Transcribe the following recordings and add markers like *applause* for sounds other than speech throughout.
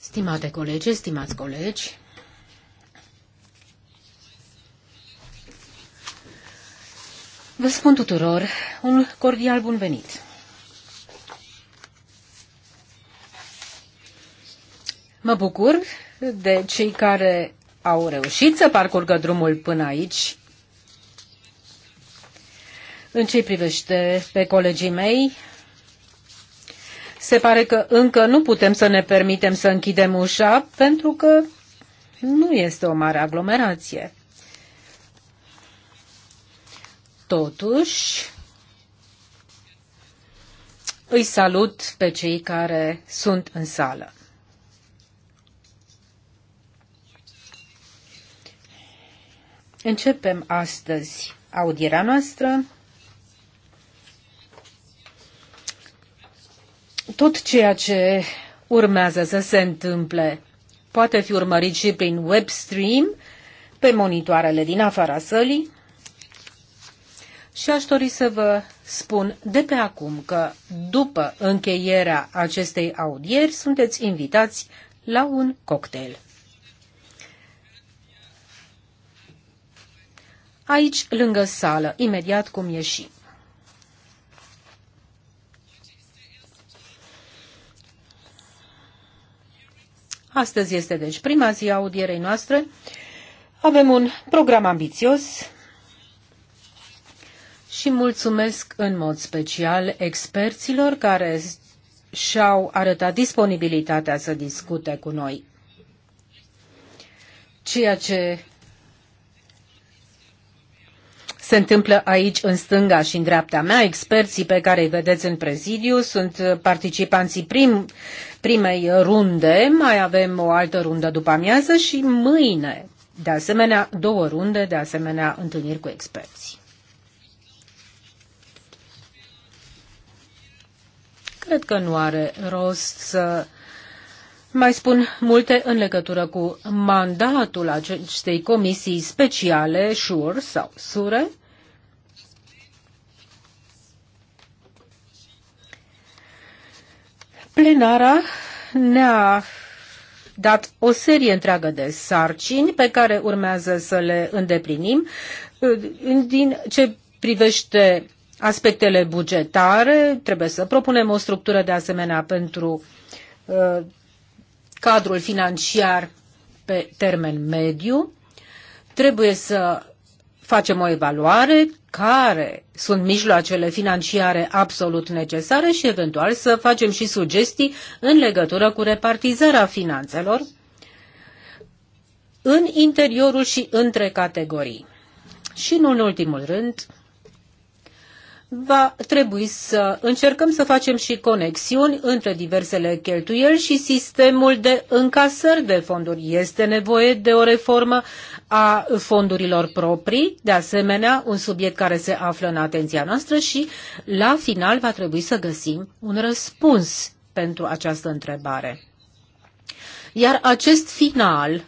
Stimate colegi, stimați colegi, vă spun tuturor un cordial bun venit. Mă bucur de cei care au reușit să parcurgă drumul până aici. În ce privește pe colegii mei, se pare că încă nu putem să ne permitem să închidem ușa pentru că nu este o mare aglomerație. Totuși, îi salut pe cei care sunt în sală. Începem astăzi audierea noastră tot ceea ce urmează să se întâmple poate fi urmărit și prin webstream pe monitoarele din afara sălii. Și aș dori să vă spun de pe acum că după încheierea acestei audieri sunteți invitați la un cocktail. Aici, lângă sală, imediat cum ieșim. Astăzi este deci prima zi a audierei noastre. Avem un program ambițios și mulțumesc în mod special experților care și-au arătat disponibilitatea să discute cu noi. Ceea ce se întâmplă aici în stânga și în dreapta mea. Experții pe care îi vedeți în prezidiu sunt participanții prim, primei runde, mai avem o altă rundă după amiază și mâine, de asemenea, două runde, de asemenea, întâlniri cu experți. Cred că nu are rost să mai spun multe în legătură cu mandatul acestei comisii speciale, SURE sau SURE. Plenara ne-a dat o serie întreagă de sarcini pe care urmează să le îndeplinim. Din ce privește aspectele bugetare, trebuie să propunem o structură de asemenea pentru uh, cadrul financiar pe termen mediu. Trebuie să facem o evaluare, care sunt mijloacele financiare absolut necesare și eventual să facem și sugestii în legătură cu repartizarea finanțelor în interiorul și între categorii. Și nu în ultimul rând, va trebui să încercăm să facem și conexiuni între diversele cheltuieli și sistemul de încasări de fonduri. Este nevoie de o reformă a fondurilor proprii, de asemenea un subiect care se află în atenția noastră și la final va trebui să găsim un răspuns pentru această întrebare. Iar acest final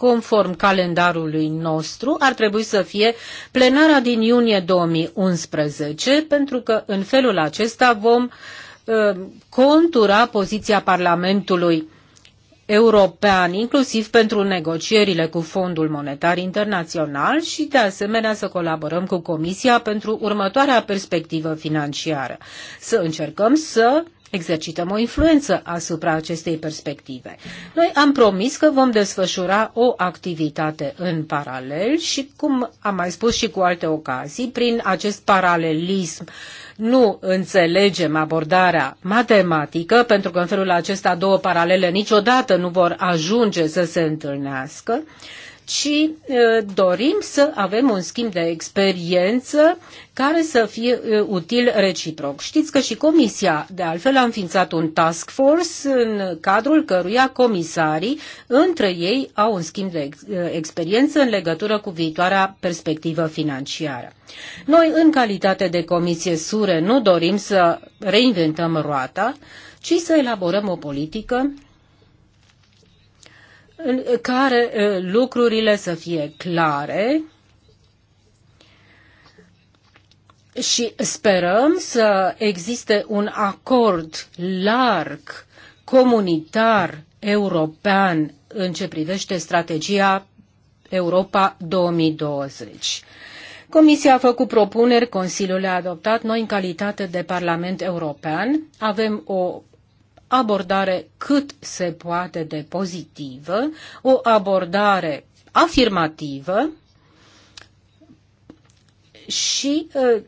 conform calendarului nostru, ar trebui să fie plenara din iunie 2011, pentru că în felul acesta vom uh, contura poziția Parlamentului european, inclusiv pentru negocierile cu Fondul Monetar Internațional și, de asemenea, să colaborăm cu Comisia pentru următoarea perspectivă financiară. Să încercăm să exercităm o influență asupra acestei perspective. Noi am promis că vom desfășura o activitate în paralel și, cum am mai spus și cu alte ocazii, prin acest paralelism nu înțelegem abordarea matematică, pentru că în felul acesta două paralele niciodată nu vor ajunge să se întâlnească, uh, ci uh, dorim să avem un schimb de experiență care să fie uh, util reciproc. Știți că și Comisia, de altfel, a înființat un task force în cadrul căruia comisarii între ei au un schimb de uh, experiență în legătură cu viitoarea perspectivă financiară. Noi, în calitate de Comisie Sure, nu dorim să reinventăm roata, ci să elaborăm o politică în care lucrurile să fie clare și sperăm să existe un acord larg comunitar european în ce privește strategia Europa 2020. Comisia a făcut propuneri, Consiliul le-a adoptat, noi în calitate de Parlament European avem o abordare cât se poate de pozitivă, o abordare afirmativă și uh,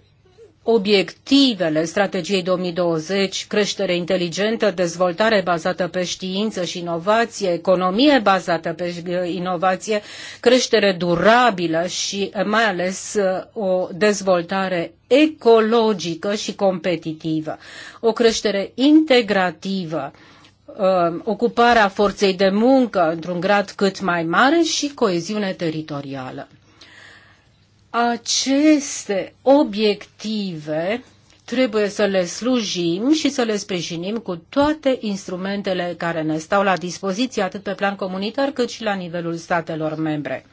obiectivele strategiei 2020, creștere inteligentă, dezvoltare bazată pe știință și inovație, economie bazată pe inovație, creștere durabilă și mai ales o dezvoltare ecologică și competitivă, o creștere integrativă, um, ocuparea forței de muncă într-un grad cât mai mare și coeziune teritorială aceste obiective trebuie să le slujim și să le sprijinim cu toate instrumentele care ne stau la dispoziție, atât pe plan comunitar cât și la nivelul statelor membre.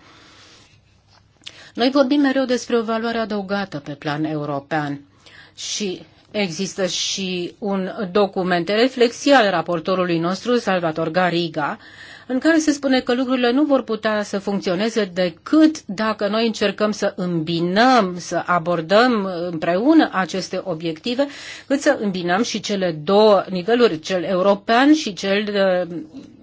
Noi vorbim mereu despre o valoare adăugată pe plan european și există și un document reflexie al raportorului nostru, Salvator Gariga, în care se spune că lucrurile nu vor putea să funcționeze decât dacă noi încercăm să îmbinăm, să abordăm împreună aceste obiective, cât să îmbinăm și cele două niveluri, cel european și cel uh,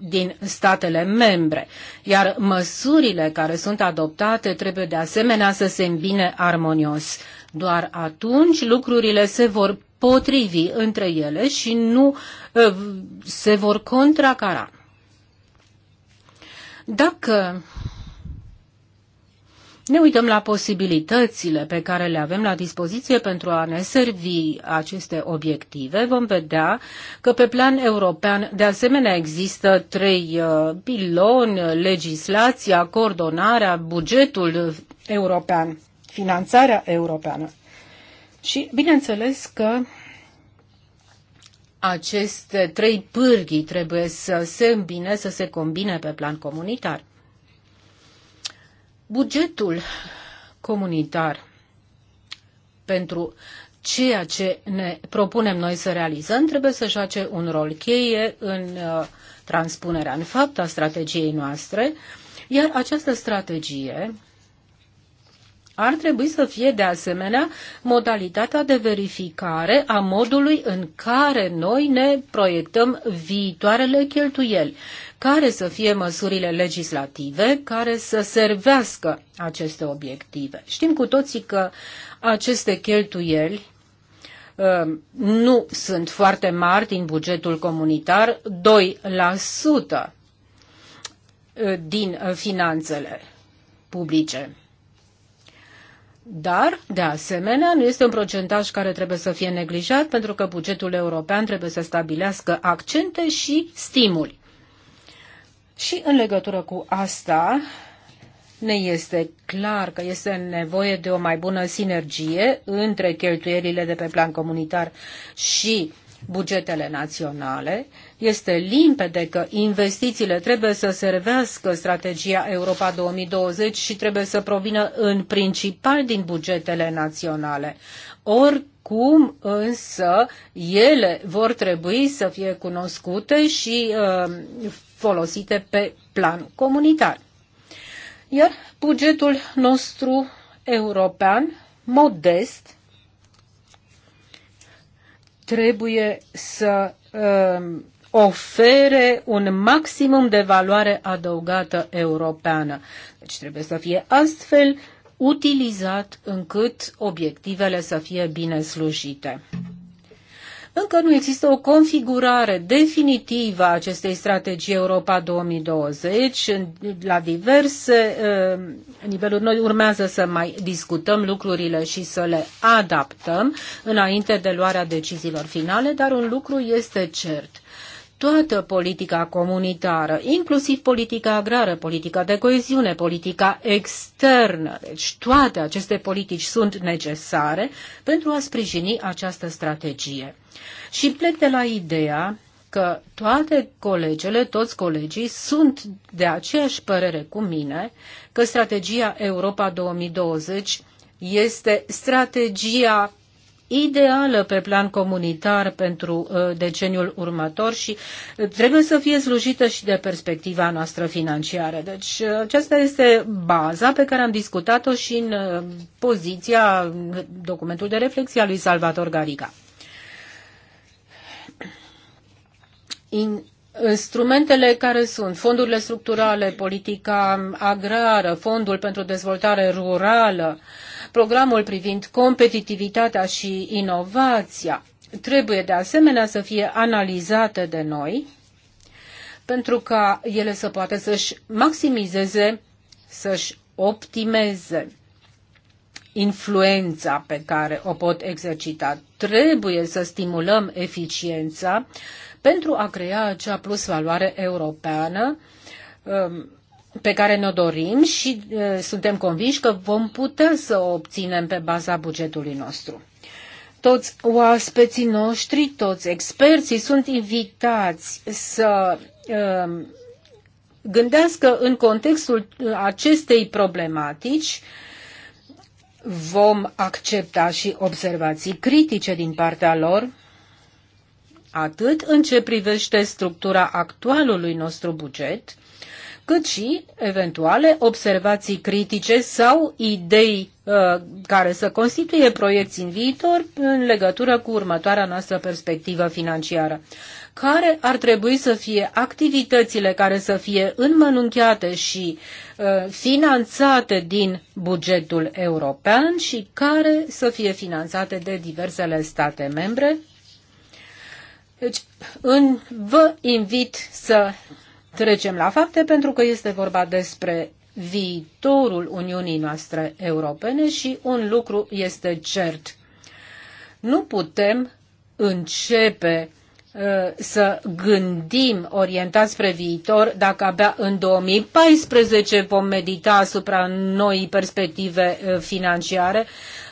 din statele membre. Iar măsurile care sunt adoptate trebuie de asemenea să se îmbine armonios. Doar atunci lucrurile se vor potrivi între ele și nu uh, se vor contracara. Dacă ne uităm la posibilitățile pe care le avem la dispoziție pentru a ne servi aceste obiective, vom vedea că pe plan european de asemenea există trei uh, piloni, legislația, coordonarea, bugetul european, finanțarea europeană. Și bineînțeles că aceste eh, trei pârghii trebuie să se îmbine, să se combine pe plan comunitar. Bugetul comunitar pentru ceea ce ne propunem noi să realizăm trebuie să joace un rol cheie în eh, transpunerea în fapt a strategiei noastre, iar această strategie ar trebui să fie de asemenea modalitatea de verificare a modului în care noi ne proiectăm viitoarele cheltuieli, care să fie măsurile legislative care să servească aceste obiective. Știm cu toții că aceste cheltuieli uh, nu sunt foarte mari din bugetul comunitar, 2% uh, din finanțele publice. Dar, de asemenea, nu este un procentaj care trebuie să fie neglijat, pentru că bugetul european trebuie să stabilească accente și stimuli. Și în legătură cu asta, ne este clar că este nevoie de o mai bună sinergie între cheltuielile de pe plan comunitar și bugetele naționale este limpede că investițiile trebuie să servească strategia Europa 2020 și trebuie să provină în principal din bugetele naționale. Oricum însă ele vor trebui să fie cunoscute și uh, folosite pe plan comunitar. Iar bugetul nostru european, modest, trebuie să uh, ofere un maximum de valoare adăugată europeană. Deci trebuie să fie astfel utilizat încât obiectivele să fie bine slujite. Încă nu există o configurare definitivă a acestei strategii Europa 2020. La diverse uh, niveluri noi urmează să mai discutăm lucrurile și să le adaptăm înainte de luarea deciziilor finale, dar un lucru este cert toată politica comunitară, inclusiv politica agrară, politica de coeziune, politica externă. Deci toate aceste politici sunt necesare pentru a sprijini această strategie. Și plec de la ideea că toate colegele, toți colegii sunt de aceeași părere cu mine că strategia Europa 2020 este strategia ideală pe plan comunitar pentru uh, deceniul următor și uh, trebuie să fie slujită și de perspectiva noastră financiară. Deci uh, aceasta este baza pe care am discutat-o și în poziția, documentul de reflexie al lui Salvator Gariga. In, Instrumentele care sunt fondurile structurale, politica agrară, fondul pentru dezvoltare rurală, uh, Programul privind competitivitatea și inovația trebuie de asemenea să fie analizate de noi pentru ca ele să poată să-și maximizeze, să-și optimeze influența pe care o pot exercita. Trebuie să stimulăm eficiența pentru a crea acea plusvaloare europeană um, pe care ne-o dorim și uh, suntem convinși că vom putea să o obținem pe baza bugetului nostru. Toți oaspeții noștri, toți experții sunt invitați să uh, gândească în contextul uh, acestei problematici vom accepta și observații critice din partea lor, atât în ce privește structura actualului nostru buget, cât și eventuale observații critice sau idei uh, care să constituie proiecții în viitor în legătură cu următoarea noastră perspectivă financiară. Care ar trebui să fie activitățile care să fie înmănunchiate și uh, finanțate din bugetul european și care să fie finanțate de diversele state membre? Deci, în, vă invit să Trecem la fapte pentru că este vorba despre viitorul Uniunii noastre europene și un lucru este cert. Nu putem începe Uh, să gândim orientat spre viitor dacă abia în 2014 vom medita asupra noii perspective uh, financiare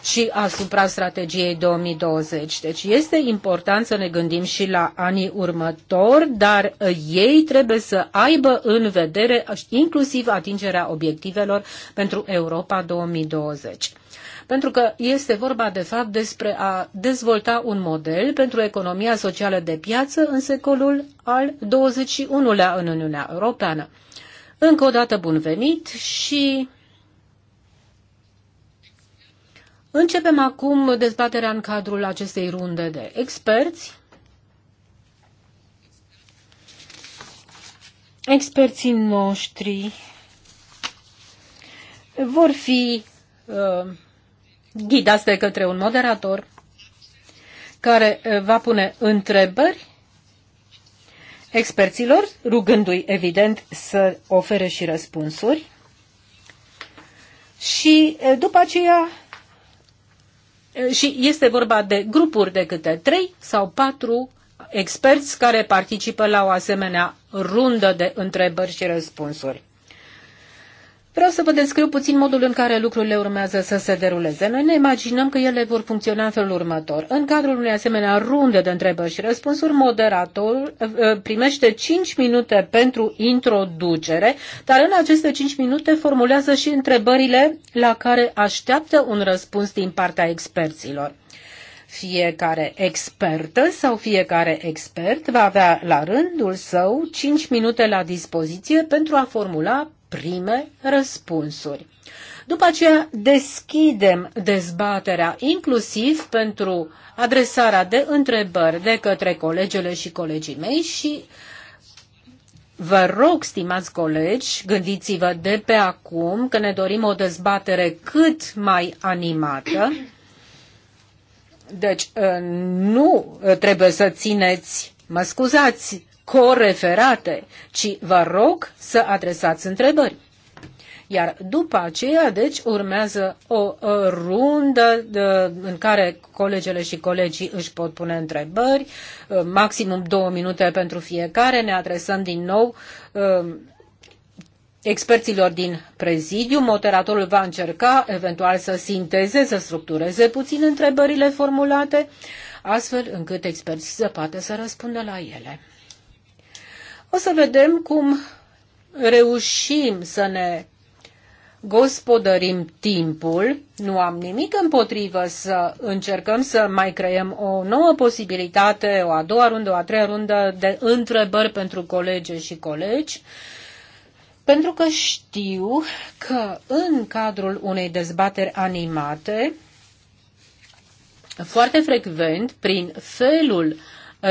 și asupra strategiei 2020. Deci este important să ne gândim și la anii următori, dar uh, ei trebuie să aibă în vedere inclusiv atingerea obiectivelor pentru Europa 2020 pentru că este vorba de fapt despre a dezvolta un model pentru economia socială de piață în secolul al XXI-lea în Uniunea Europeană. Încă o dată bun venit și începem acum dezbaterea în cadrul acestei runde de experți. Experții noștri vor fi uh, ghidați de către un moderator care eh, va pune întrebări experților, rugându-i, evident, să ofere și răspunsuri. Și eh, după aceea, eh, și este vorba de grupuri de câte trei sau patru experți care participă la o asemenea rundă de întrebări și răspunsuri. Vreau să vă descriu puțin modul în care lucrurile urmează să se deruleze. Noi ne imaginăm că ele vor funcționa în felul următor. În cadrul unei asemenea runde de întrebări și răspunsuri, moderatorul eh, eh, primește 5 minute pentru introducere, dar în aceste 5 minute formulează și întrebările la care așteaptă un răspuns din partea experților. Fiecare expertă sau fiecare expert va avea la rândul său 5 minute la dispoziție pentru a formula prime răspunsuri. După aceea deschidem dezbaterea inclusiv pentru adresarea de întrebări de către colegele și colegii mei și Vă rog, stimați colegi, gândiți-vă de pe acum că ne dorim o dezbatere cât mai animată. Deci uh, nu trebuie să țineți, mă scuzați, coreferate, ci vă rog să adresați întrebări. Iar după aceea, deci, urmează o rundă în care colegele și colegii își pot pune întrebări, uh, maximum două minute pentru fiecare. Ne adresăm din nou uh, experților din prezidiu. Moderatorul va încerca eventual să sinteze, să structureze puțin întrebările formulate, astfel încât experții să poată să răspundă la ele. O să vedem cum reușim să ne gospodărim timpul. Nu am nimic împotrivă să încercăm să mai creăm o nouă posibilitate, o a doua rundă, o a treia rundă de întrebări pentru colege și colegi, pentru că știu că în cadrul unei dezbateri animate, foarte frecvent, prin felul uh,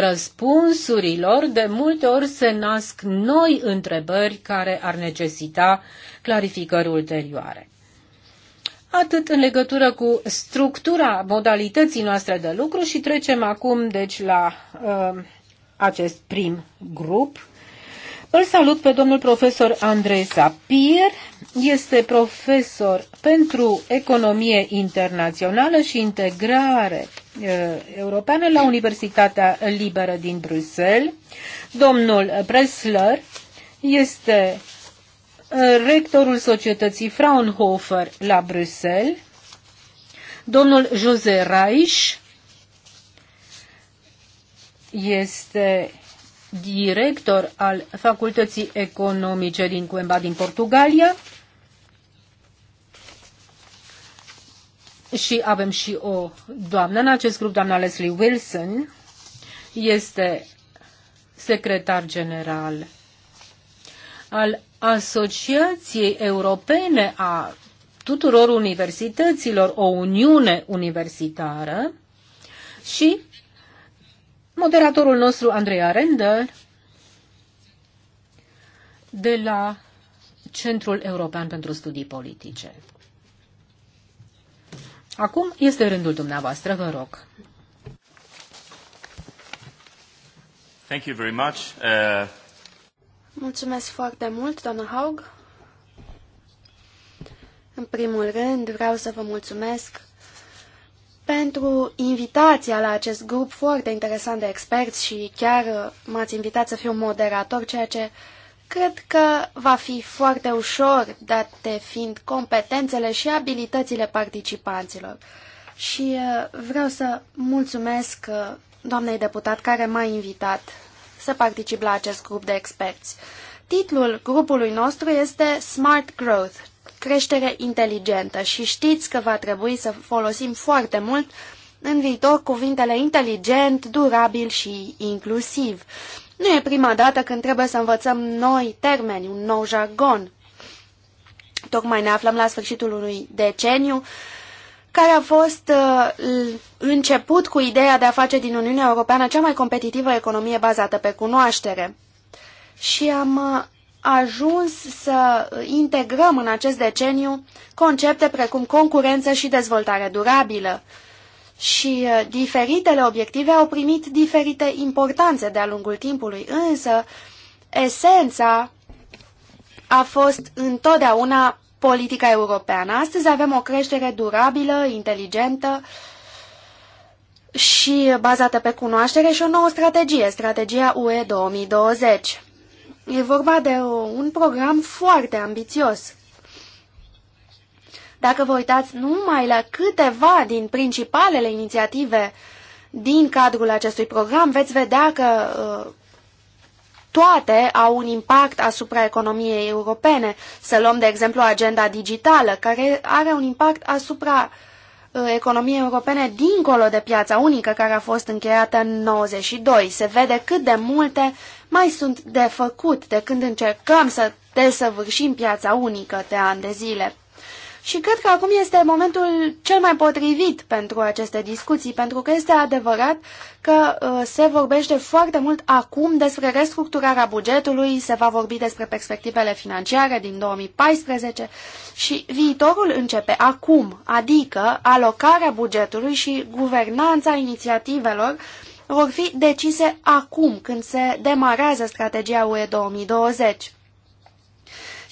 răspunsurilor, de multe ori se nasc noi întrebări care ar necesita clarificări ulterioare. Atât în legătură cu structura modalității noastre de lucru și trecem acum deci la uh, acest prim grup. Îl salut pe domnul profesor Andrei Sapir, este profesor pentru economie internațională și integrare Eh, europeană la Universitatea Liberă din Bruxelles. Domnul Bresler este eh, rectorul societății Fraunhofer la Bruxelles. Domnul José Reich este director al Facultății Economice din Coimbra din Portugalia și avem și o doamnă în acest grup, doamna Leslie Wilson, este secretar general al Asociației Europene a tuturor universităților, o uniune universitară și moderatorul nostru, Andrei Arendel, de la Centrul European pentru Studii Politice. Acum este rândul dumneavoastră, vă rog. Thank you very much. Uh... Mulțumesc foarte mult, doamna Haug. În primul rând, vreau să vă mulțumesc pentru invitația la acest grup foarte interesant de experți și chiar uh, m-ați invitat să fiu moderator, ceea ce Cred că va fi foarte ușor, date fiind competențele și abilitățile participanților. Și uh, vreau să mulțumesc uh, doamnei deputat care m-a invitat să particip la acest grup de experți. Titlul grupului nostru este Smart Growth, creștere inteligentă și știți că va trebui să folosim foarte mult în viitor cuvintele inteligent, durabil și inclusiv. Nu e prima dată când trebuie să învățăm noi termeni, un nou jargon. Tocmai ne aflăm la sfârșitul unui deceniu care a fost uh, început cu ideea de a face din Uniunea Europeană cea mai competitivă economie bazată pe cunoaștere. Și am uh, ajuns să integrăm în acest deceniu concepte precum concurență și dezvoltare durabilă și uh, diferitele obiective au primit diferite importanțe de-a lungul timpului, însă esența a fost întotdeauna politica europeană. Astăzi avem o creștere durabilă, inteligentă și bazată pe cunoaștere și o nouă strategie, strategia UE 2020. E vorba de un program foarte ambițios dacă vă uitați numai la câteva din principalele inițiative din cadrul acestui program, veți vedea că uh, toate au un impact asupra economiei europene. Să luăm, de exemplu, agenda digitală, care are un impact asupra uh, economiei europene dincolo de piața unică care a fost încheiată în 92. Se vede cât de multe mai sunt de făcut de când încercăm să desăvârșim piața unică de ani de zile. Și cred că acum este momentul cel mai potrivit pentru aceste discuții, pentru că este adevărat că uh, se vorbește foarte mult acum despre restructurarea bugetului, se va vorbi despre perspectivele financiare din 2014 și viitorul începe acum, adică alocarea bugetului și guvernanța inițiativelor vor fi decise acum, când se demarează strategia UE 2020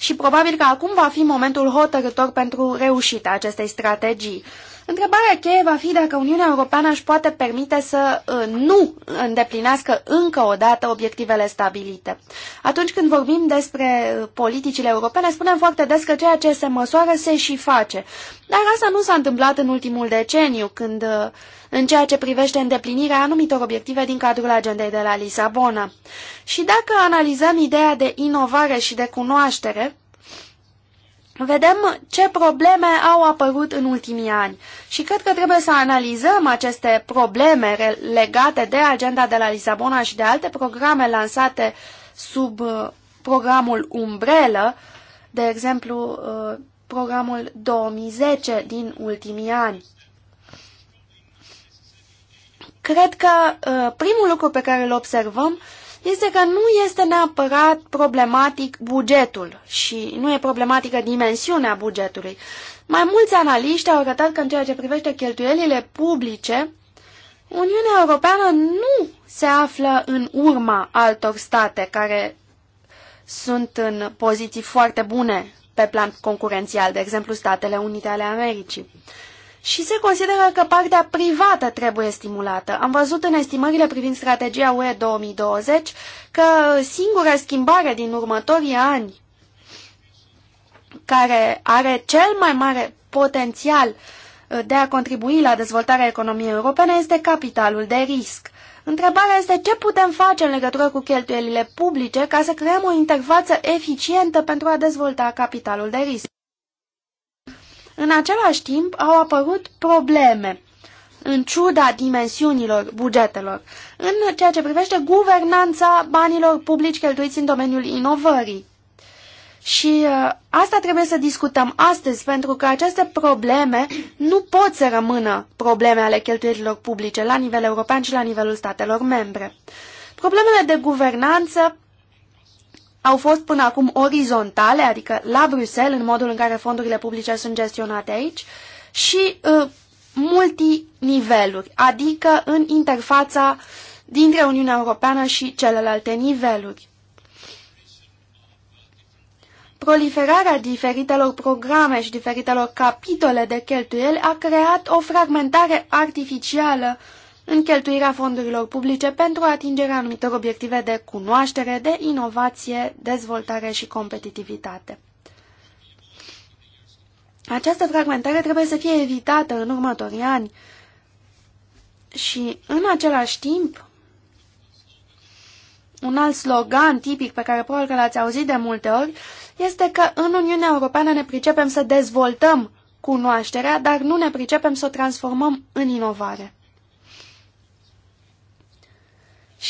și probabil că acum va fi momentul hotărător pentru reușita acestei strategii. Întrebarea cheie va fi dacă Uniunea Europeană își poate permite să uh, nu îndeplinească încă o dată obiectivele stabilite. Atunci când vorbim despre uh, politicile europene, spunem foarte des că ceea ce se măsoară se și face. Dar asta nu s-a întâmplat în ultimul deceniu, când uh, în ceea ce privește îndeplinirea anumitor obiective din cadrul agendei de la Lisabona. Și dacă analizăm ideea de inovare și de cunoaștere, vedem ce probleme au apărut în ultimii ani și cred că trebuie să analizăm aceste probleme legate de agenda de la Lisabona și de alte programe lansate sub uh, programul Umbrelă, de exemplu uh, programul 2010 din ultimii ani. Cred că uh, primul lucru pe care îl observăm este că nu este neapărat problematic bugetul și nu e problematică dimensiunea bugetului. Mai mulți analiști au arătat că în ceea ce privește cheltuielile publice, Uniunea Europeană nu se află în urma altor state care sunt în poziții foarte bune pe plan concurențial, de exemplu Statele Unite ale Americii și se consideră că partea privată trebuie stimulată. Am văzut în estimările privind strategia UE 2020 că singura schimbare din următorii ani care are cel mai mare potențial uh, de a contribui la dezvoltarea economiei europene este capitalul de risc. Întrebarea este ce putem face în legătură cu cheltuielile publice ca să creăm o interfață eficientă pentru a dezvolta capitalul de risc. În același timp au apărut probleme, în ciuda dimensiunilor bugetelor, în ceea ce privește guvernanța banilor publici cheltuiți în domeniul inovării. Și uh, asta trebuie să discutăm astăzi, pentru că aceste probleme nu pot să rămână probleme ale cheltuielilor publice la nivel european și la nivelul statelor membre. Problemele de guvernanță au fost până acum orizontale, adică la Bruxelles, în modul în care fondurile publice sunt gestionate aici, și uh, multiniveluri, adică în interfața dintre Uniunea Europeană și celelalte niveluri. Proliferarea diferitelor programe și diferitelor capitole de cheltuieli a creat o fragmentare artificială uh, în cheltuirea fondurilor publice pentru atingerea anumitor obiective de cunoaștere, de inovație, dezvoltare și competitivitate. Această fragmentare trebuie să fie evitată în următorii ani și, în același timp, un alt slogan tipic pe care probabil că l-ați auzit de multe ori este că în Uniunea Europeană ne pricepem să dezvoltăm cunoașterea, dar nu ne pricepem să o transformăm în inovare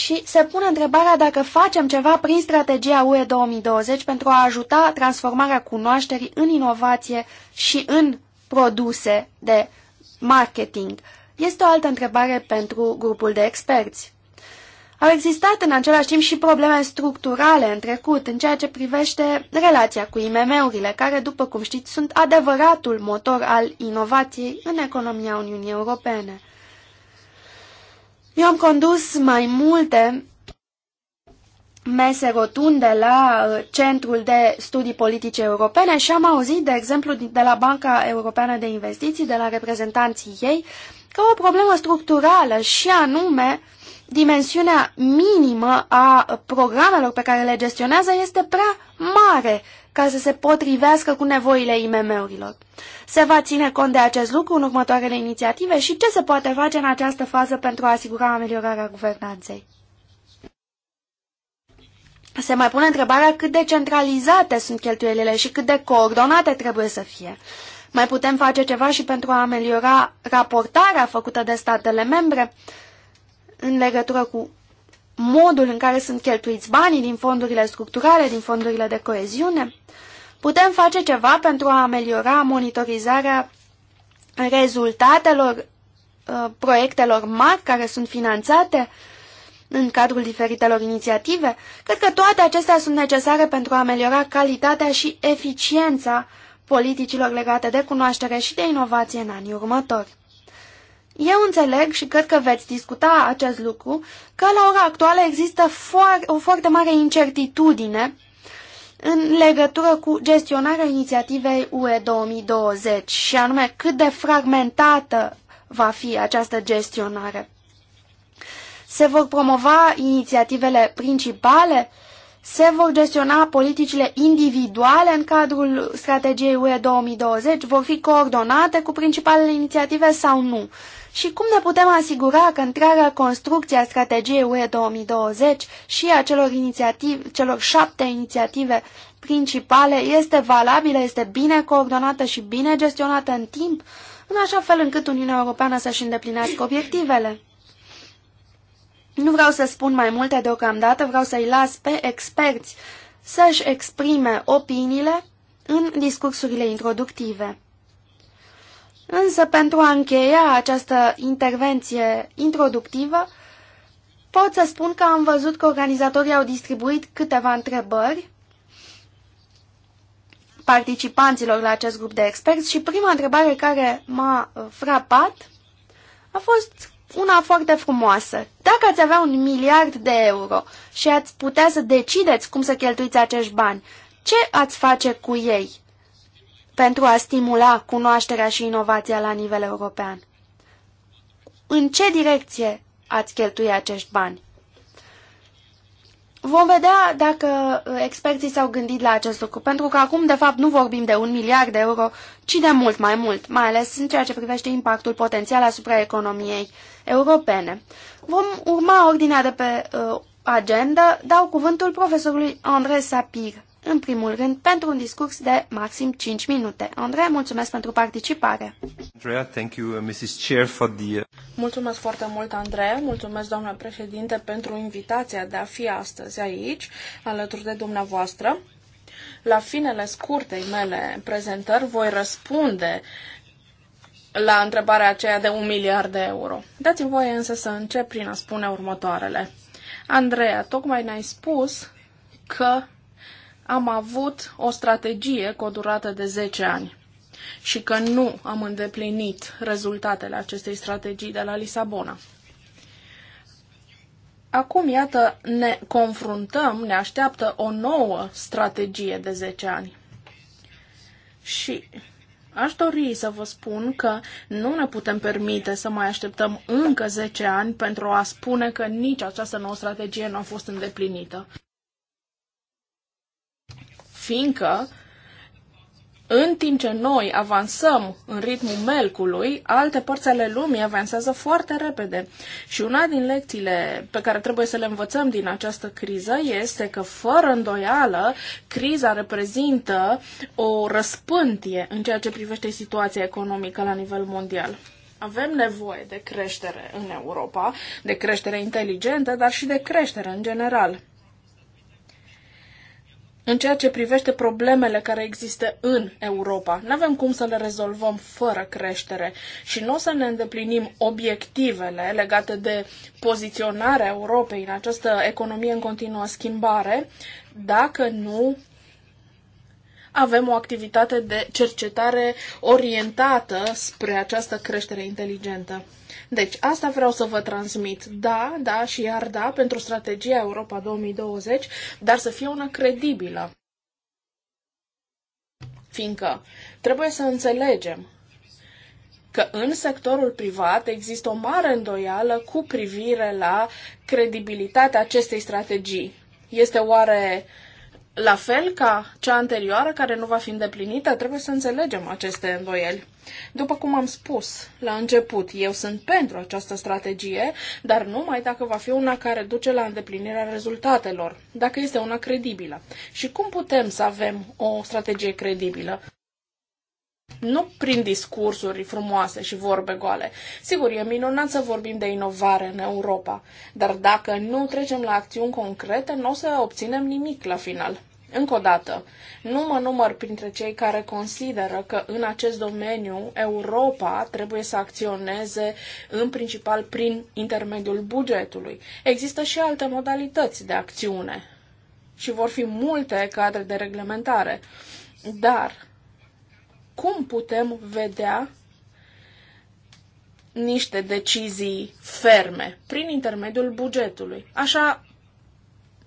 și se pune întrebarea dacă facem ceva prin strategia UE 2020 pentru a ajuta transformarea cunoașterii în inovație și în produse de marketing. Este o altă întrebare pentru grupul de experți. Au existat în același timp și probleme structurale în trecut în ceea ce privește relația cu IMM-urile, care, după cum știți, sunt adevăratul motor al inovației în economia Uniunii Europene. Eu am condus mai multe mese rotunde la uh, Centrul de Studii Politice Europene și am auzit, de exemplu, de la Banca Europeană de Investiții, de la reprezentanții ei, că o problemă structurală și anume dimensiunea minimă a programelor pe care le gestionează este prea mare ca să se potrivească cu nevoile IMM-urilor. Se va ține cont de acest lucru în următoarele inițiative și ce se poate face în această fază pentru a asigura ameliorarea guvernanței. Se mai pune întrebarea cât de centralizate sunt cheltuielile și cât de coordonate trebuie să fie. Mai putem face ceva și pentru a ameliora raportarea făcută de statele membre în legătură cu modul în care sunt cheltuiți banii din fondurile structurale, din fondurile de coeziune? Putem face ceva pentru a ameliora monitorizarea rezultatelor uh, proiectelor mari care sunt finanțate în cadrul diferitelor inițiative? Cred că toate acestea sunt necesare pentru a ameliora calitatea și eficiența politicilor legate de cunoaștere și de inovație în anii următori. Eu înțeleg și cred că veți discuta acest lucru, că la ora actuală există foar, o foarte mare incertitudine în legătură cu gestionarea inițiativei UE 2020 și anume cât de fragmentată va fi această gestionare. Se vor promova inițiativele principale? Se vor gestiona politicile individuale în cadrul strategiei UE 2020? Vor fi coordonate cu principalele inițiative sau nu? și cum ne putem asigura că întreaga construcție a strategiei UE 2020 și a celor, inițiativ, celor șapte inițiative principale este valabilă, este bine coordonată și bine gestionată în timp, în așa fel încât Uniunea Europeană să-și îndeplinească obiectivele. Nu vreau să spun mai multe deocamdată, vreau să-i las pe experți să-și exprime opiniile în discursurile introductive. Însă, pentru a încheia această intervenție introductivă, pot să spun că am văzut că organizatorii au distribuit câteva întrebări participanților la acest grup de experți și prima întrebare care m-a uh, frapat a fost una foarte frumoasă. Dacă ați avea un miliard de euro și ați putea să decideți cum să cheltuiți acești bani, ce ați face cu ei? pentru a stimula cunoașterea și inovația la nivel european. În ce direcție ați cheltui acești bani? Vom vedea dacă experții s-au gândit la acest lucru, pentru că acum, de fapt, nu vorbim de un miliard de euro, ci de mult mai mult, mai ales în ceea ce privește impactul potențial asupra economiei europene. Vom urma ordinea de pe uh, agenda, dau cuvântul profesorului Andrei Sapir în primul rând, pentru un discurs de maxim 5 minute. Andreea, mulțumesc pentru participare. Andrea, thank you, uh, Mrs. Chair, for the... Uh, mulțumesc foarte mult, Andreea. Mulțumesc, doamna președinte, pentru invitația de a fi astăzi aici, alături de dumneavoastră. La finele scurtei mele prezentări voi răspunde la întrebarea aceea de un miliard de euro. Dați-mi voie însă să încep prin a spune următoarele. Andreea, tocmai ne-ai spus că am avut o strategie cu o durată de 10 ani și că nu am îndeplinit rezultatele acestei strategii de la Lisabona. Acum, iată, ne confruntăm, ne așteaptă o nouă strategie de 10 ani. Și aș dori să vă spun că nu ne putem permite să mai așteptăm încă 10 ani pentru a spune că nici această nouă strategie nu a fost îndeplinită fiindcă în timp ce noi avansăm în ritmul melcului, alte părți ale lumii avansează foarte repede. Și una din lecțiile pe care trebuie să le învățăm din această criză este că, fără îndoială, criza reprezintă o răspântie în ceea ce privește situația economică la nivel mondial. Avem nevoie de creștere în Europa, de creștere inteligentă, dar și de creștere în general în ceea ce privește problemele care există în Europa. Nu avem cum să le rezolvăm fără creștere și nu o să ne îndeplinim obiectivele legate de poziționarea Europei în această economie în continuă schimbare dacă nu avem o activitate de cercetare orientată spre această creștere inteligentă. Deci, asta vreau să vă transmit. Da, da și iar da pentru strategia Europa 2020, dar să fie una credibilă. Fiindcă trebuie să înțelegem că în sectorul privat există o mare îndoială cu privire la credibilitatea acestei strategii. Este oare uh, la fel ca cea anterioară, care nu va fi îndeplinită, trebuie să înțelegem aceste îndoieli. După cum am spus la început, eu sunt pentru această strategie, dar numai dacă va fi una care duce la îndeplinirea rezultatelor, dacă este una credibilă. Și cum putem să avem o strategie credibilă? nu prin discursuri frumoase și vorbe goale. Sigur, e minunat să vorbim de inovare în Europa, dar dacă nu trecem la acțiuni concrete, nu o să obținem nimic la final. Încă o dată, nu mă număr printre cei care consideră că în acest domeniu Europa trebuie să acționeze în principal prin intermediul bugetului. Există și alte modalități de acțiune și vor fi multe cadre de reglementare. Dar cum putem vedea niște decizii ferme prin intermediul bugetului. Așa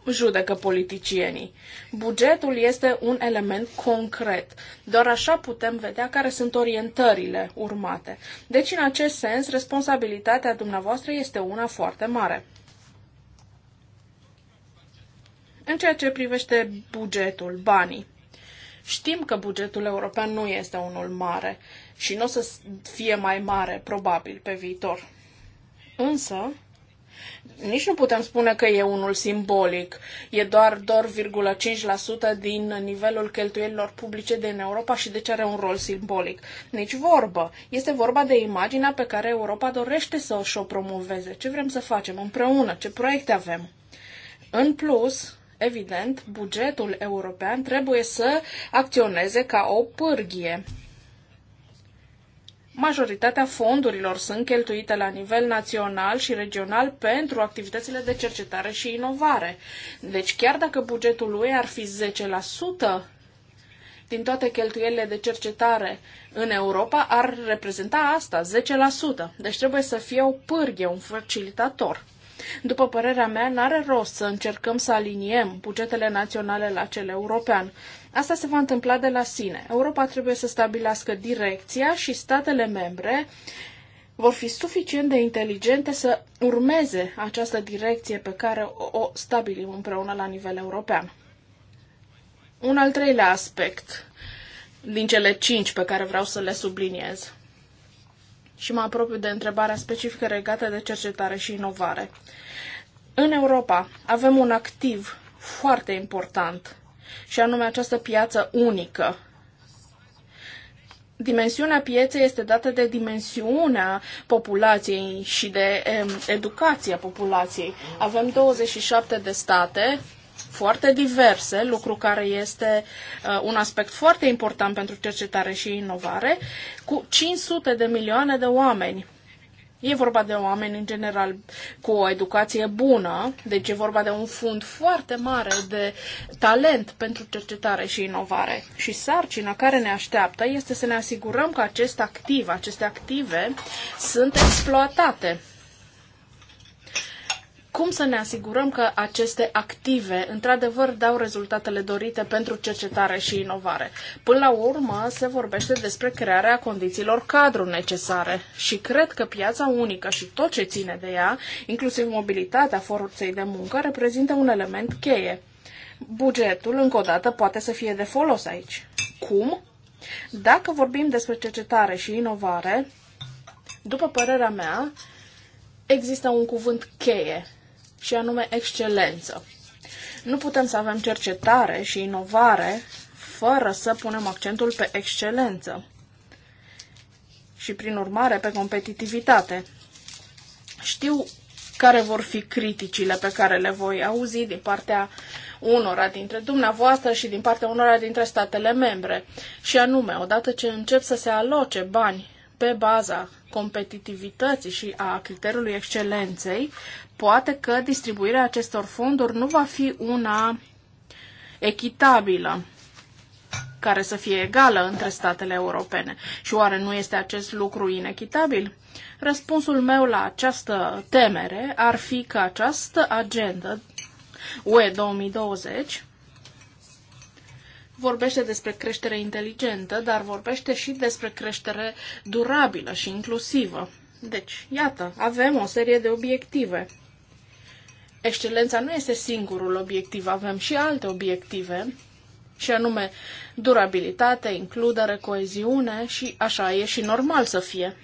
judecă politicienii. Bugetul este un element concret. Doar așa putem vedea care sunt orientările urmate. Deci, în acest sens, responsabilitatea dumneavoastră este una foarte mare. În ceea ce privește bugetul, banii. Știm că bugetul european nu este unul mare și nu o să fie mai mare, probabil, pe viitor. Însă, nici nu putem spune că e unul simbolic. E doar 2,5% din nivelul cheltuielilor publice din Europa și deci are un rol simbolic. Nici vorbă. Este vorba de imaginea pe care Europa dorește să o promoveze. Ce vrem să facem împreună? Ce proiecte avem? În plus, Evident, bugetul european trebuie să acționeze ca o pârghie. Majoritatea fondurilor sunt cheltuite la nivel național și regional pentru activitățile de cercetare și inovare. Deci chiar dacă bugetul lui ar fi 10% din toate cheltuielile de cercetare în Europa, ar reprezenta asta, 10%. Deci trebuie să fie o pârghie, un facilitator. După părerea mea, n-are rost să încercăm să aliniem bugetele naționale la cele european. Asta se va întâmpla de la sine. Europa trebuie să stabilească direcția și statele membre vor fi suficient de inteligente să urmeze această direcție pe care o stabilim împreună la nivel european. Un al treilea aspect din cele cinci pe care vreau să le subliniez și mă apropiu de întrebarea specifică legată de cercetare și inovare. În Europa avem un activ foarte important și anume această piață unică Dimensiunea pieței este dată de dimensiunea populației și de educația populației. Avem 27 de state foarte diverse, lucru care este uh, un aspect foarte important pentru cercetare și inovare, cu 500 de milioane de oameni. E vorba de oameni în general cu o educație bună, deci e vorba de un fund foarte mare de talent pentru cercetare și inovare. Și sarcina care ne așteaptă este să ne asigurăm că acest activ, aceste active sunt exploatate cum să ne asigurăm că aceste active într-adevăr dau rezultatele dorite pentru cercetare și inovare. Până la urmă se vorbește despre crearea condițiilor cadru necesare și cred că piața unică și tot ce ține de ea, inclusiv mobilitatea forței de muncă, reprezintă un element cheie. Bugetul, încă o dată, poate să fie de folos aici. Cum? Dacă vorbim despre cercetare și inovare, după părerea mea, există un cuvânt cheie și anume excelență. Nu putem să avem cercetare și inovare fără să punem accentul pe excelență și, prin urmare, pe competitivitate. Știu care vor fi criticile pe care le voi auzi din partea unora dintre dumneavoastră și din partea unora dintre statele membre. Și anume, odată ce încep să se aloce bani pe baza competitivității și a criteriului excelenței, poate că distribuirea acestor fonduri nu va fi una echitabilă care să fie egală între statele europene. Și oare nu este acest lucru inechitabil? Răspunsul meu la această temere ar fi că această agendă UE 2020 vorbește despre creștere inteligentă, dar vorbește și despre creștere durabilă și inclusivă. Deci, iată, avem o serie de obiective. Excelența nu este singurul obiectiv, avem și alte obiective, și anume durabilitate, includere, coeziune și așa e și normal să fie.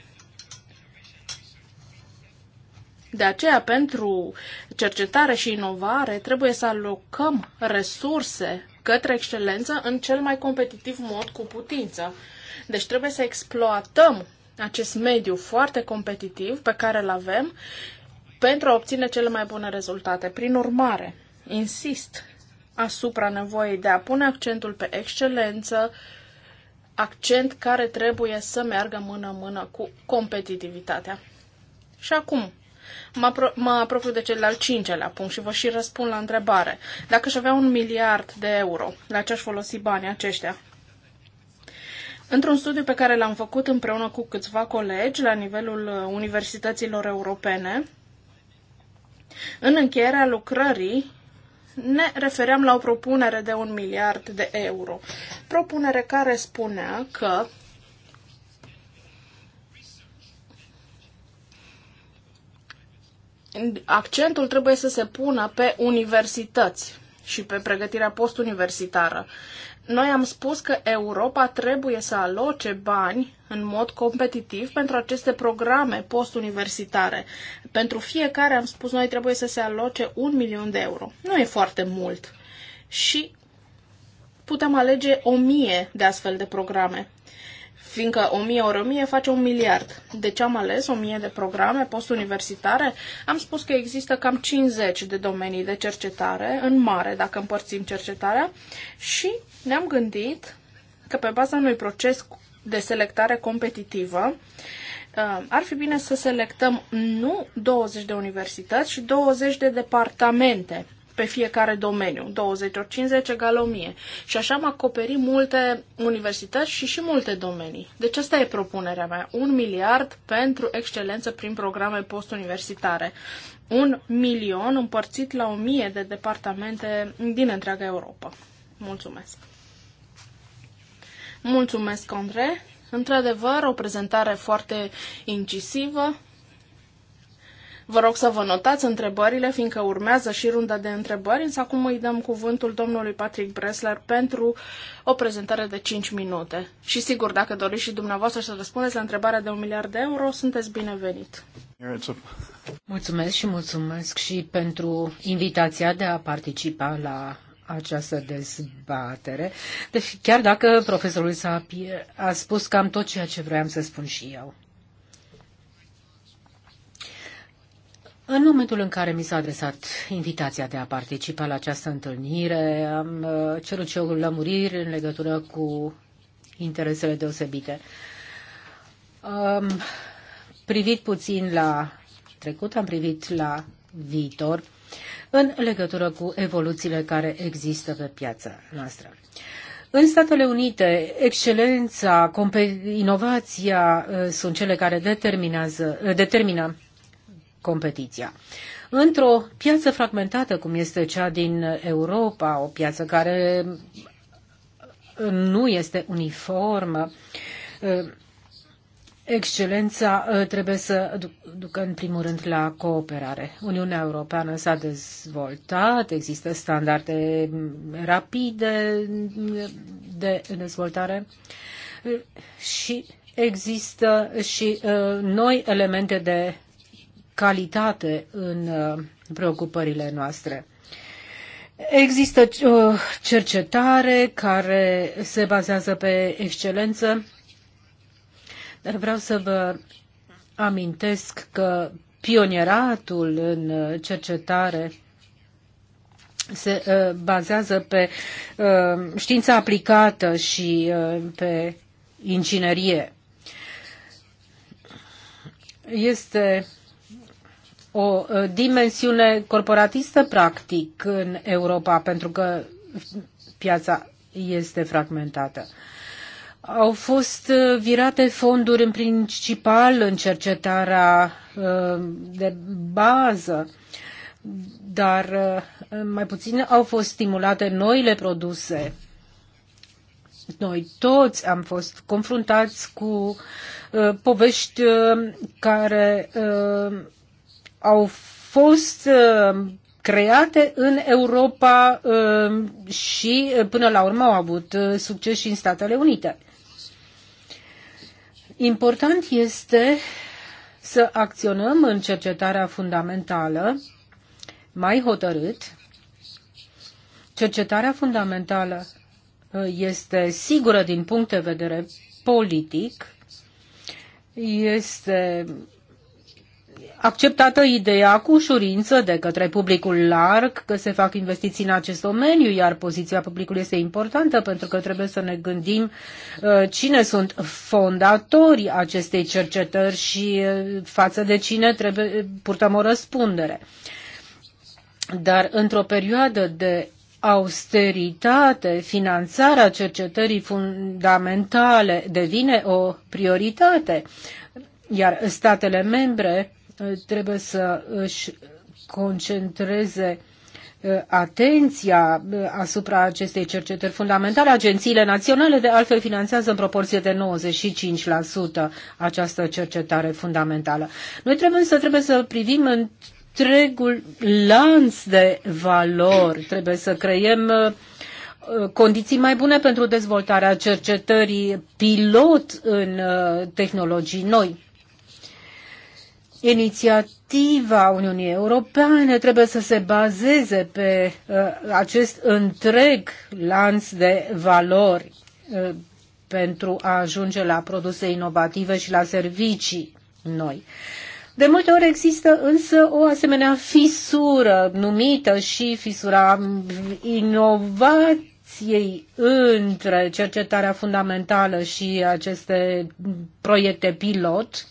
De aceea, pentru cercetare și inovare, trebuie să alocăm resurse către excelență în cel mai competitiv mod cu putință. Deci trebuie să exploatăm acest mediu foarte competitiv pe care îl avem pentru a obține cele mai bune rezultate. Prin urmare, insist asupra nevoii de a pune accentul pe excelență, accent care trebuie să meargă mână-mână cu competitivitatea. Și acum, mă, apro- mă apropiu de cel al cincelea punct și vă și răspund la întrebare. Dacă aș avea un miliard de euro, la ce aș folosi banii aceștia? Într-un studiu pe care l-am făcut împreună cu câțiva colegi la nivelul uh, universităților europene, în încheierea lucrării ne refeream la o propunere de un miliard de euro. Propunere care spunea că accentul trebuie să se pună pe universități și pe pregătirea postuniversitară. Noi am spus că Europa trebuie să aloce bani în mod competitiv pentru aceste programe postuniversitare. Pentru fiecare, am spus, noi trebuie să se aloce un milion de euro. Nu e foarte mult. Și putem alege o mie de astfel de programe fiindcă 1000 ori 1000 face un miliard. De ce am ales 1000 de programe postuniversitare? Am spus că există cam 50 de domenii de cercetare, în mare, dacă împărțim cercetarea, și ne-am gândit că pe baza unui proces de selectare competitivă, uh, ar fi bine să selectăm nu 20 de universități, ci 20 de departamente pe fiecare domeniu, 20 ori 50 egal 1000. Și așa am acoperit multe universități și și multe domenii. Deci asta e propunerea mea, un miliard pentru excelență prin programe postuniversitare. Un milion împărțit la o mie de departamente din întreaga Europa. Mulțumesc! Mulțumesc, Andrei! Într-adevăr, o prezentare foarte incisivă, Vă rog să vă notați întrebările, fiindcă urmează și runda de întrebări, însă acum îi dăm cuvântul domnului Patrick Bresler pentru o prezentare de 5 minute. Și sigur, dacă doriți și dumneavoastră să răspundeți la întrebarea de un miliard de euro, sunteți binevenit. Mulțumesc și mulțumesc și pentru invitația de a participa la această dezbatere. Deci, chiar dacă profesorul Sapie a spus cam tot ceea ce vroiam să spun și eu. În momentul în care mi s-a adresat invitația de a participa la această întâlnire, am uh, cerut și eu lămuriri în legătură cu interesele deosebite. Am privit puțin la trecut, am privit la viitor în legătură cu evoluțiile care există pe piața noastră. În Statele Unite, excelența, inovația uh, sunt cele care determinează, uh, determină competiția. Într-o piață fragmentată cum este cea din Europa, o piață care nu este uniformă, Excelența ă, trebuie să ducă în primul rând la cooperare. Uniunea Europeană s-a dezvoltat, există standarde rapide de dezvoltare ă, și există și ă, noi elemente de calitate în uh, preocupările noastre. Există o uh, cercetare care se bazează pe excelență, dar vreau să vă amintesc că pionieratul în uh, cercetare se bazează pe știința aplicată și pe inginerie. Este o dimensiune corporatistă practic în Europa, pentru că piața este fragmentată. Au fost virate fonduri în principal în cercetarea de bază, dar mai puțin au fost stimulate noile produse. Noi toți am fost confruntați cu povești care au fost uh, create în Europa uh, și uh, până la urmă au avut succes și în Statele Unite. Important este să acționăm în cercetarea fundamentală mai hotărât. Cercetarea fundamentală este sigură din punct de vedere politic, este acceptată ideea cu ușurință de către publicul larg că se fac investiții în acest domeniu, iar poziția publicului este importantă pentru că trebuie să ne gândim uh, cine sunt fondatorii acestei cercetări și uh, față de cine trebuie uh, purtăm o răspundere. Dar într-o perioadă de austeritate, finanțarea cercetării fundamentale devine o prioritate iar statele membre trebuie să își concentreze uh, atenția uh, asupra acestei cercetări fundamentale. Agențiile naționale de altfel finanțează în proporție de 95% această cercetare fundamentală. Noi trebuie să trebuie să privim în întregul lanț de valori. Trebuie să creiem uh, condiții mai bune pentru dezvoltarea cercetării pilot în tehnologii noi inițiativa Uniunii Europene trebuie să se bazeze pe uh, acest întreg lanț de valori uh, pentru a ajunge la produse inovative și la servicii noi. De multe ori există însă o asemenea fisură numită și fisura inovației între cercetarea fundamentală și aceste proiecte pilot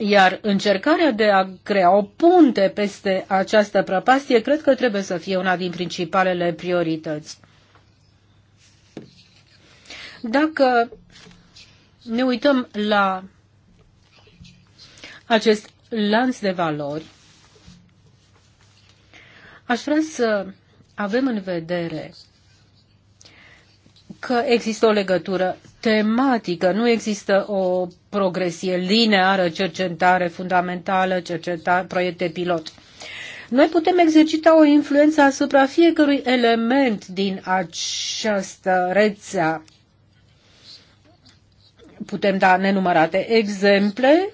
iar încercarea de a crea o punte peste această prăpastie cred că trebuie să fie una din principalele priorități. Dacă ne uităm la acest lanț de valori, aș vrea să avem în vedere că există o legătură tematică, nu există o progresie lineară, cercetare fundamentală, cercetare, proiecte pilot. Noi putem exercita o influență asupra fiecărui element din această rețea. Putem da nenumărate exemple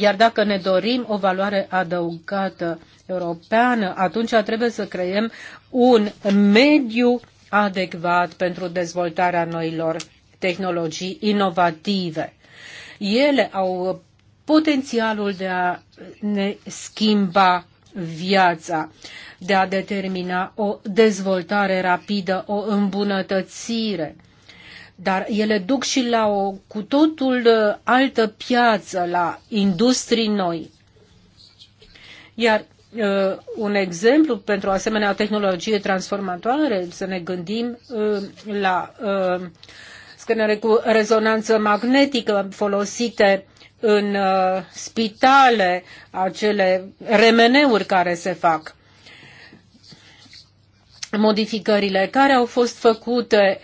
iar dacă ne dorim o valoare adăugată europeană, atunci trebuie să creăm un mediu adecvat pentru dezvoltarea noilor tehnologii inovative. Ele au potențialul de a ne schimba viața, de a determina o dezvoltare rapidă, o îmbunătățire dar ele duc și la o cu totul uh, altă piață, la industrii noi. Iar uh, un exemplu pentru o asemenea tehnologie transformatoare, să ne gândim uh, la uh, scanere cu rezonanță magnetică folosite în uh, spitale, acele remeneuri care se fac modificările care au fost făcute,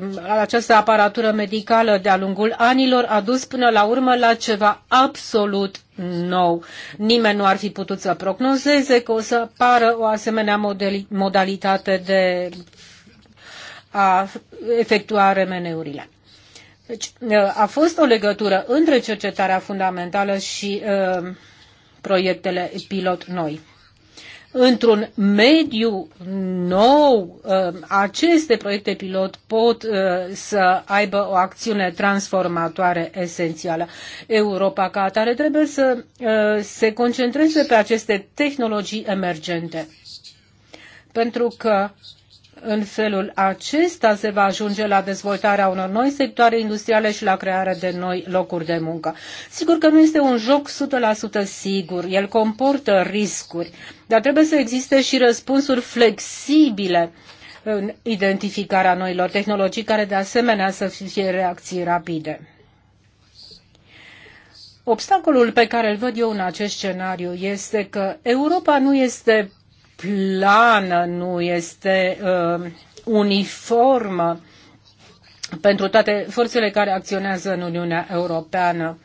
uh, această aparatură medicală de-a lungul anilor a dus până la urmă la ceva absolut nou. Nimeni nu ar fi putut să prognozeze că o să apară o asemenea modalitate de a efectua remeneurile. Deci uh, a fost o legătură între cercetarea fundamentală și uh, proiectele pilot noi într-un mediu nou, uh, aceste proiecte pilot pot uh, să aibă o acțiune transformatoare esențială. Europa ca atare trebuie să uh, se concentreze pe aceste tehnologii emergente. Pentru că în felul acesta se va ajunge la dezvoltarea unor noi sectoare industriale și la crearea de noi locuri de muncă. Sigur că nu este un joc 100% sigur, el comportă riscuri, dar trebuie să existe și răspunsuri flexibile în identificarea noilor tehnologii, care de asemenea să fie reacții rapide. Obstacolul pe care îl văd eu în acest scenariu este că Europa nu este plană, nu este uh, uniformă pentru toate forțele care acționează în Uniunea Europeană.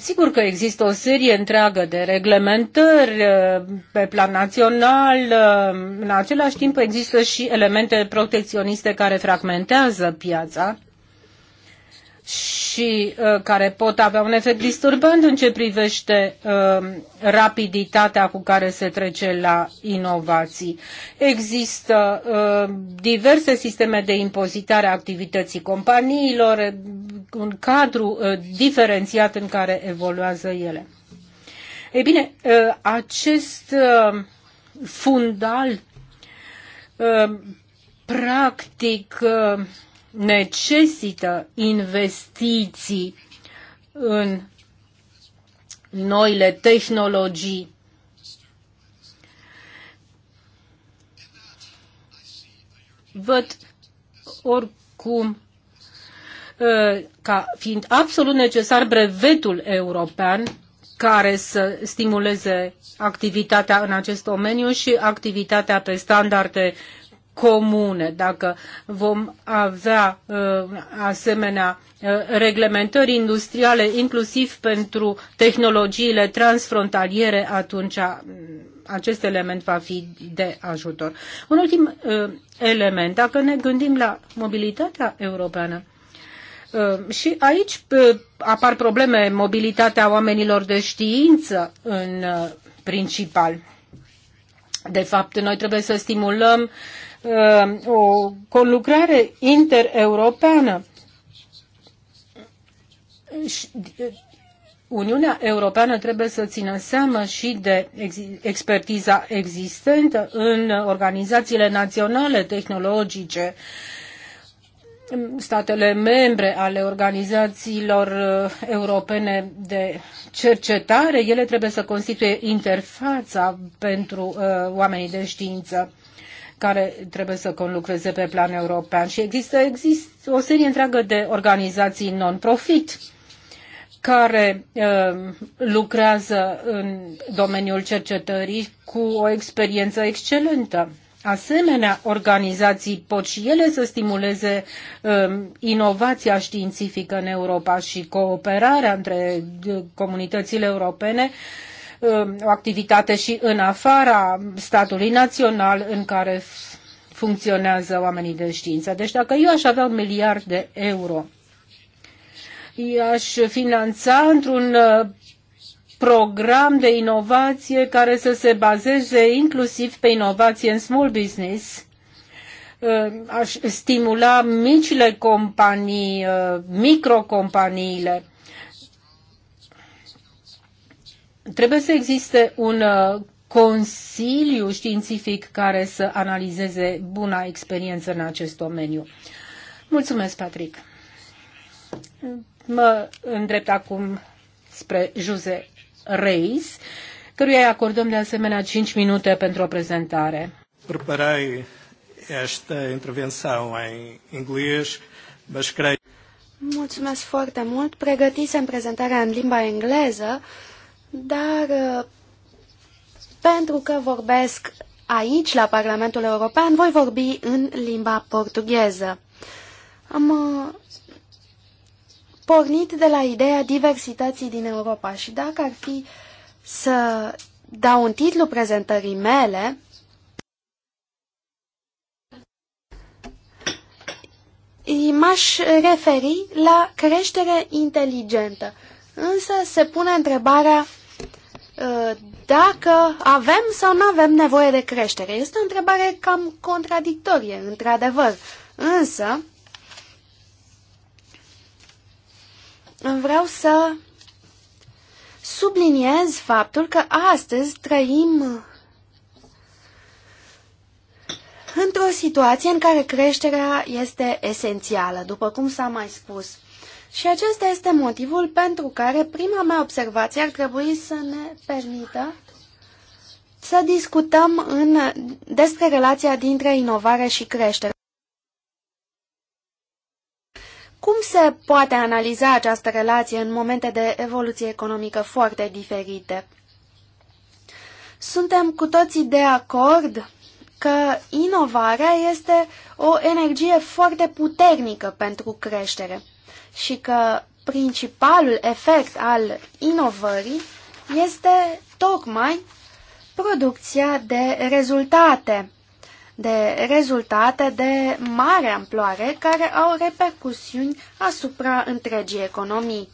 Sigur că există o serie întreagă de reglementări uh, pe plan național, uh, în același timp există și elemente protecționiste care fragmentează piața și uh, care pot avea un efect disturbant în ce privește uh, rapiditatea cu care se trece la inovații. Există uh, diverse sisteme de impozitare a activității companiilor, uh, un cadru uh, diferențiat în care evoluează ele. Ei bine, uh, acest uh, fundal uh, practic uh, necesită investiții în noile tehnologii. Văd oricum ă, ca fiind absolut necesar brevetul european care să stimuleze activitatea în acest domeniu și activitatea pe standarde comune. Dacă vom avea uh, asemenea uh, reglementări industriale, inclusiv pentru tehnologiile transfrontaliere, atunci uh, acest element va fi de ajutor. Un ultim element, dacă ne gândim la mobilitatea europeană, și aici apar probleme mobilitatea oamenilor de știință în principal. De fapt, noi trebuie să stimulăm uh, Uh, o conlucrare intereuropeană. Uh, Uniunea Europeană trebuie să țină seama și de expertiza existentă în organizațiile naționale tehnologice, statele membre ale organizațiilor uh, europene de cercetare, ele trebuie să constituie interfața pentru uh, oamenii de știință care trebuie să conlucreze pe plan european și există, există o serie întreagă de organizații non-profit care uh, lucrează în domeniul cercetării cu o experiență excelentă. Asemenea, organizații pot și ele să stimuleze uh, inovația științifică în Europa și cooperarea între uh, comunitățile europene uh, Um, o activitate și în afara statului național în care funcționează oamenii de știință. Deci dacă eu aș avea un miliard de euro, i-aș finanța într-un uh, program de inovație care să se bazeze inclusiv pe inovație în small business. Uh, aș stimula micile companii, uh, microcompaniile trebuie să existe un uh, consiliu științific care să analizeze buna experiență în acest domeniu. Mulțumesc, Patrick. Mă îndrept acum spre Jose Reis, căruia îi acordăm de asemenea 5 minute pentru o prezentare. Preparei esta intervenção em inglês, mas creio... Mulțumesc foarte mult. Pregătisem prezentarea în limba engleză, dar uh, pentru că vorbesc aici, la Parlamentul European, voi vorbi în limba portugheză. Am uh, pornit de la ideea diversității din Europa și dacă ar fi să dau un titlu prezentării mele, m-aș referi la creștere inteligentă. Însă se pune întrebarea Uh, dacă avem sau nu avem nevoie de creștere. Este o întrebare cam contradictorie, într-adevăr. Însă, vreau să subliniez faptul că astăzi trăim într-o situație în care creșterea este esențială, după cum s-a mai spus. Și acesta este motivul pentru care prima mea observație ar trebui să ne permită să discutăm în, despre relația dintre inovare și creștere. Cum se poate analiza această relație în momente de evoluție economică foarte diferite? Suntem cu toții de acord că inovarea este o energie foarte puternică pentru creștere și că principalul efect al inovării este tocmai producția de rezultate, de rezultate de mare amploare care au repercusiuni asupra întregii economii.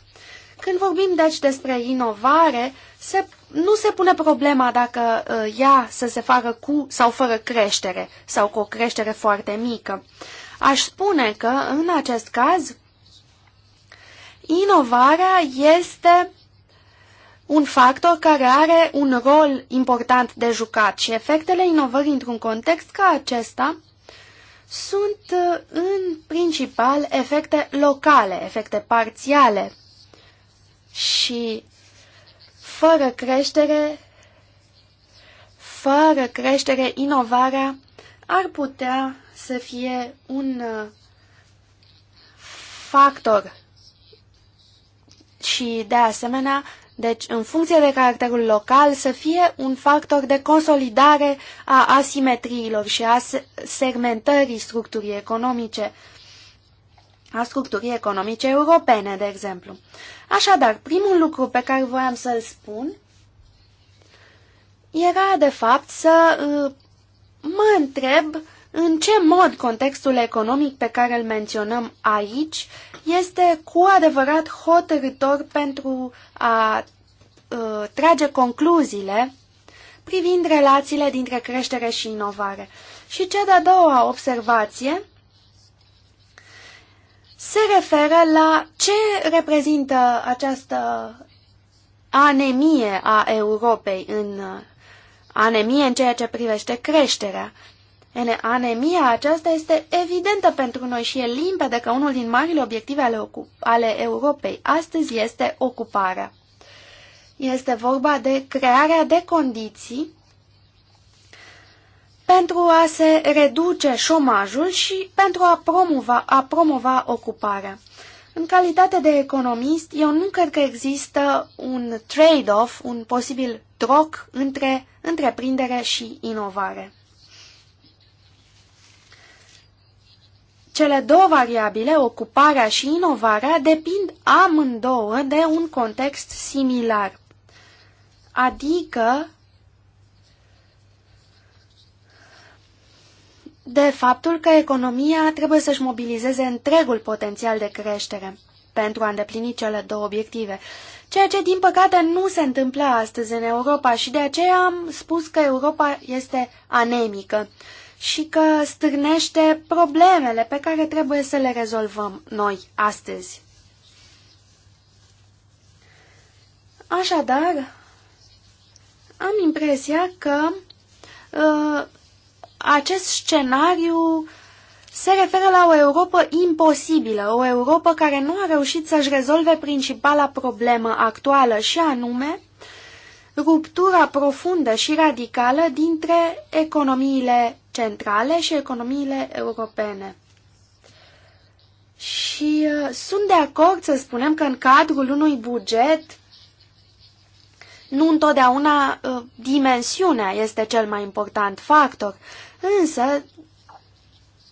Când vorbim deci despre inovare, se, nu se pune problema dacă uh, ea să se facă cu sau fără creștere, sau cu o creștere foarte mică. Aș spune că, în acest caz, Inovarea este un factor care are un rol important de jucat și efectele inovării într-un context ca acesta sunt uh, în principal efecte locale, efecte parțiale și fără creștere, fără creștere, inovarea ar putea să fie un uh, factor și, de asemenea, deci, în funcție de caracterul local, să fie un factor de consolidare a asimetriilor și a segmentării structurii economice, a structurii economice europene, de exemplu. Așadar, primul lucru pe care voiam să-l spun era, de fapt, să uh, mă întreb în ce mod contextul economic pe care îl menționăm aici este cu adevărat hotărător pentru a uh, trage concluziile privind relațiile dintre creștere și inovare. Și cea de-a doua observație se referă la ce reprezintă această anemie a Europei în anemie în ceea ce privește creșterea Anemia aceasta este evidentă pentru noi și e limpede că unul din marile obiective ale, ale Europei astăzi este ocuparea. Este vorba de crearea de condiții pentru a se reduce șomajul și pentru a promova, a promova ocuparea. În calitate de economist, eu nu cred că există un trade-off, un posibil troc între întreprindere și inovare. Cele două variabile, ocuparea și inovarea, depind amândouă de un context similar. Adică de faptul că economia trebuie să-și mobilizeze întregul potențial de creștere pentru a îndeplini cele două obiective, ceea ce din păcate nu se întâmplă astăzi în Europa și de aceea am spus că Europa este anemică și că stârnește problemele pe care trebuie să le rezolvăm noi astăzi. Așadar, am impresia că uh, acest scenariu se referă la o Europa imposibilă, o Europa care nu a reușit să-și rezolve principala problemă actuală și anume ruptura profundă și radicală dintre economiile centrale și economiile europene. Și uh, sunt de acord să spunem că în cadrul unui buget nu întotdeauna uh, dimensiunea este cel mai important factor, însă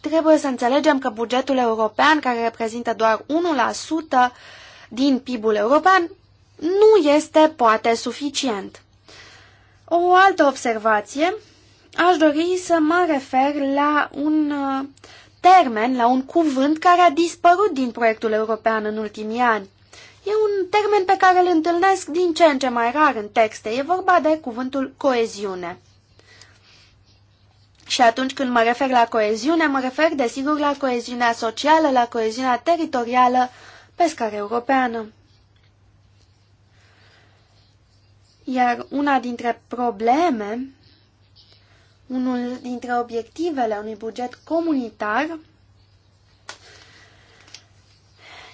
trebuie să înțelegem că bugetul european, care reprezintă doar 1% din PIB-ul european, nu este poate suficient. O altă observație aș dori să mă refer la un uh, termen, la un cuvânt care a dispărut din proiectul european în ultimii ani. E un termen pe care îl întâlnesc din ce în ce mai rar în texte. E vorba de cuvântul coeziune. Și atunci când mă refer la coeziune, mă refer desigur la coeziunea socială, la coeziunea teritorială pe scară europeană. Iar una dintre probleme unul dintre obiectivele unui buget comunitar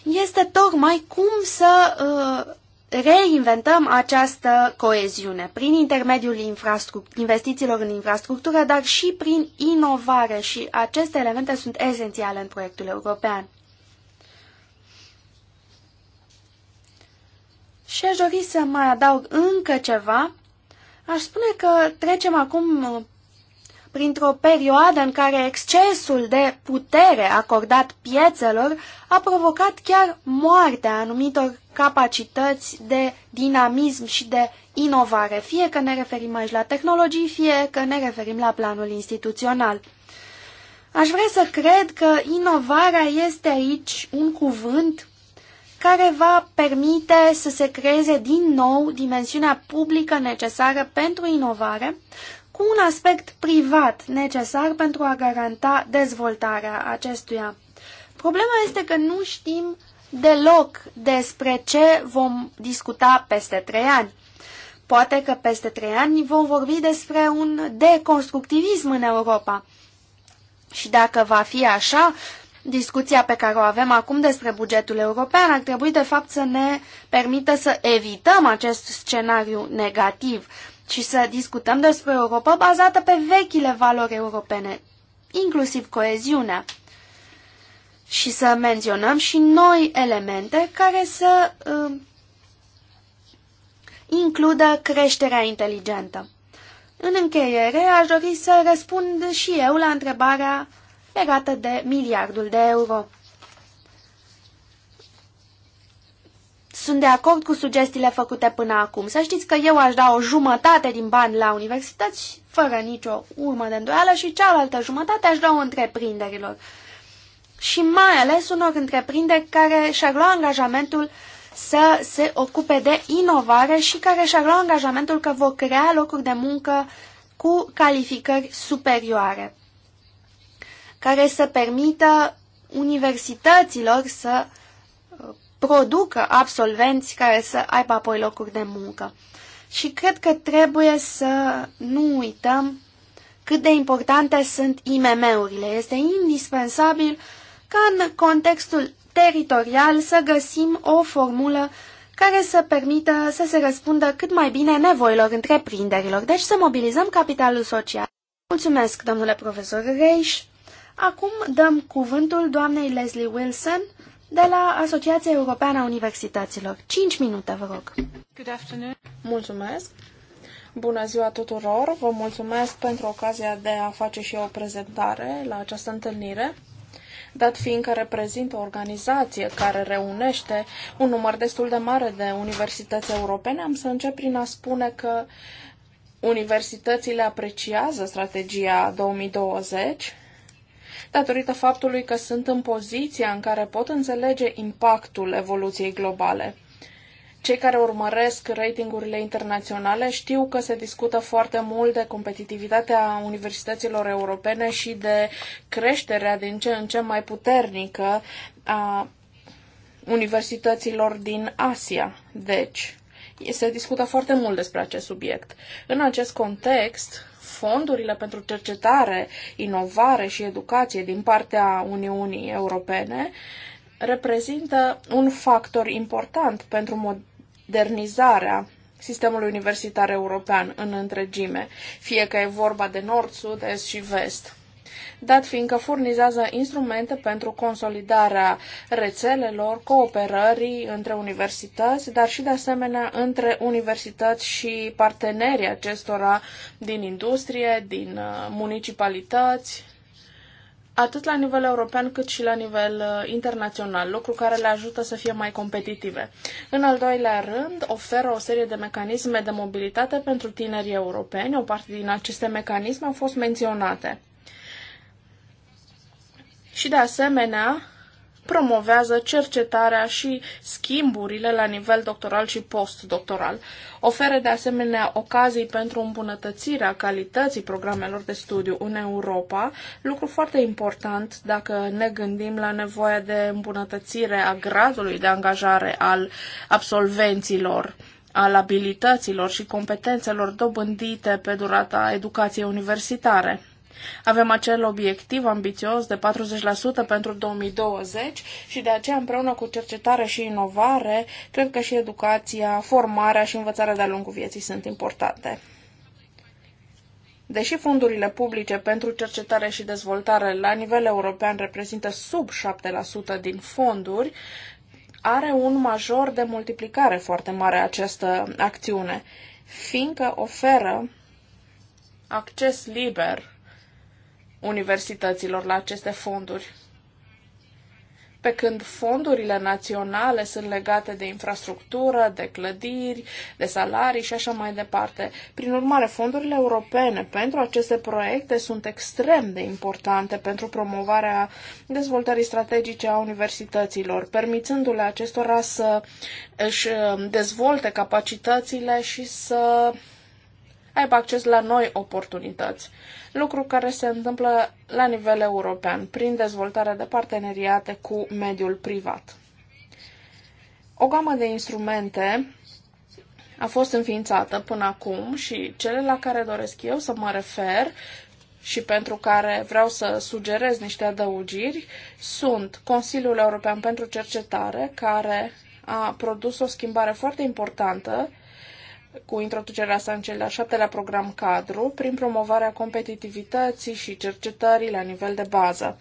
este tocmai cum să uh, reinventăm această coeziune prin intermediul investițiilor în infrastructură, dar și prin inovare și aceste elemente sunt esențiale în proiectul european. Și aș dori să mai adaug încă ceva. Aș spune că trecem acum uh, printr-o perioadă în care excesul de putere acordat piețelor a provocat chiar moartea anumitor capacități de dinamism și de inovare, fie că ne referim aici la tehnologii, fie că ne referim la planul instituțional. Aș vrea să cred că inovarea este aici un cuvânt care va permite să se creeze din nou dimensiunea publică necesară pentru inovare cu un aspect privat necesar pentru a garanta dezvoltarea acestuia. Problema este că nu știm deloc despre ce vom discuta peste trei ani. Poate că peste trei ani vom vorbi despre un deconstructivism în Europa. Și dacă va fi așa, discuția pe care o avem acum despre bugetul european ar trebui de fapt să ne permită să evităm acest scenariu negativ ci să discutăm despre Europa bazată pe vechile valori europene, inclusiv coeziunea, și să menționăm și noi elemente care să uh, includă creșterea inteligentă. În încheiere, aș dori să răspund și eu la întrebarea legată de miliardul de euro. Sunt de acord cu sugestiile făcute până acum. Să știți că eu aș da o jumătate din bani la universități, fără nicio urmă de îndoială, și cealaltă jumătate aș da o întreprinderilor. Și mai ales unor întreprinderi care și-ar lua angajamentul să se ocupe de inovare și care și-ar lua angajamentul că vor crea locuri de muncă cu calificări superioare, care să permită universităților să uh, producă absolvenți care să aibă apoi locuri de muncă. Și cred că trebuie să nu uităm cât de importante sunt IMM-urile. Este indispensabil ca în contextul teritorial să găsim o formulă care să permită să se răspundă cât mai bine nevoilor întreprinderilor, deci să mobilizăm capitalul social. Mulțumesc, domnule profesor Reiș. Acum dăm cuvântul doamnei Leslie Wilson, de la Asociația Europeană a Universităților. 5 minute, vă rog. Good afternoon. Mulțumesc. Bună ziua tuturor! Vă mulțumesc pentru ocazia de a face și eu o prezentare la această întâlnire dat fiindcă reprezintă o organizație care reunește un număr destul de mare de universități europene, am să încep prin a spune că universitățile apreciază strategia 2020 datorită faptului că sunt în poziția în care pot înțelege impactul evoluției globale. Cei care urmăresc ratingurile internaționale știu că se discută foarte mult de competitivitatea universităților europene și de creșterea din ce în ce mai puternică a universităților din Asia. Deci, se discută foarte mult despre acest subiect. În acest context, fondurile pentru cercetare, inovare și educație din partea Uniunii Europene reprezintă un factor important pentru modernizarea sistemului universitar european în întregime, fie că e vorba de nord, sud, est și vest dat fiindcă furnizează instrumente pentru consolidarea rețelelor, cooperării între universități, dar și de asemenea între universități și partenerii acestora din industrie, din uh, municipalități, atât la nivel european cât și la nivel uh, internațional, lucru care le ajută să fie mai competitive. În al doilea rând, oferă o serie de mecanisme de mobilitate pentru tinerii europeni. O parte din aceste mecanisme au fost menționate și, de asemenea, promovează cercetarea și schimburile la nivel doctoral și postdoctoral. Oferă de asemenea ocazii pentru îmbunătățirea calității programelor de studiu în Europa, lucru foarte important dacă ne gândim la nevoia de îmbunătățire a gradului de angajare al absolvenților al abilităților și competențelor dobândite pe durata educației universitare. Avem acel obiectiv ambițios de 40% pentru 2020 și de aceea împreună cu cercetare și inovare, cred că și educația, formarea și învățarea de-a lungul vieții sunt importante. Deși fondurile publice pentru cercetare și dezvoltare la nivel european reprezintă sub 7% din fonduri, are un major de multiplicare foarte mare această acțiune, fiindcă oferă acces liber universităților la aceste fonduri. Pe când fondurile naționale sunt legate de infrastructură, de clădiri, de salarii și așa mai departe. Prin urmare, fondurile europene pentru aceste proiecte sunt extrem de importante pentru promovarea dezvoltării strategice a universităților, permițându-le acestora să își um, dezvolte capacitățile și să aibă acces la noi oportunități. Lucru care se întâmplă la nivel european, prin dezvoltarea de parteneriate cu mediul privat. O gamă de instrumente a fost înființată până acum și cele la care doresc eu să mă refer și pentru care vreau să sugerez niște adăugiri sunt Consiliul European pentru Cercetare, care a produs o schimbare foarte importantă cu introducerea sa în cel de-al șaptelea program cadru, prin promovarea competitivității și cercetării la nivel de bază.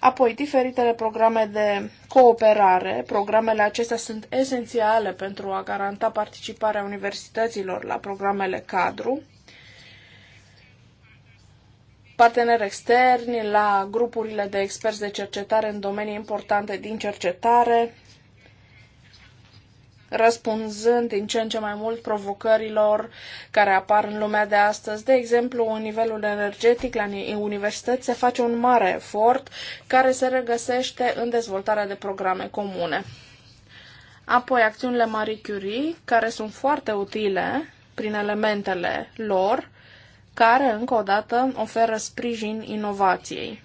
Apoi, diferitele programe de cooperare. Programele acestea sunt esențiale pentru a garanta participarea universităților la programele cadru, parteneri externi, la grupurile de experți de cercetare în domenii importante din cercetare, răspunzând din ce în ce mai mult provocărilor care apar în lumea de astăzi. De exemplu, în nivelul energetic la universități se face un mare efort care se regăsește în dezvoltarea de programe comune. Apoi, acțiunile Marie Curie, care sunt foarte utile prin elementele lor, care, încă o dată, oferă sprijin inovației.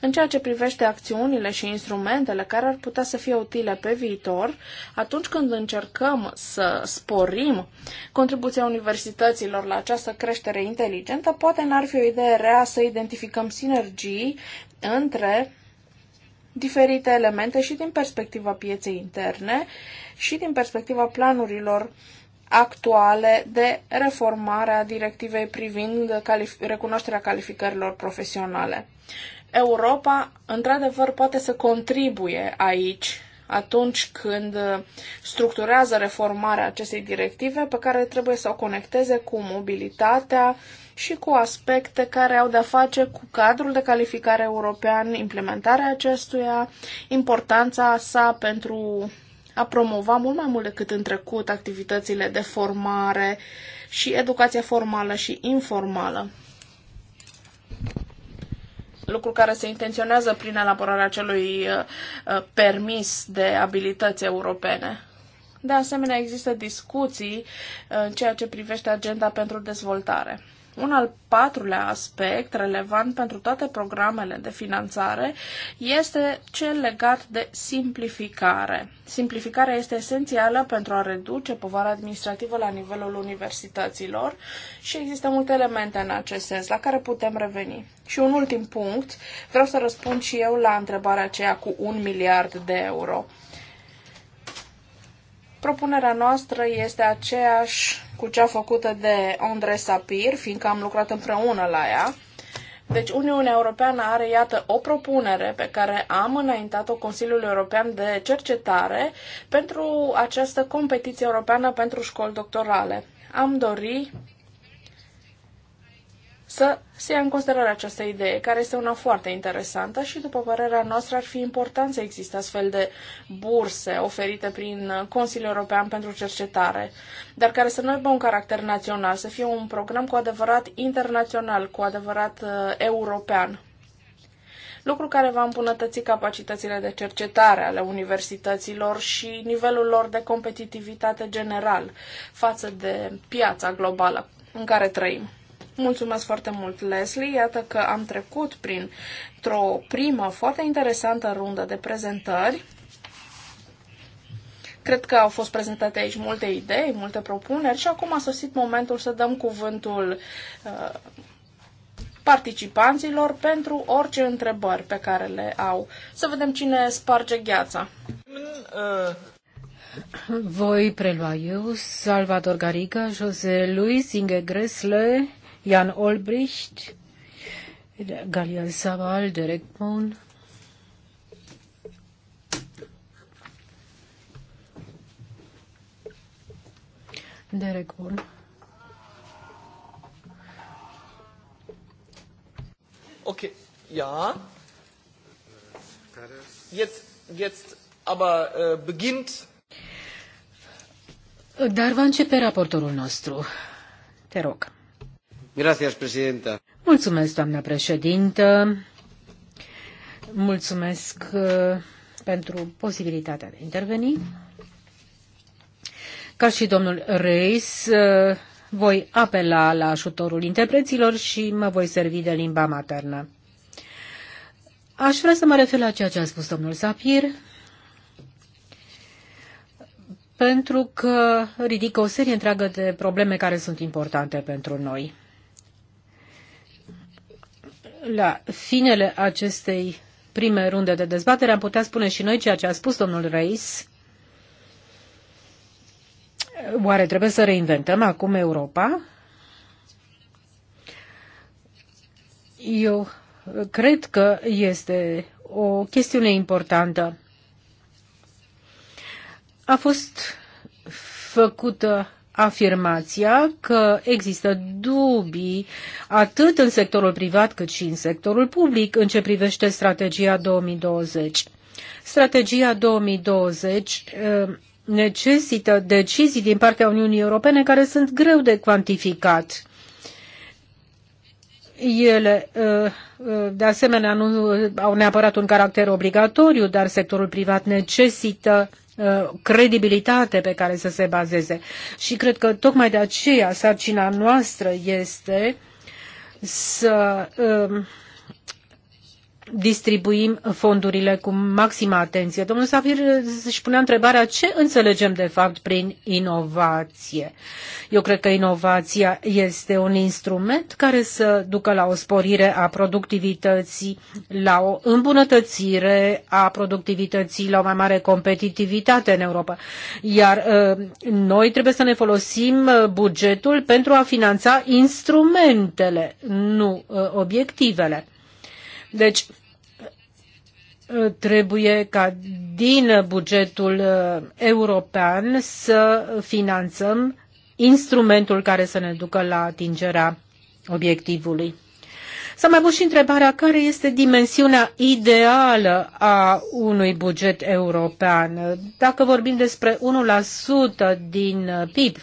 În ceea ce privește acțiunile și instrumentele care ar putea să fie utile pe viitor, atunci când încercăm să sporim contribuția universităților la această creștere inteligentă, poate n-ar fi o idee rea să identificăm sinergii între diferite elemente și din perspectiva pieței interne și din perspectiva planurilor actuale de reformare a directivei privind calif- recunoașterea calificărilor profesionale. Europa, într-adevăr, poate să contribuie aici atunci când structurează reformarea acestei directive pe care trebuie să o conecteze cu mobilitatea și cu aspecte care au de-a face cu cadrul de calificare european, implementarea acestuia, importanța sa pentru a promova mult mai mult decât în trecut activitățile de formare și educația formală și informală lucru care se intenționează prin elaborarea acelui uh, uh, permis de abilități europene. De asemenea, există discuții uh, în ceea ce privește agenda pentru dezvoltare. Un al patrulea aspect relevant pentru toate programele de finanțare este cel legat de simplificare. Simplificarea este esențială pentru a reduce povara administrativă la nivelul universităților și există multe elemente în acest sens la care putem reveni. Și un ultim punct, vreau să răspund și eu la întrebarea aceea cu un miliard de euro. Propunerea noastră este aceeași cu cea făcută de Andre Sapir, fiindcă am lucrat împreună la ea. Deci Uniunea Europeană are, iată, o propunere pe care am înaintat-o Consiliului European de Cercetare pentru această competiție europeană pentru școli doctorale. Am dori să se ia în considerare această idee, care este una foarte interesantă și, după părerea noastră, ar fi important să existe astfel de burse oferite prin Consiliul European pentru Cercetare, dar care să nu aibă un caracter național, să fie un program cu adevărat internațional, cu adevărat uh, european. Lucru care va îmbunătăți capacitățile de cercetare ale universităților și nivelul lor de competitivitate general față de piața globală în care trăim. Mulțumesc foarte mult, Leslie. Iată că am trecut prin o primă foarte interesantă rundă de prezentări. Cred că au fost prezentate aici multe idei, multe propuneri și acum a sosit momentul să dăm cuvântul uh, participanților pentru orice întrebări pe care le au. Să vedem cine sparge gheața. Voi prelua eu, Salvador Gariga, José Luis Inge Jan Olbricht, Galian Saval, Derek Bone. Derek Bone. Okay, ja. Jetzt, jetzt aber äh, beginnt. Dar va începe raportorul nostru. Te rog. Mulțumesc, doamna președintă. Mulțumesc uh, pentru posibilitatea de a interveni. Ca și domnul Reis, uh, voi apela la ajutorul interpreților și mă voi servi de limba maternă. Aș vrea să mă refer la ceea ce a spus domnul Sapir, pentru că ridică o serie întreagă de probleme care sunt importante pentru noi la finele acestei prime runde de dezbatere am putea spune și noi ceea ce a spus domnul Reis. Oare trebuie să reinventăm acum Europa? Eu cred că este o chestiune importantă. A fost făcută afirmația că există dubii atât în sectorul privat cât și în sectorul public în ce privește strategia 2020. Strategia 2020 eh, necesită decizii din partea Uniunii Europene care sunt greu de cuantificat. Ele, eh, eh, de asemenea, nu au neapărat un caracter obligatoriu, dar sectorul privat necesită Uh, credibilitate pe care să se bazeze. Și cred că tocmai de aceea sarcina noastră este să um, distribuim fondurile cu maximă atenție. Domnul Safir își punea întrebarea ce înțelegem de fapt prin inovație. Eu cred că inovația este un instrument care să ducă la o sporire a productivității, la o îmbunătățire a productivității, la o mai mare competitivitate în Europa. Iar ă, noi trebuie să ne folosim ă, bugetul pentru a finanța instrumentele, nu ă, obiectivele. Deci, uh, trebuie ca din bugetul uh, european să finanțăm instrumentul care să ne ducă la atingerea obiectivului. S-a mai pus și întrebarea care este dimensiunea ideală a unui buget european. Dacă vorbim despre 1% din PIB,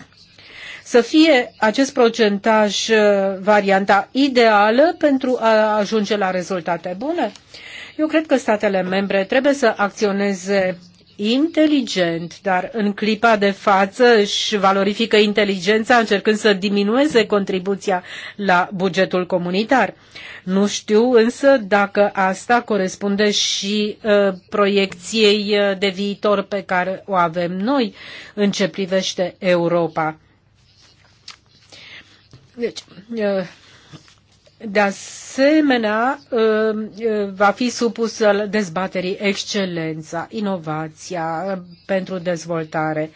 să fie acest procentaj uh, varianta ideală pentru a ajunge la rezultate bune? Eu cred că statele membre trebuie să acționeze inteligent, dar în clipa de față își valorifică inteligența încercând să diminueze contribuția la bugetul comunitar. Nu știu însă dacă asta corespunde și uh, proiecției uh, de viitor pe care o avem noi în ce privește Europa. Deci, de asemenea, va fi supusă dezbaterii excelența, inovația pentru dezvoltare.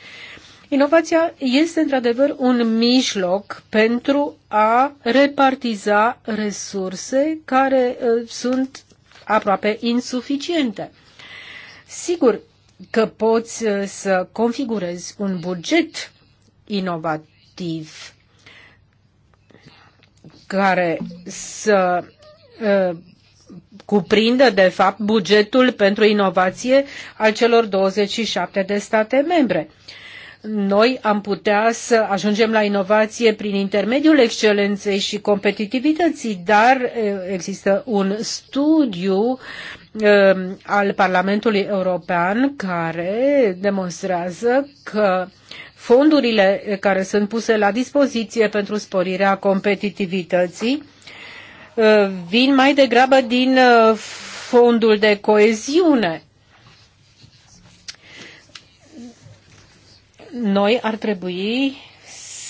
Inovația este într-adevăr un mijloc pentru a repartiza resurse care sunt aproape insuficiente. Sigur că poți să configurezi un buget inovativ care să cuprindă, de fapt, bugetul pentru inovație al celor 27 de state membre. Noi am putea să ajungem la inovație prin intermediul excelenței și competitivității, dar există un studiu al Parlamentului European care demonstrează că uh, fondurile care sunt puse la dispoziție pentru sporirea competitivității uh, vin mai degrabă din uh, fondul de coeziune. Noi ar trebui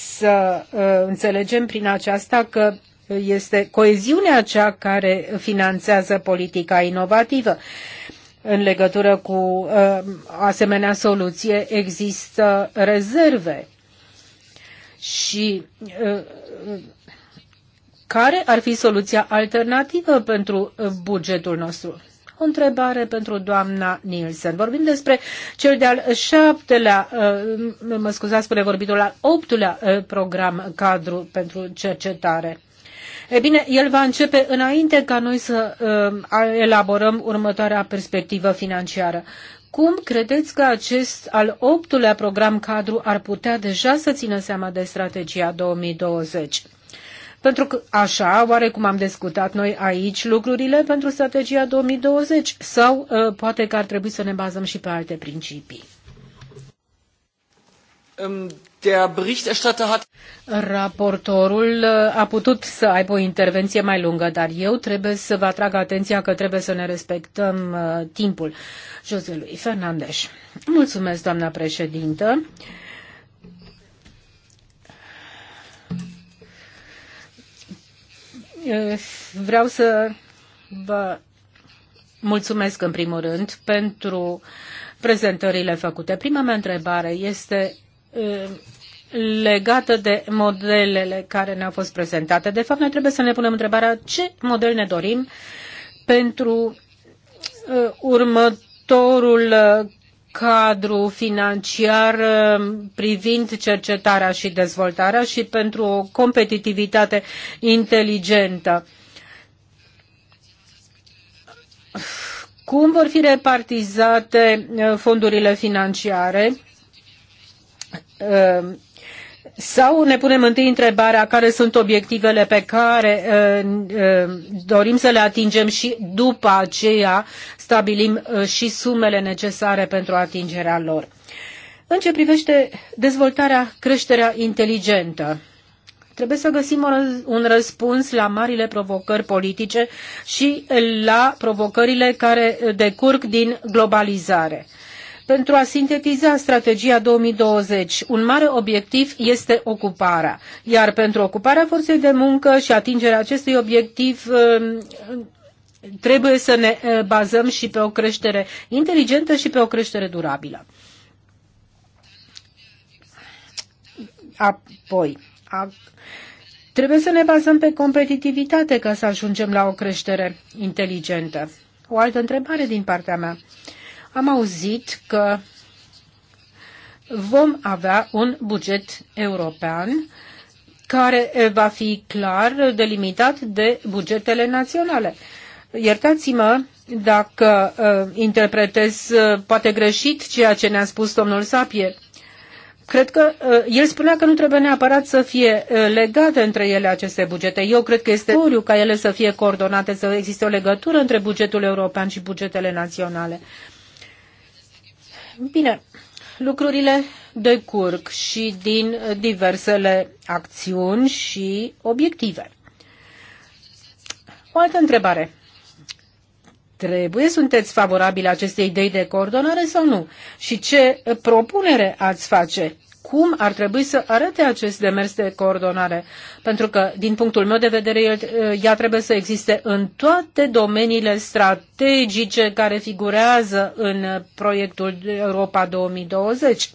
să uh, înțelegem prin aceasta că este coeziunea cea care finanțează politica inovativă în legătură cu uh, asemenea soluție există rezerve și uh, care ar fi soluția alternativă pentru uh, bugetul nostru? O întrebare pentru doamna Nielsen. Vorbim despre cel de-al șaptelea, mă scuzați, spune vorbitul, al optulea program cadru pentru cercetare. E bine, el va începe înainte ca noi să uh, elaborăm următoarea perspectivă financiară. Cum credeți că acest al optulea program cadru ar putea deja să țină seama de strategia 2020? Pentru că așa, oarecum am discutat noi aici lucrurile pentru strategia 2020 sau uh, poate că ar trebui să ne bazăm și pe alte principii? Raportorul uh, a putut să aibă o intervenție mai lungă, dar eu trebuie să vă atrag atenția că trebuie să ne respectăm uh, timpul. José Luis Fernandez. Mulțumesc, doamna președintă. Uh, vreau să vă mulțumesc în primul rând pentru prezentările făcute. Prima mea întrebare este Uh, legată de modelele care ne-au fost prezentate. De fapt, noi trebuie să ne punem întrebarea ce model ne dorim pentru uh, următorul uh, cadru financiar privind cercetarea și dezvoltarea și pentru o competitivitate inteligentă. Cum vor fi repartizate fondurile financiare? Ehm, sau ne punem întâi întrebarea care sunt obiectivele pe care ehm, ehm, dorim să le atingem și după aceea stabilim și sumele necesare pentru atingerea lor. În ce privește dezvoltarea, creșterea inteligentă, trebuie să găsim un răspuns la marile provocări politice și la provocările care decurg din globalizare pentru a sintetiza strategia 2020. Un mare obiectiv este ocuparea, iar pentru ocuparea forței de muncă și atingerea acestui obiectiv um, trebuie să ne uh, bazăm și pe o creștere inteligentă și pe o creștere durabilă. Apoi, a, trebuie să ne bazăm pe competitivitate ca să ajungem la o creștere inteligentă. O altă întrebare din partea mea. Am auzit că vom avea un buget european care va fi clar delimitat de bugetele naționale. Iertați-mă dacă uh, interpretez uh, poate greșit ceea ce ne-a spus domnul Sapie. Cred că uh, el spunea că nu trebuie neapărat să fie uh, legate între ele aceste bugete. Eu cred că este oriu ca ele să fie coordonate, să existe o legătură între bugetul european și bugetele naționale. Uh, Bine, lucrurile decurg și din diversele acțiuni și obiective. O altă întrebare. Trebuie sunteți favorabili acestei idei de coordonare sau nu? Și ce propunere ați face? cum ar trebui să arate acest demers de coordonare. Pentru că, din punctul meu de vedere, el, eh, ea trebuie să existe în toate domeniile strategice care figurează în eh, proiectul Europa 2020.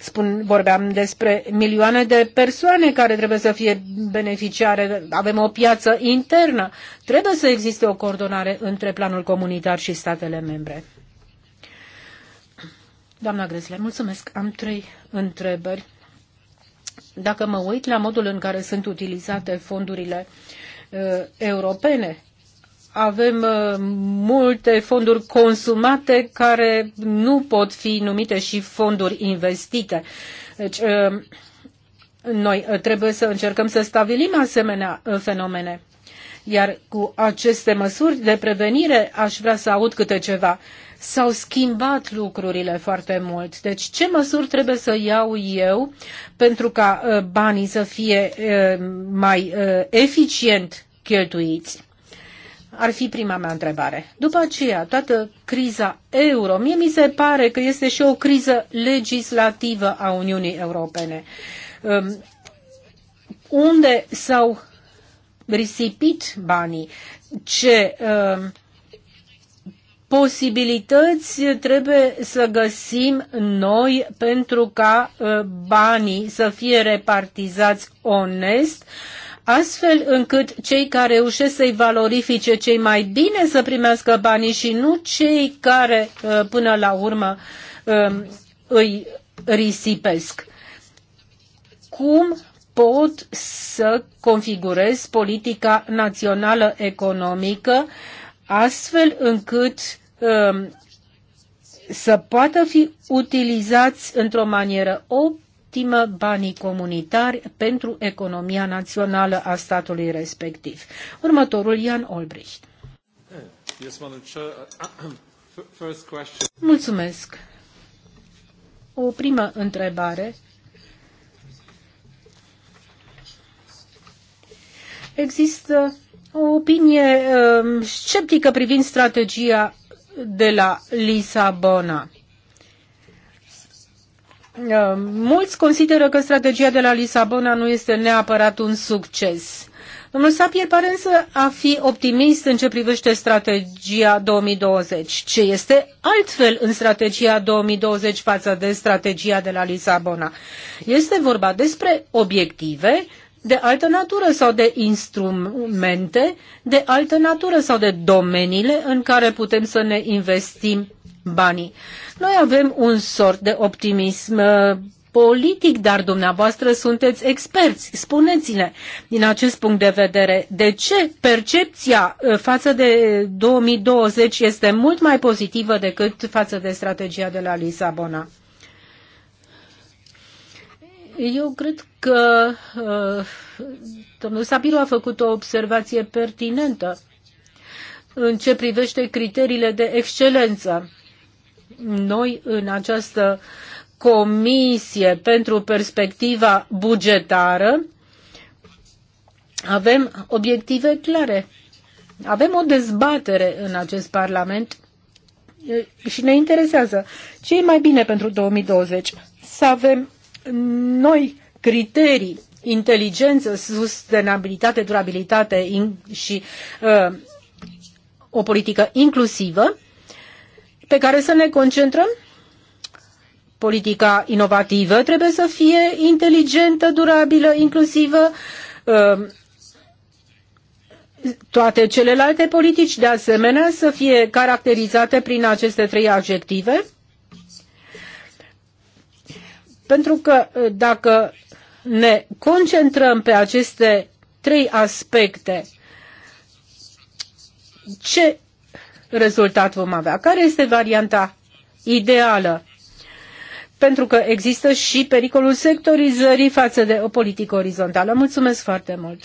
Spun, vorbeam despre milioane de persoane care trebuie să fie beneficiare, avem o piață internă. Trebuie să existe o coordonare între planul comunitar și statele membre. Doamna Gresle, mulțumesc. Am trei întrebări. Dacă mă uit la modul în care sunt utilizate fondurile uh, europene, avem uh, multe fonduri consumate care nu pot fi numite și fonduri investite. Deci, uh, noi uh, trebuie să încercăm să stabilim asemenea uh, fenomene. Iar cu aceste măsuri de prevenire aș vrea să aud câte ceva. Uh, s-au schimbat lucrurile foarte mult. Deci ce măsuri trebuie să iau eu pentru ca uh, banii să fie uh, mai uh, eficient cheltuiți? Ar fi prima mea întrebare. După aceea, toată criza euro, mie mi se pare că este și o criză legislativă a Uniunii Europene. Um, unde s-au risipit banii? Ce uh, posibilități trebuie să găsim noi pentru ca uh, banii să fie repartizați onest, astfel încât cei care reușesc să-i valorifice cei mai bine să primească banii și nu cei care uh, până la urmă um, îi risipesc. Cum pot să configurez politica națională economică uh, astfel încât um, să poată fi utilizați într-o manieră optimă banii comunitari pentru economia națională a statului respectiv. Următorul Ian Olbricht. Uh, *clears throat* Mulțumesc. O primă întrebare. Există o opinie um, sceptică privind strategia de la Lisabona. Um, mulți consideră că strategia de la Lisabona nu este neapărat un succes. Domnul Sapier pare însă a fi optimist în ce privește strategia 2020. Ce este altfel în strategia 2020 față de strategia de la Lisabona? Este vorba despre obiective de altă natură sau de instrumente de altă natură sau de domeniile în care putem să ne investim banii. Noi avem un sort de optimism uh, politic, dar dumneavoastră sunteți experți. Spuneți-ne, din acest punct de vedere, de ce percepția uh, față de 2020 este mult mai pozitivă decât față de strategia de la Lisabona? Eu cred că uh, domnul Sabiru a făcut o observație pertinentă în ce privește criteriile de excelență. Noi în această comisie pentru perspectiva bugetară avem obiective clare. Avem o dezbatere în acest Parlament uh, și ne interesează ce e mai bine pentru 2020. Să avem noi criterii, inteligență, sustenabilitate, durabilitate și uh, o politică inclusivă pe care să ne concentrăm. Politica inovativă trebuie să fie inteligentă, durabilă, inclusivă. Uh, toate celelalte politici, de asemenea, să fie caracterizate prin aceste trei adjective pentru că uh, dacă ne concentrăm pe aceste trei aspecte, ce rezultat vom avea? Care este varianta ideală? Pentru că există și pericolul sectorizării față de o politică orizontală. Mulțumesc foarte mult!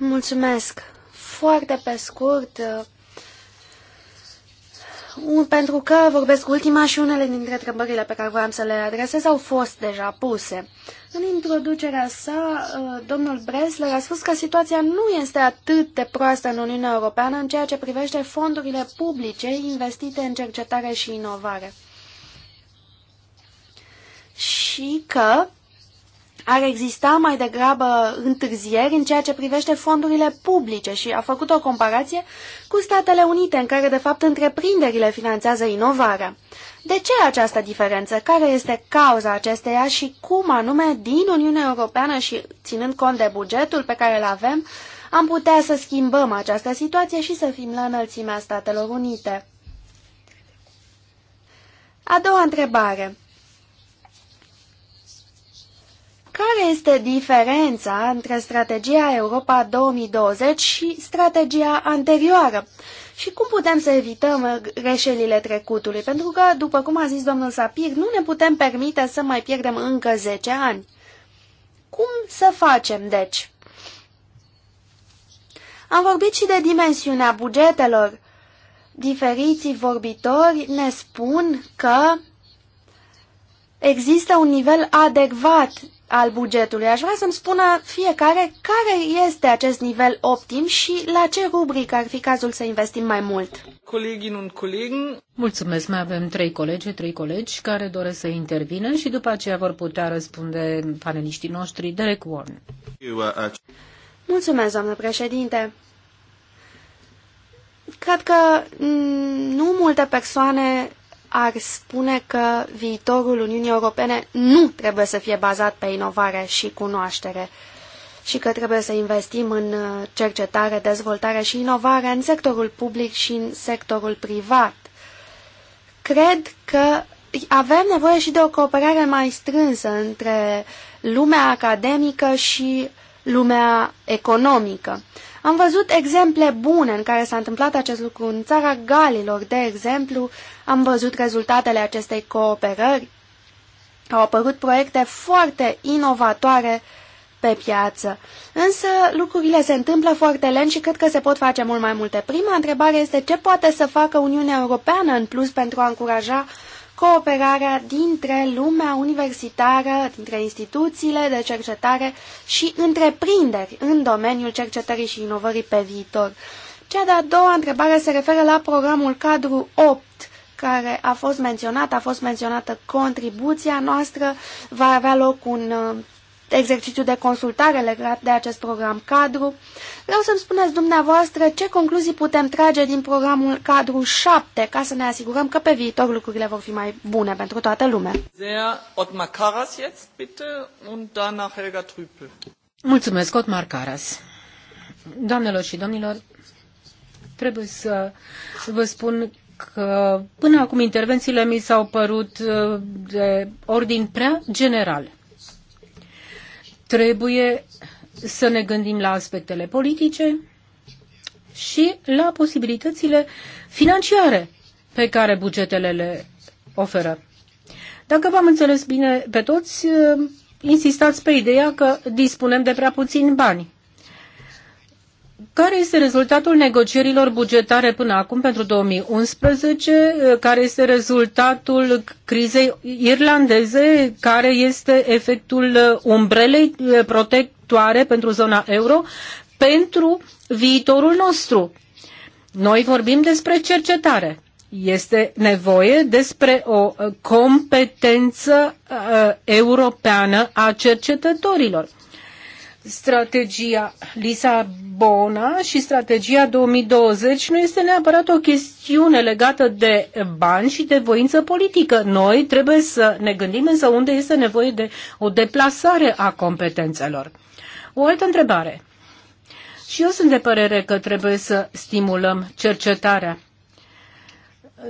Mulțumesc! Foarte pe scurt, pentru că vorbesc ultima și unele dintre întrebările pe care voiam să le adresez au fost deja puse. În introducerea sa, uh, domnul Bresler a spus că situația nu este atât de proastă în Uniunea Europeană în ceea ce privește fondurile publice investite în cercetare și inovare. Și că ar exista mai degrabă întârzieri în ceea ce privește fondurile publice și a făcut o comparație cu Statele Unite, în care de fapt întreprinderile finanțează inovarea. De ce această diferență? Care este cauza acesteia și cum anume din Uniunea Europeană și ținând cont de bugetul pe care îl avem, am putea să schimbăm această situație și să fim la înălțimea Statelor Unite? A doua întrebare. Care este diferența între strategia Europa 2020 și strategia anterioară? Și cum putem să evităm greșelile trecutului? Pentru că, după cum a zis domnul Sapir, nu ne putem permite să mai pierdem încă 10 ani. Cum să facem, deci? Am vorbit și de dimensiunea bugetelor. Diferiții vorbitori ne spun că există un nivel adecvat al bugetului. Aș vrea să-mi spună fiecare care este acest nivel optim și la ce rubrică ar fi cazul să investim mai mult. Mulțumesc, mai avem trei colegi, trei colegi care doresc să intervină și după aceea vor putea răspunde paneliștii noștri. Derek Warren. Mulțumesc, doamnă președinte. Cred că nu multe persoane ar spune că viitorul Uniunii Europene nu trebuie să fie bazat pe inovare și cunoaștere și că trebuie să investim în uh, cercetare, dezvoltare și inovare în sectorul public și în sectorul privat. Cred că avem nevoie și de o cooperare mai strânsă între lumea academică și lumea economică. Am văzut exemple bune în care s-a întâmplat acest lucru în țara Galilor, de exemplu, am văzut rezultatele acestei cooperări. Au apărut proiecte foarte inovatoare pe piață. Însă lucrurile se întâmplă foarte lent și cred că se pot face mult mai multe. Prima întrebare este ce poate să facă Uniunea Europeană în plus pentru a încuraja cooperarea dintre lumea universitară, dintre instituțiile de cercetare și întreprinderi în domeniul cercetării și inovării pe viitor. Cea de-a doua întrebare se referă la programul cadru 8, care a fost menționat, a fost menționată contribuția noastră, va avea loc un uh, exercițiu de consultare legat de acest program cadru. Vreau să-mi spuneți dumneavoastră ce concluzii putem trage din programul cadru 7 ca să ne asigurăm că pe viitor lucrurile vor fi mai bune pentru toată lumea. Mulțumesc, Otmar Caras. Doamnelor și domnilor, trebuie să vă spun că până acum intervențiile mi s-au părut uh, de ordin prea general. Trebuie să ne gândim la aspectele politice și la posibilitățile financiare pe care bugetele le oferă. Dacă v-am înțeles bine pe toți, eh, insistați pe ideea că dispunem de prea puțini bani. Care este rezultatul negocierilor bugetare până acum pentru 2011? Care este rezultatul crizei irlandeze? Care este efectul uh, umbrelei uh, protectoare pentru zona euro pentru viitorul nostru? Noi vorbim despre cercetare. Este nevoie despre o uh, competență europeană a cercetătorilor strategia Lisabona și strategia 2020 nu este neapărat o chestiune legată de bani și de voință politică. Noi trebuie să ne gândim însă unde este nevoie de o deplasare a competențelor. O altă întrebare. Și eu sunt de părere că trebuie să stimulăm cercetarea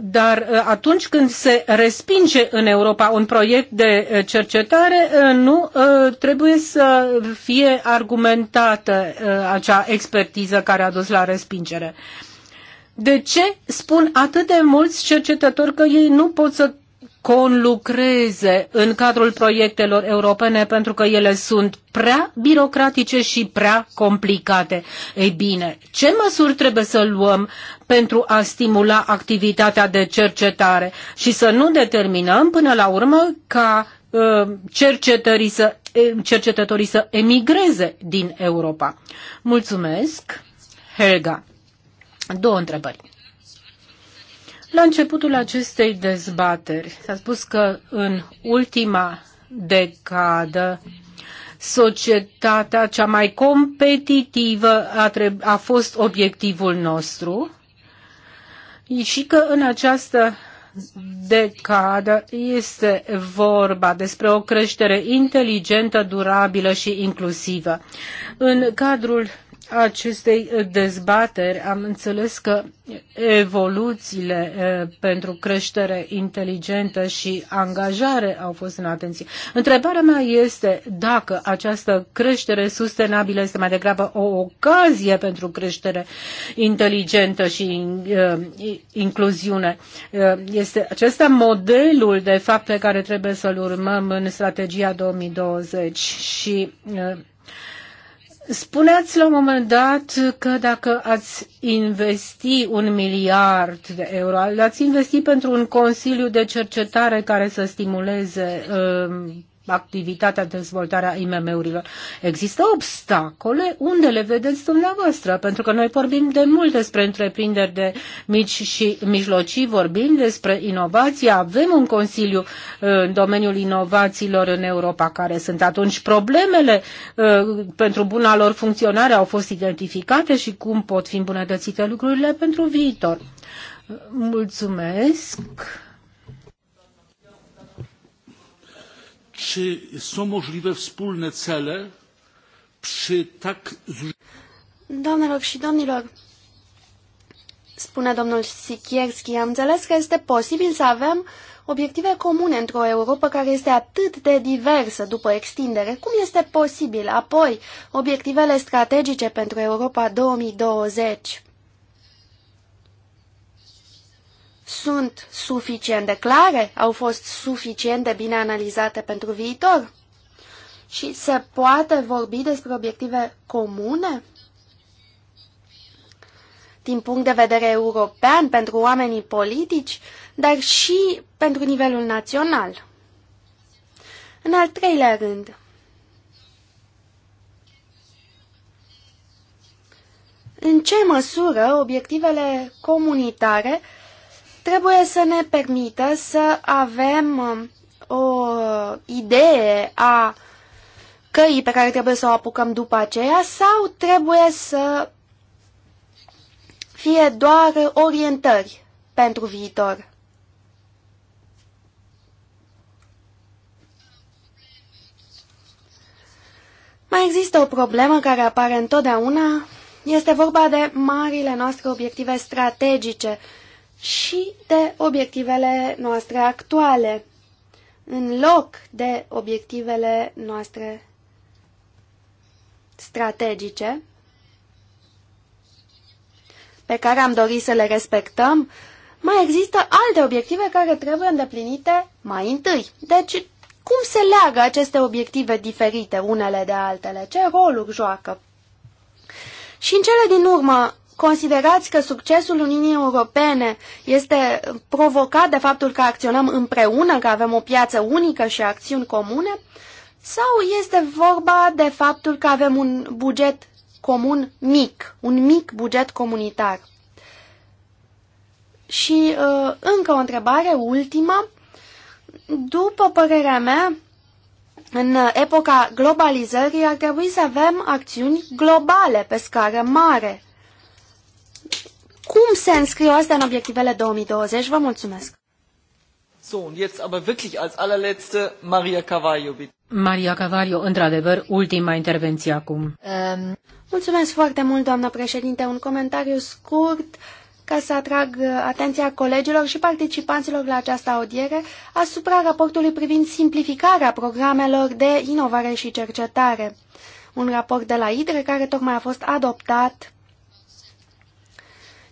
dar uh, atunci când se respinge în Europa un proiect de uh, cercetare, uh, nu trebuie să fie argumentată acea expertiză care a dus la respingere. De ce spun atât de mulți cercetători că ei nu pot să conlucreze în cadrul proiectelor europene pentru că ele sunt prea birocratice și prea complicate. Ei bine, ce măsuri trebuie să luăm pentru a stimula activitatea de cercetare și să nu determinăm până la urmă ca ă, cercetării să, cercetătorii să emigreze din Europa. Mulțumesc, Helga. Două întrebări. La începutul acestei dezbateri s-a spus că în ultima decadă societatea cea mai competitivă a, a fost obiectivul nostru și că în această decadă este vorba despre o creștere inteligentă, durabilă și inclusivă. În cadrul acestei uh, dezbateri am înțeles că evoluțiile uh, pentru creștere inteligentă și angajare au fost în atenție. Întrebarea mea este dacă această creștere sustenabilă este mai degrabă o ocazie pentru creștere inteligentă și uh, incluziune. Este acesta modelul de fapt pe care trebuie să-l urmăm în strategia 2020 și Spuneați la un moment dat că dacă ați investi un miliard de euro, l-ați investi pentru un consiliu de cercetare care să stimuleze uh, activitatea de dezvoltare a IMM-urilor. Există obstacole? Unde le vedeți dumneavoastră? Pentru că noi vorbim de mult despre întreprinderi de mici și mijlocii, vorbim despre inovație, avem un consiliu uh, în domeniul inovațiilor în Europa care sunt atunci problemele uh, pentru buna lor funcționare au fost identificate și cum pot fi îmbunătățite lucrurile pentru viitor. Mulțumesc! Czy są możliwe wspólne cele przy tak... Doamnelor și domnilor, spune domnul Sikierski, am înțeles că este posibil să avem obiective comune într-o Europa care este atât de diversă după extindere. Cum este posibil? Apoi, obiectivele strategice pentru Europa 2020. sunt suficient de clare? Au fost suficient de bine analizate pentru viitor? Și se poate vorbi despre obiective comune? Din punct de vedere european, pentru oamenii politici, dar și pentru nivelul național. În al treilea rând, în ce măsură obiectivele comunitare trebuie să ne permită să avem um, o idee a căii pe care trebuie să o apucăm după aceea sau trebuie să fie doar orientări pentru viitor? Mai există o problemă care apare întotdeauna. Este vorba de marile noastre obiective strategice și de obiectivele noastre actuale, în loc de obiectivele noastre strategice, pe care am dorit să le respectăm, mai există alte obiective care trebuie îndeplinite mai întâi. Deci, cum se leagă aceste obiective diferite unele de altele? Ce roluri joacă? Și în cele din urmă, Considerați că succesul Uniunii Europene este provocat de faptul că acționăm împreună, că avem o piață unică și acțiuni comune? Sau este vorba de faptul că avem un buget comun mic, un mic buget comunitar? Și uh, încă o întrebare, ultima. După părerea mea, în epoca globalizării ar trebui să avem acțiuni globale pe scară mare cum se înscriu astea în obiectivele 2020? Vă mulțumesc! So, und jetzt aber wirklich als allerletzte Maria Cavallo, bitte. Maria Cavallo, într-adevăr, ultima intervenție acum. Um... Mulțumesc foarte mult, doamnă președinte. Un comentariu scurt ca să atrag atenția colegilor și participanților la această audiere asupra raportului privind simplificarea programelor de inovare și cercetare. Un raport de la IDRE care tocmai a fost adoptat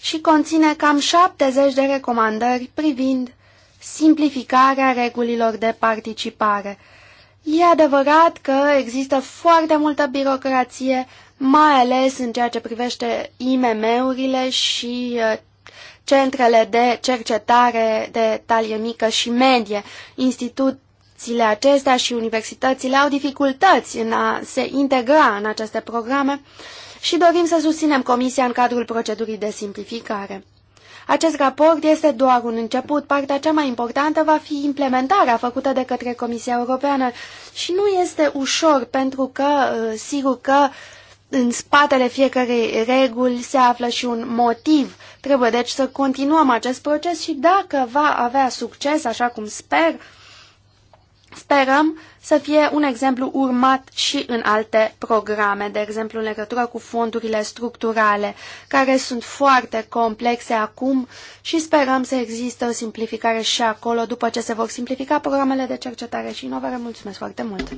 și conține cam 70 de recomandări privind simplificarea regulilor de participare. E adevărat că există foarte multă birocrație, mai ales în ceea ce privește IMM-urile și uh, centrele de cercetare de talie mică și medie. Instituțiile acestea și universitățile au dificultăți în a se integra în aceste programe și dorim să susținem Comisia în cadrul procedurii de simplificare. Acest raport este doar un început. Partea cea mai importantă va fi implementarea făcută de către Comisia Europeană și nu este ușor pentru că, uh, sigur că, în spatele fiecărei reguli se află și un motiv. Trebuie deci să continuăm acest proces și dacă va avea succes, așa cum sper, Sperăm să fie un exemplu urmat și în alte programe, de exemplu în legătură cu fondurile structurale, care sunt foarte complexe acum și sperăm să existe o simplificare și acolo după ce se vor simplifica programele de cercetare și inovare. Mulțumesc foarte mult!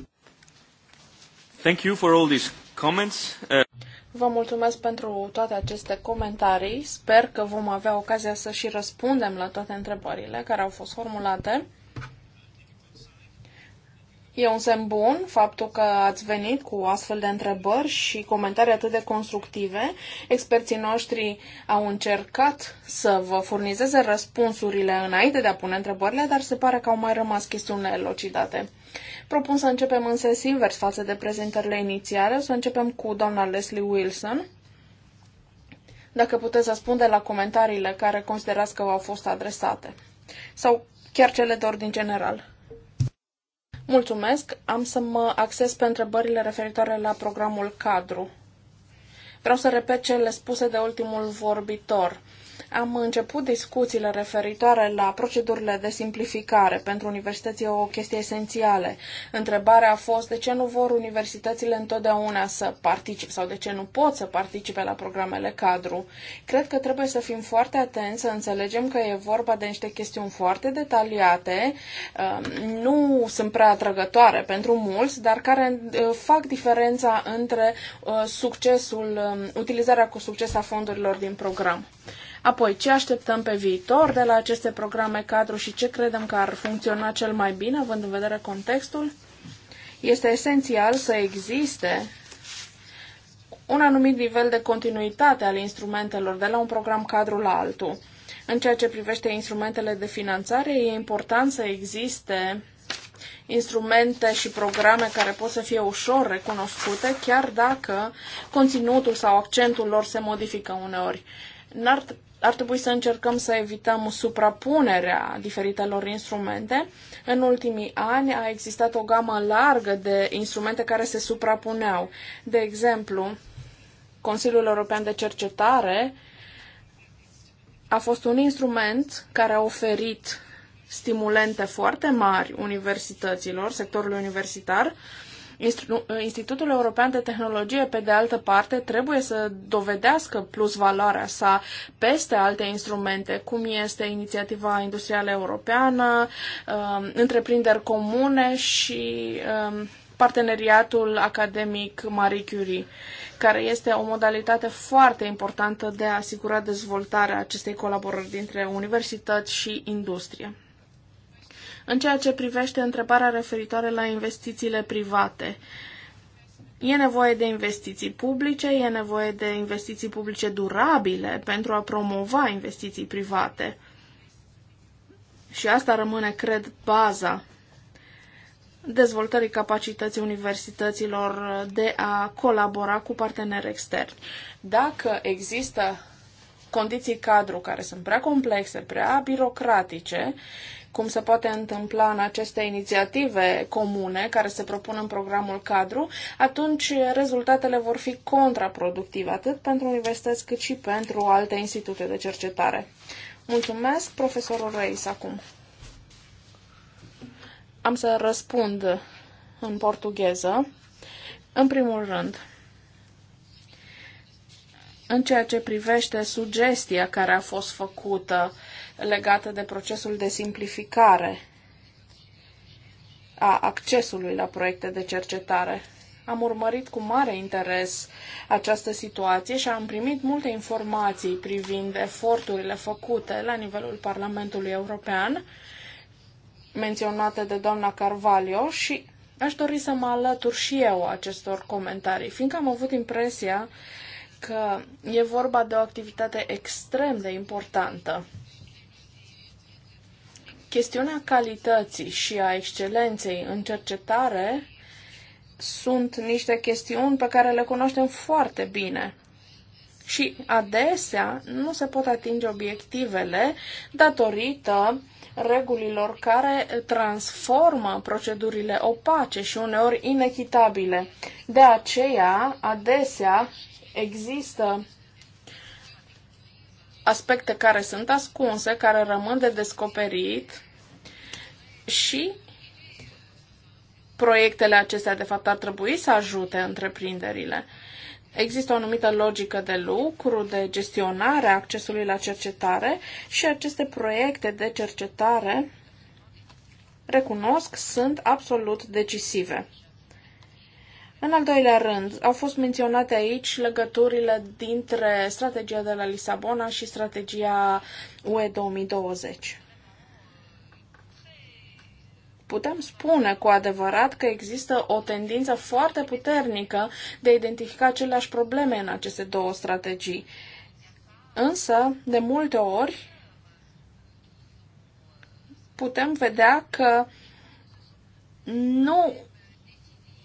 Thank you for all these comments. Uh... Vă mulțumesc pentru toate aceste comentarii. Sper că vom avea ocazia să și răspundem la toate întrebările care au fost formulate. E un semn bun faptul că ați venit cu astfel de întrebări și comentarii atât de constructive. Experții noștri au încercat să vă furnizeze răspunsurile înainte de a pune întrebările, dar se pare că au mai rămas chestiuni elocidate. Propun să începem în invers față de prezentările inițiale. să începem cu doamna Leslie Wilson. Dacă puteți răspunde la comentariile care considerați că v-au fost adresate sau chiar cele de ordin general. Mulțumesc. Am să mă acces pe întrebările referitoare la programul cadru. Vreau să repet cele spuse de ultimul vorbitor. Am început discuțiile referitoare la procedurile de simplificare. Pentru universități e o chestie esențială. Întrebarea a fost de ce nu vor universitățile întotdeauna să participe sau de ce nu pot să participe la programele cadru. Cred că trebuie să fim foarte atenți, să înțelegem că e vorba de niște chestiuni foarte detaliate, um, nu sunt prea atrăgătoare pentru mulți, dar care uh, fac diferența între uh, succesul, um, utilizarea cu succes a fondurilor din program. Apoi, ce așteptăm pe viitor de la aceste programe cadru și ce credem că ar funcționa cel mai bine, având în vedere contextul? Este esențial să existe un anumit nivel de continuitate al instrumentelor de la un program cadru la altul. În ceea ce privește instrumentele de finanțare, e important să existe instrumente și programe care pot să fie ușor recunoscute, chiar dacă conținutul sau accentul lor se modifică uneori. N-ar ar trebui să încercăm să evităm suprapunerea diferitelor instrumente. În ultimii ani a existat o gamă largă de instrumente care se suprapuneau. De exemplu, Consiliul European de Cercetare a fost un instrument care a oferit stimulente foarte mari universităților, sectorului universitar, Institutul European de Tehnologie, pe de altă parte, trebuie să dovedească plus valoarea sa peste alte instrumente, cum este inițiativa industrială europeană, um, întreprinderi comune și um, parteneriatul academic Marie Curie, care este o modalitate foarte importantă de a asigura dezvoltarea acestei colaborări dintre universități și industrie. În ceea ce privește întrebarea referitoare la investițiile private, E nevoie de investiții publice, e nevoie de investiții publice durabile pentru a promova investiții private. Și asta rămâne, cred, baza dezvoltării capacității universităților de a colabora cu parteneri externi. Dacă există condiții cadru care sunt prea complexe, prea birocratice cum se poate întâmpla în aceste inițiative comune care se propun în programul cadru, atunci rezultatele vor fi contraproductive, atât pentru universități cât și pentru alte institute de cercetare. Mulțumesc, profesorul Reis, acum. Am să răspund în portugheză. În primul rând, în ceea ce privește sugestia care a fost făcută legată de procesul de simplificare a accesului la proiecte de cercetare. Am urmărit cu mare interes această situație și am primit multe informații privind eforturile făcute la nivelul Parlamentului European, menționate de doamna Carvalho, și aș dori să mă alătur și eu acestor comentarii, fiindcă am avut impresia că e vorba de o activitate extrem de importantă Chestiunea calității și a excelenței în cercetare sunt niște chestiuni pe care le cunoaștem foarte bine. Și adesea nu se pot atinge obiectivele datorită regulilor care transformă procedurile opace și uneori inechitabile. De aceea, adesea există aspecte care sunt ascunse, care rămân de descoperit și proiectele acestea, de fapt, ar trebui să ajute întreprinderile. Există o anumită logică de lucru, de gestionare a accesului la cercetare și aceste proiecte de cercetare, recunosc, sunt absolut decisive. În al doilea rând, au fost menționate aici legăturile dintre strategia de la Lisabona și strategia UE 2020 putem spune cu adevărat că există o tendință foarte puternică de a identifica aceleași probleme în aceste două strategii. Însă, de multe ori, putem vedea că nu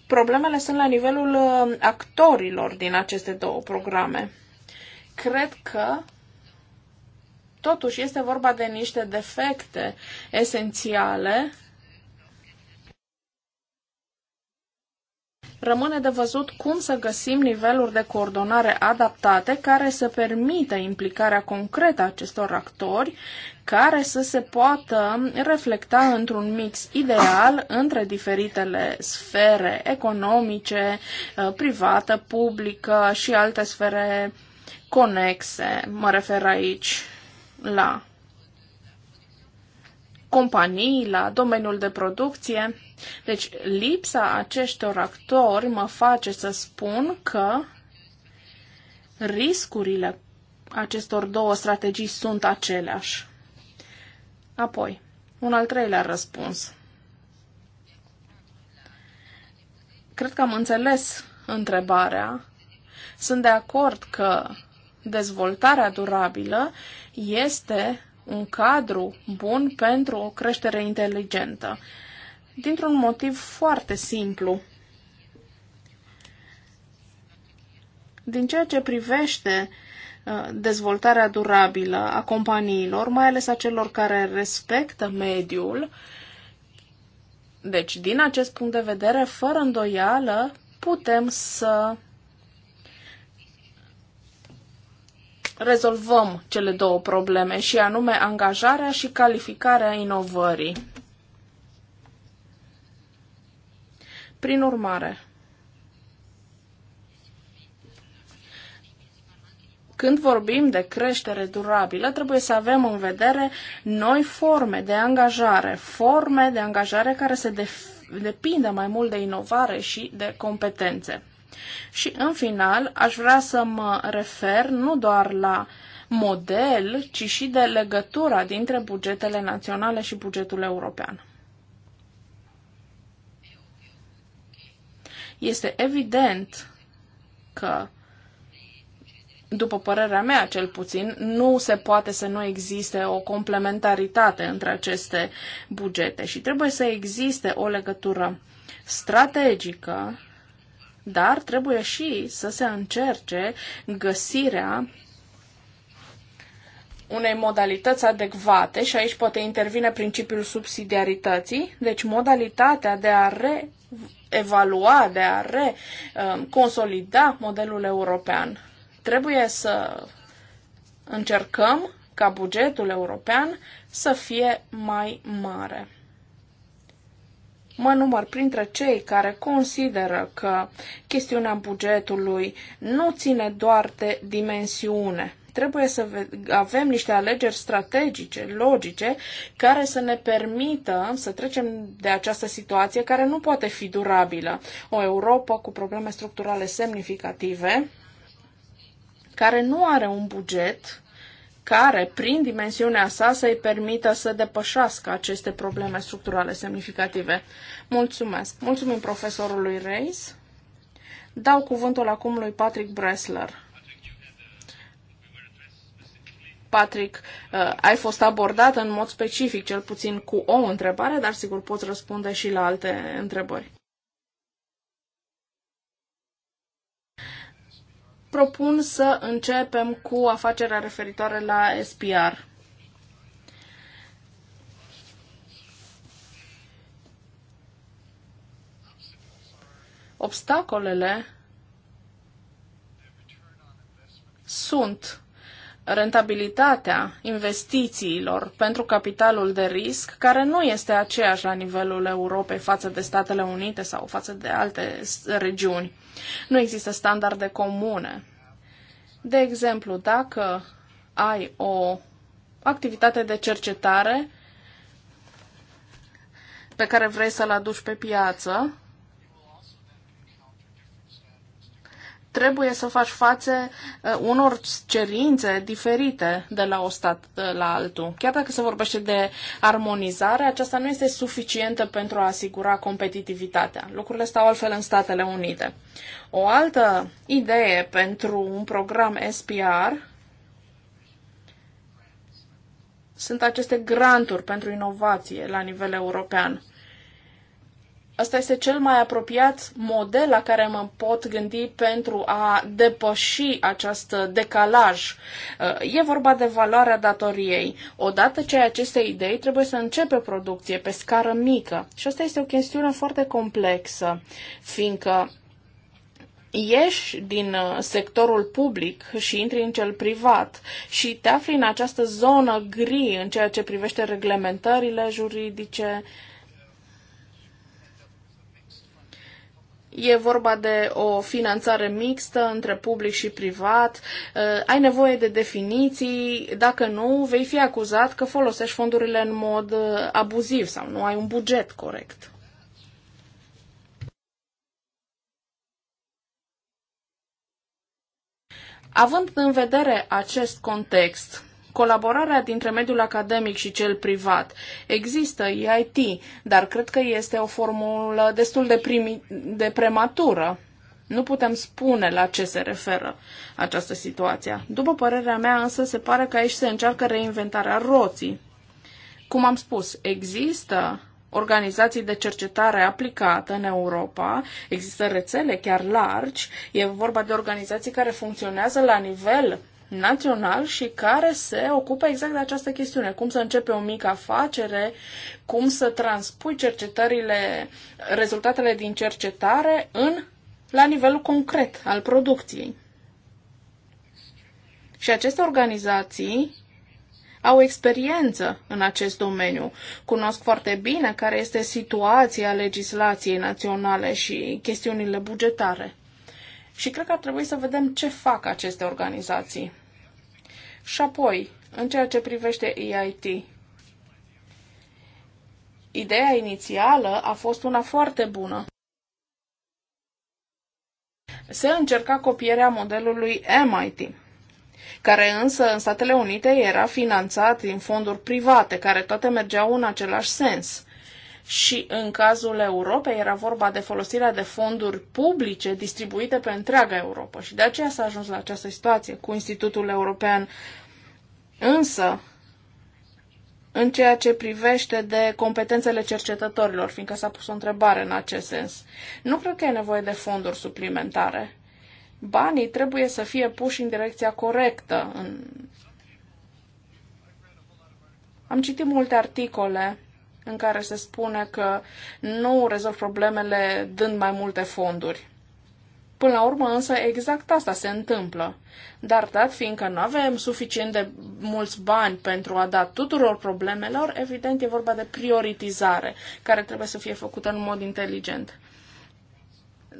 problemele sunt la nivelul uh, actorilor din aceste două programe. Cred că totuși este vorba de niște defecte esențiale Rămâne de văzut cum să găsim niveluri de coordonare adaptate care să permită implicarea concretă a acestor actori, care să se poată reflecta într-un mix ideal între diferitele sfere economice, uh, privată, publică și alte sfere conexe. Mă refer aici la companii, la domeniul de producție. Deci lipsa acestor actori mă face să spun că riscurile acestor două strategii sunt aceleași. Apoi, un al treilea răspuns. Cred că am înțeles întrebarea. Sunt de acord că dezvoltarea durabilă este un cadru bun pentru o creștere inteligentă. Dintr-un motiv foarte simplu. Din ceea ce privește uh, dezvoltarea durabilă a companiilor, mai ales a celor care respectă mediul, deci, din acest punct de vedere, fără îndoială, putem să rezolvăm cele două probleme, și anume angajarea și calificarea inovării. Prin urmare, Când vorbim de creștere durabilă, trebuie să avem în vedere noi forme de angajare, forme de angajare care se depindă mai mult de inovare și de competențe. Și în final, aș vrea să mă refer nu doar la model, ci și de legătura dintre bugetele naționale și bugetul european. Este evident că după părerea mea cel puțin, nu se poate să nu existe o complementaritate între aceste bugete și trebuie să existe o legătură strategică dar trebuie și să se încerce găsirea unei modalități adecvate și aici poate intervine principiul subsidiarității, deci modalitatea de a reevalua, de a reconsolida um, modelul european. Trebuie să încercăm ca bugetul european să fie mai mare mă număr printre cei care consideră că chestiunea bugetului nu ține doar de dimensiune. Trebuie să avem niște alegeri strategice, logice, care să ne permită să trecem de această situație care nu poate fi durabilă. O Europa cu probleme structurale semnificative, care nu are un buget care, prin dimensiunea sa, să-i permită să depășească aceste probleme structurale semnificative. Mulțumesc! Mulțumim profesorului Reis. Dau cuvântul acum lui Patrick Bressler. Patrick, uh, ai fost abordat în mod specific, cel puțin cu o întrebare, dar sigur poți răspunde și la alte întrebări. propun să începem cu afacerea referitoare la SPR. Obstacolele sunt rentabilitatea investițiilor pentru capitalul de risc, care nu este aceeași la nivelul Europei față de Statele Unite sau față de alte regiuni. Nu există standarde comune. De exemplu, dacă ai o activitate de cercetare pe care vrei să-l aduci pe piață, trebuie să faci față uh, unor cerințe diferite de la o stat la altul. Chiar dacă se vorbește de armonizare, aceasta nu este suficientă pentru a asigura competitivitatea. Lucrurile stau altfel în Statele Unite. O altă idee pentru un program SPR sunt aceste granturi pentru inovație la nivel european. Asta este cel mai apropiat model la care mă pot gândi pentru a depăși acest decalaj. Uh, e vorba de valoarea datoriei. Odată ce ai aceste idei, trebuie să începe producție pe scară mică. Și asta este o chestiune foarte complexă, fiindcă ieși din uh, sectorul public și intri în cel privat și te afli în această zonă gri în ceea ce privește reglementările juridice, uh, E vorba de o finanțare mixtă între public și privat. Uh, ai nevoie de definiții, dacă nu, vei fi acuzat că folosești fondurile în mod uh, abuziv sau nu ai un buget corect. Având în vedere acest context, colaborarea dintre mediul academic și cel privat. Există EIT, dar cred că este o formulă destul de, primi, de prematură. Nu putem spune la ce se referă această situație. După părerea mea, însă, se pare că aici se încearcă reinventarea roții. Cum am spus, există organizații de cercetare aplicată în Europa, există rețele chiar largi, e vorba de organizații care funcționează la nivel național și care se ocupă exact de această chestiune. Cum să începe o mică afacere, cum să transpui cercetările, rezultatele din cercetare în la nivelul concret al producției. Și aceste organizații au experiență în acest domeniu, cunosc foarte bine care este situația legislației naționale și chestiunile bugetare. Și cred că ar trebui să vedem ce fac aceste organizații. Și apoi, în ceea ce privește EIT, ideea inițială a fost una foarte bună. Se încerca copierea modelului MIT, care însă în Statele Unite era finanțat din fonduri private, care toate mergeau în același sens – și în cazul Europei era vorba de folosirea de fonduri publice distribuite pe întreaga Europa și de aceea s-a ajuns la această situație cu Institutul European. Însă, în ceea ce privește de competențele cercetătorilor, fiindcă s-a pus o întrebare în acest sens. Nu cred că e nevoie de fonduri suplimentare. Banii trebuie să fie puși în direcția corectă. În... Am citit multe articole în care se spune că nu rezolv problemele dând mai multe fonduri. Până la urmă, însă, exact asta se întâmplă. Dar dat fiindcă nu avem suficient de mulți bani pentru a da tuturor problemelor, evident e vorba de prioritizare, care trebuie să fie făcută în mod inteligent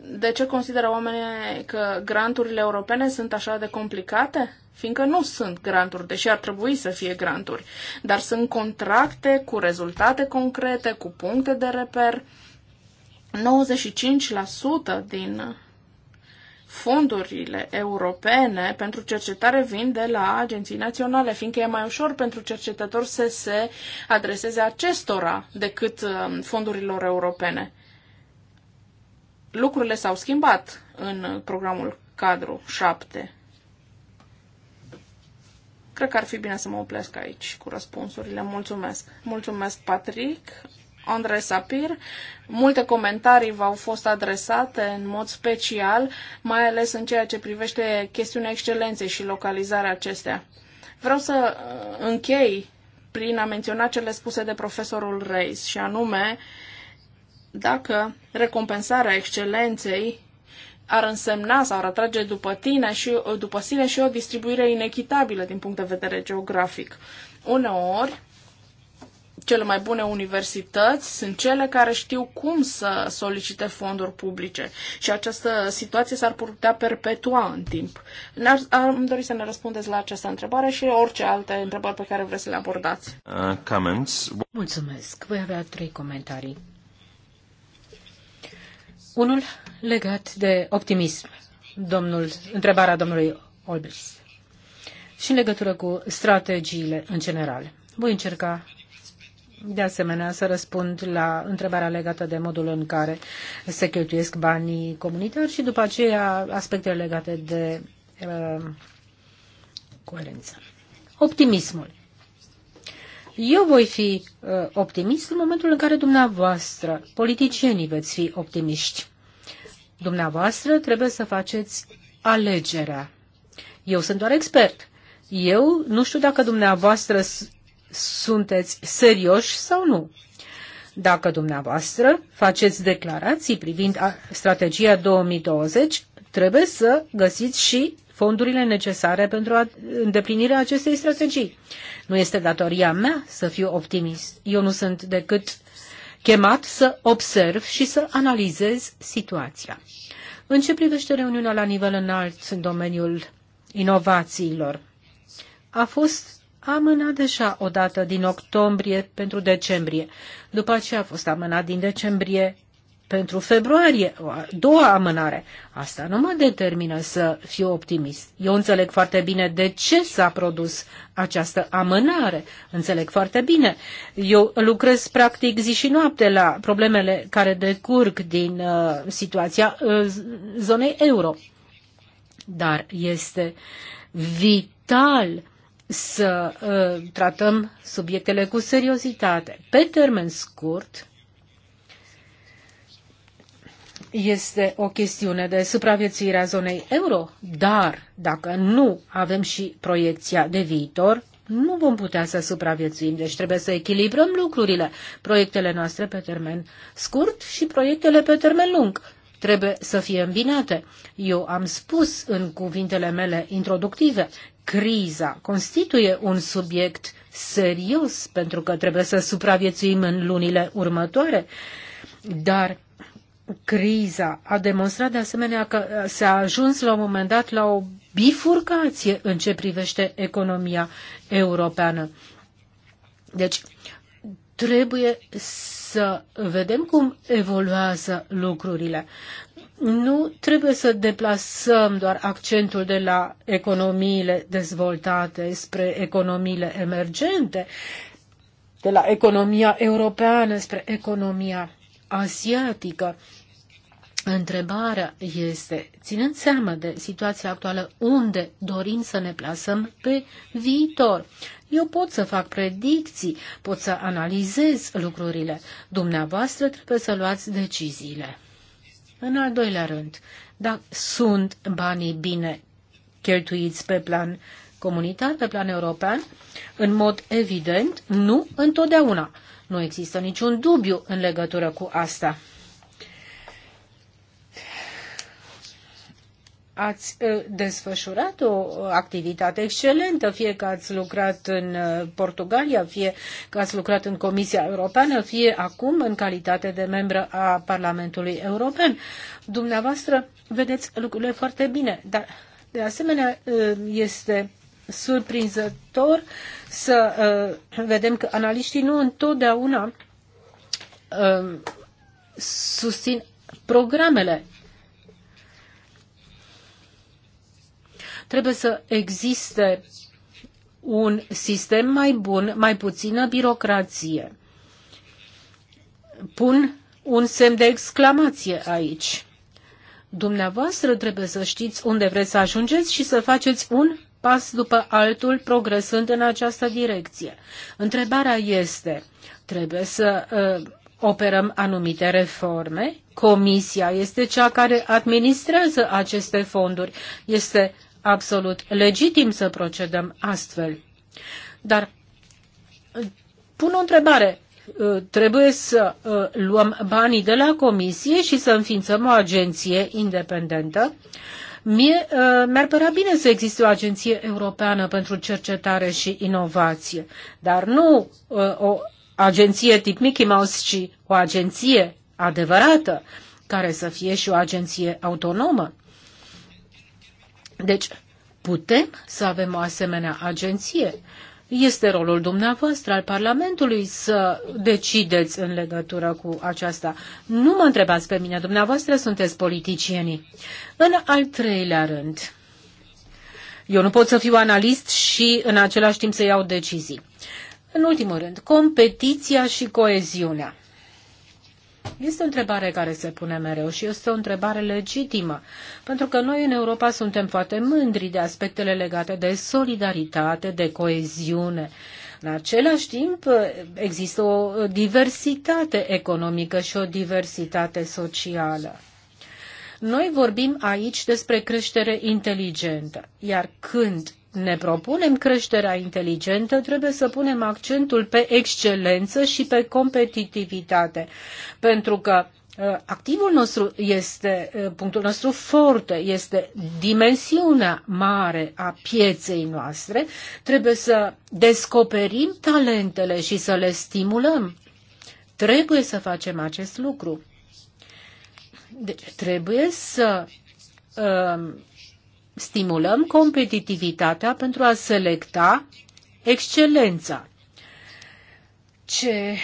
de ce consideră oamenii că granturile europene sunt așa de complicate? Fiindcă nu sunt granturi, deși ar trebui să fie granturi, dar sunt contracte cu rezultate concrete, cu puncte de reper. 95% din fondurile europene pentru cercetare vin de la agenții naționale, fiindcă e mai ușor pentru cercetători să se adreseze acestora decât um, fondurilor europene lucrurile s-au schimbat în programul cadru 7. Cred că ar fi bine să mă opresc aici cu răspunsurile. Mulțumesc. Mulțumesc, Patrick. Andrei Sapir. Multe comentarii v-au fost adresate în mod special, mai ales în ceea ce privește chestiunea excelenței și localizarea acestea. Vreau să uh, închei prin a menționa cele spuse de profesorul Reis, și anume uh, dacă recompensarea excelenței ar însemna sau ar atrage după, tine și, după sine și o distribuire inechitabilă din punct de vedere geografic. Uneori, cele mai bune universități sunt cele care știu cum să solicite fonduri publice și această situație s-ar putea perpetua în timp. am dorit să ne răspundeți la această întrebare și orice alte întrebări pe care vreți să le abordați. Uh, comments. Mulțumesc. Voi avea trei comentarii. Unul legat de optimism, domnul, întrebarea domnului Olbris, și în legătură cu strategiile în general. Voi încerca de asemenea să răspund la întrebarea legată de modul în care se cheltuiesc banii comunitari și după aceea aspectele legate de uh, coerență. Optimismul. Eu voi fi uh, optimist în momentul în care dumneavoastră, politicienii, veți fi optimiști. Dumneavoastră trebuie să faceți alegerea. Eu sunt doar expert. Eu nu știu dacă dumneavoastră sunteți serioși sau nu. Dacă dumneavoastră faceți declarații privind strategia 2020, trebuie să găsiți și fondurile necesare pentru îndeplinirea acestei strategii. Nu este datoria mea să fiu optimist. Eu nu sunt decât chemat să observ și să analizez situația. În ce privește reuniunea la nivel înalt în domeniul inovațiilor? A fost amânat deja o dată din octombrie pentru decembrie, după aceea a fost amânat din decembrie pentru februarie, o a doua amânare. Asta nu mă determină să fiu optimist. Eu înțeleg foarte bine de ce s-a produs această amânare. Înțeleg foarte bine. Eu lucrez practic zi și noapte la problemele care decurg din uh, situația uh, zonei euro. Dar este vital să uh, tratăm subiectele cu seriozitate. Pe termen scurt, este o chestiune de supraviețuire a zonei euro, dar dacă nu avem și proiecția de viitor, nu vom putea să supraviețuim, deci trebuie să echilibrăm lucrurile, proiectele noastre pe termen scurt și proiectele pe termen lung. Trebuie să fie îmbinate. Eu am spus în cuvintele mele introductive, criza constituie un subiect serios pentru că trebuie să supraviețuim în lunile următoare, dar criza a demonstrat de asemenea că uh, s-a ajuns la un moment dat la o bifurcație în ce privește economia europeană. Deci, trebuie să vedem cum evoluează lucrurile. Nu trebuie să deplasăm doar accentul de la economiile dezvoltate spre economiile emergente, de la economia europeană spre economia asiatică. Întrebarea este, ținând seama de situația actuală, unde dorim să ne plasăm pe viitor? Eu pot să fac predicții, pot să analizez lucrurile. Dumneavoastră trebuie să luați deciziile. În al doilea rând, dacă sunt banii bine cheltuiți pe plan comunitar, pe plan european, în mod evident, nu întotdeauna. Nu există niciun dubiu în legătură cu asta. ați uh, desfășurat o uh, activitate excelentă, fie că ați lucrat în uh, Portugalia, fie că ați lucrat în Comisia Europeană, fie acum în calitate de membră a Parlamentului European. Dumneavoastră vedeți lucrurile foarte bine, dar de asemenea este surprinzător să vedem că analiștii nu întotdeauna susțin programele Trebuie să existe un sistem mai bun, mai puțină birocrație. Pun un semn de exclamație aici. Dumneavoastră trebuie să știți unde vreți să ajungeți și să faceți un pas după altul progresând în această direcție. Întrebarea este, trebuie să uh, operăm anumite reforme? Comisia este cea care administrează aceste fonduri. Este absolut legitim să procedăm astfel. Dar pun o întrebare. Uh, trebuie să uh, luăm banii de la comisie și să înființăm o agenție independentă. Mie uh, mi-ar părea bine să existe o agenție europeană pentru cercetare și inovație, dar nu o agenție tip Mickey Mouse, ci o agenție adevărată, care să fie și o agenție autonomă. Deci, putem să avem o asemenea agenție. Este rolul dumneavoastră al Parlamentului să decideți în legătură cu aceasta. Nu mă întrebați pe mine, dumneavoastră sunteți politicienii. În al treilea rând, eu nu pot să fiu analist și în același timp să iau decizii. În ultimul rând, competiția și coeziunea. Este o întrebare care se pune mereu și este o întrebare legitimă, pentru că noi în Europa suntem foarte mândri de aspectele legate de solidaritate, de coeziune. În același timp, există o diversitate economică și o diversitate socială. Noi vorbim aici despre creștere inteligentă, iar când ne propunem creșterea inteligentă, trebuie să punem accentul pe excelență și pe competitivitate, pentru că uh, activul nostru este, uh, punctul nostru forte este dimensiunea mare a pieței noastre. Trebuie să descoperim talentele și să le stimulăm. Trebuie să facem acest lucru. Deci trebuie să uh, stimulăm competitivitatea pentru a selecta excelența. Ce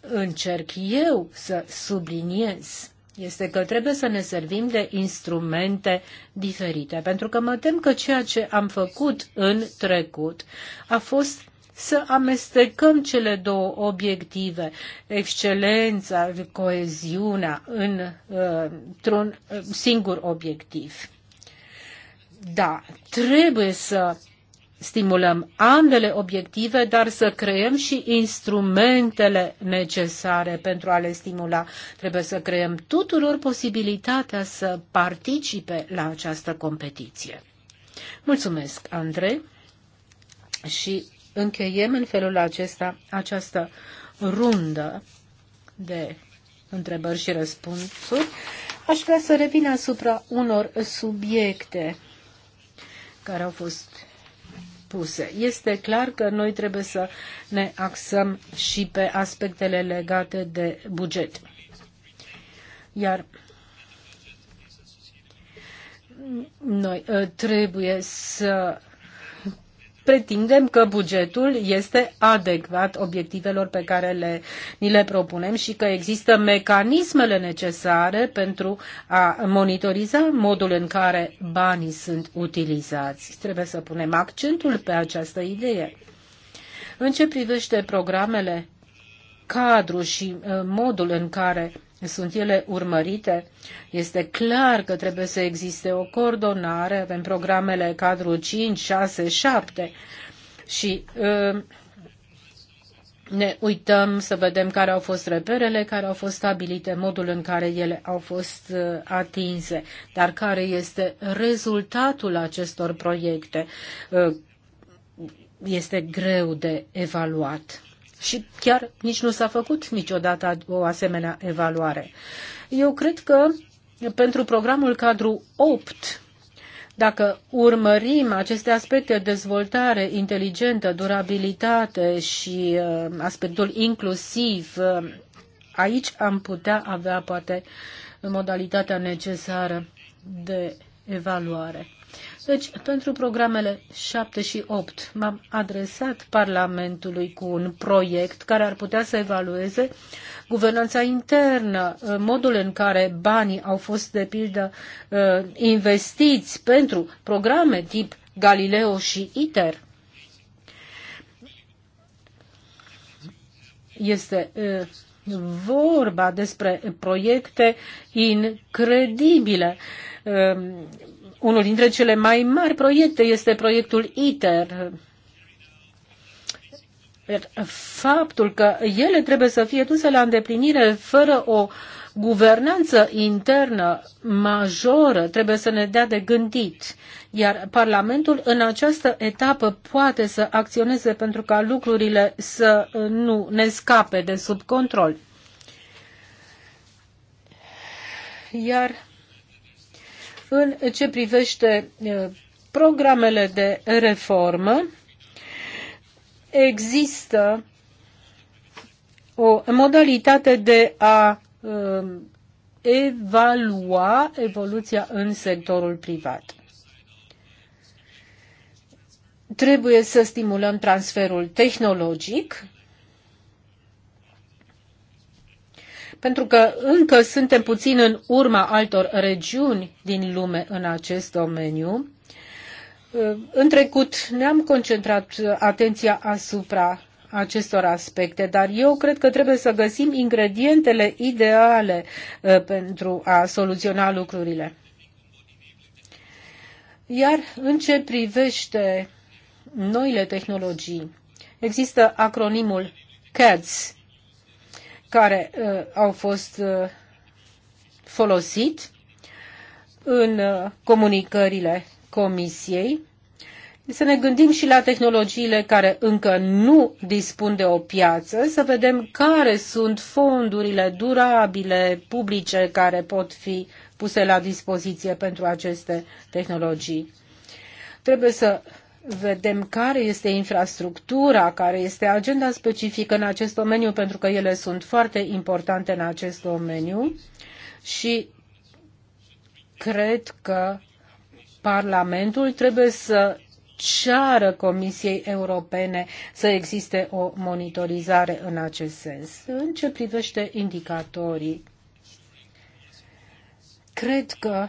încerc eu să subliniez este că trebuie să ne servim de instrumente diferite, pentru că mă tem că ceea ce am făcut în trecut a fost să amestecăm cele două obiective, excelența, coeziunea, uh, într-un uh, singur obiectiv. Da, trebuie să stimulăm ambele obiective, dar să creăm și instrumentele necesare pentru a le stimula. Trebuie să creăm tuturor posibilitatea să participe la această competiție. Mulțumesc, Andrei, și încheiem în felul acesta această rundă de întrebări și răspunsuri. Aș vrea să revin asupra unor subiecte care au fost puse. Este clar că noi trebuie să ne axăm și pe aspectele legate de buget. Iar noi uh, trebuie să pretindem că bugetul este adecvat obiectivelor pe care le, ni le propunem și că există mecanismele necesare pentru a monitoriza modul în care banii sunt utilizați. Trebuie să punem accentul pe această idee. În ce privește programele cadru și uh, modul în care sunt ele urmărite. Este clar că trebuie să existe o coordonare, avem programele cadru 5, 6, 7 și uh, ne uităm să vedem care au fost reperele, care au fost stabilite, modul în care ele au fost uh, atinse, dar care este rezultatul acestor proiecte uh, este greu de evaluat și chiar nici nu s-a făcut niciodată o asemenea evaluare. Eu cred că pentru programul cadru 8 dacă urmărim aceste aspecte, dezvoltare inteligentă, durabilitate și uh, aspectul inclusiv, uh, aici am putea avea poate modalitatea necesară de evaluare. Deci, pentru programele 7 și 8 m-am adresat Parlamentului cu un proiect care ar putea să evalueze guvernanța internă, uh, modul în care banii au fost, de pildă, uh, investiți pentru programe tip Galileo și ITER. Este uh, vorba despre proiecte incredibile unul dintre cele mai mari proiecte este proiectul ITER. Faptul că ele trebuie să fie duse la îndeplinire fără o guvernanță internă majoră trebuie să ne dea de gândit, iar Parlamentul în această etapă poate să acționeze pentru ca lucrurile să nu ne scape de sub control. Iar în ce privește programele de reformă, există o modalitate de a evalua evoluția în sectorul privat. Trebuie să stimulăm transferul tehnologic pentru că încă suntem puțin în urma altor regiuni din lume în acest domeniu. În trecut ne-am concentrat atenția asupra acestor aspecte, dar eu cred că trebuie să găsim ingredientele ideale uh, pentru a soluționa lucrurile. Iar în ce privește noile tehnologii, există acronimul CADS, care uh, au fost uh, folosit în uh, comunicările Comisiei, să ne gândim și la tehnologiile care încă nu dispun de o piață, să vedem care sunt fondurile durabile, publice, care pot fi puse la dispoziție pentru aceste tehnologii. Trebuie să vedem care este infrastructura, care este agenda specifică în acest domeniu, pentru că ele sunt foarte importante în acest domeniu și cred că Parlamentul trebuie să ceară Comisiei Europene să existe o monitorizare în acest sens. În ce privește indicatorii, cred că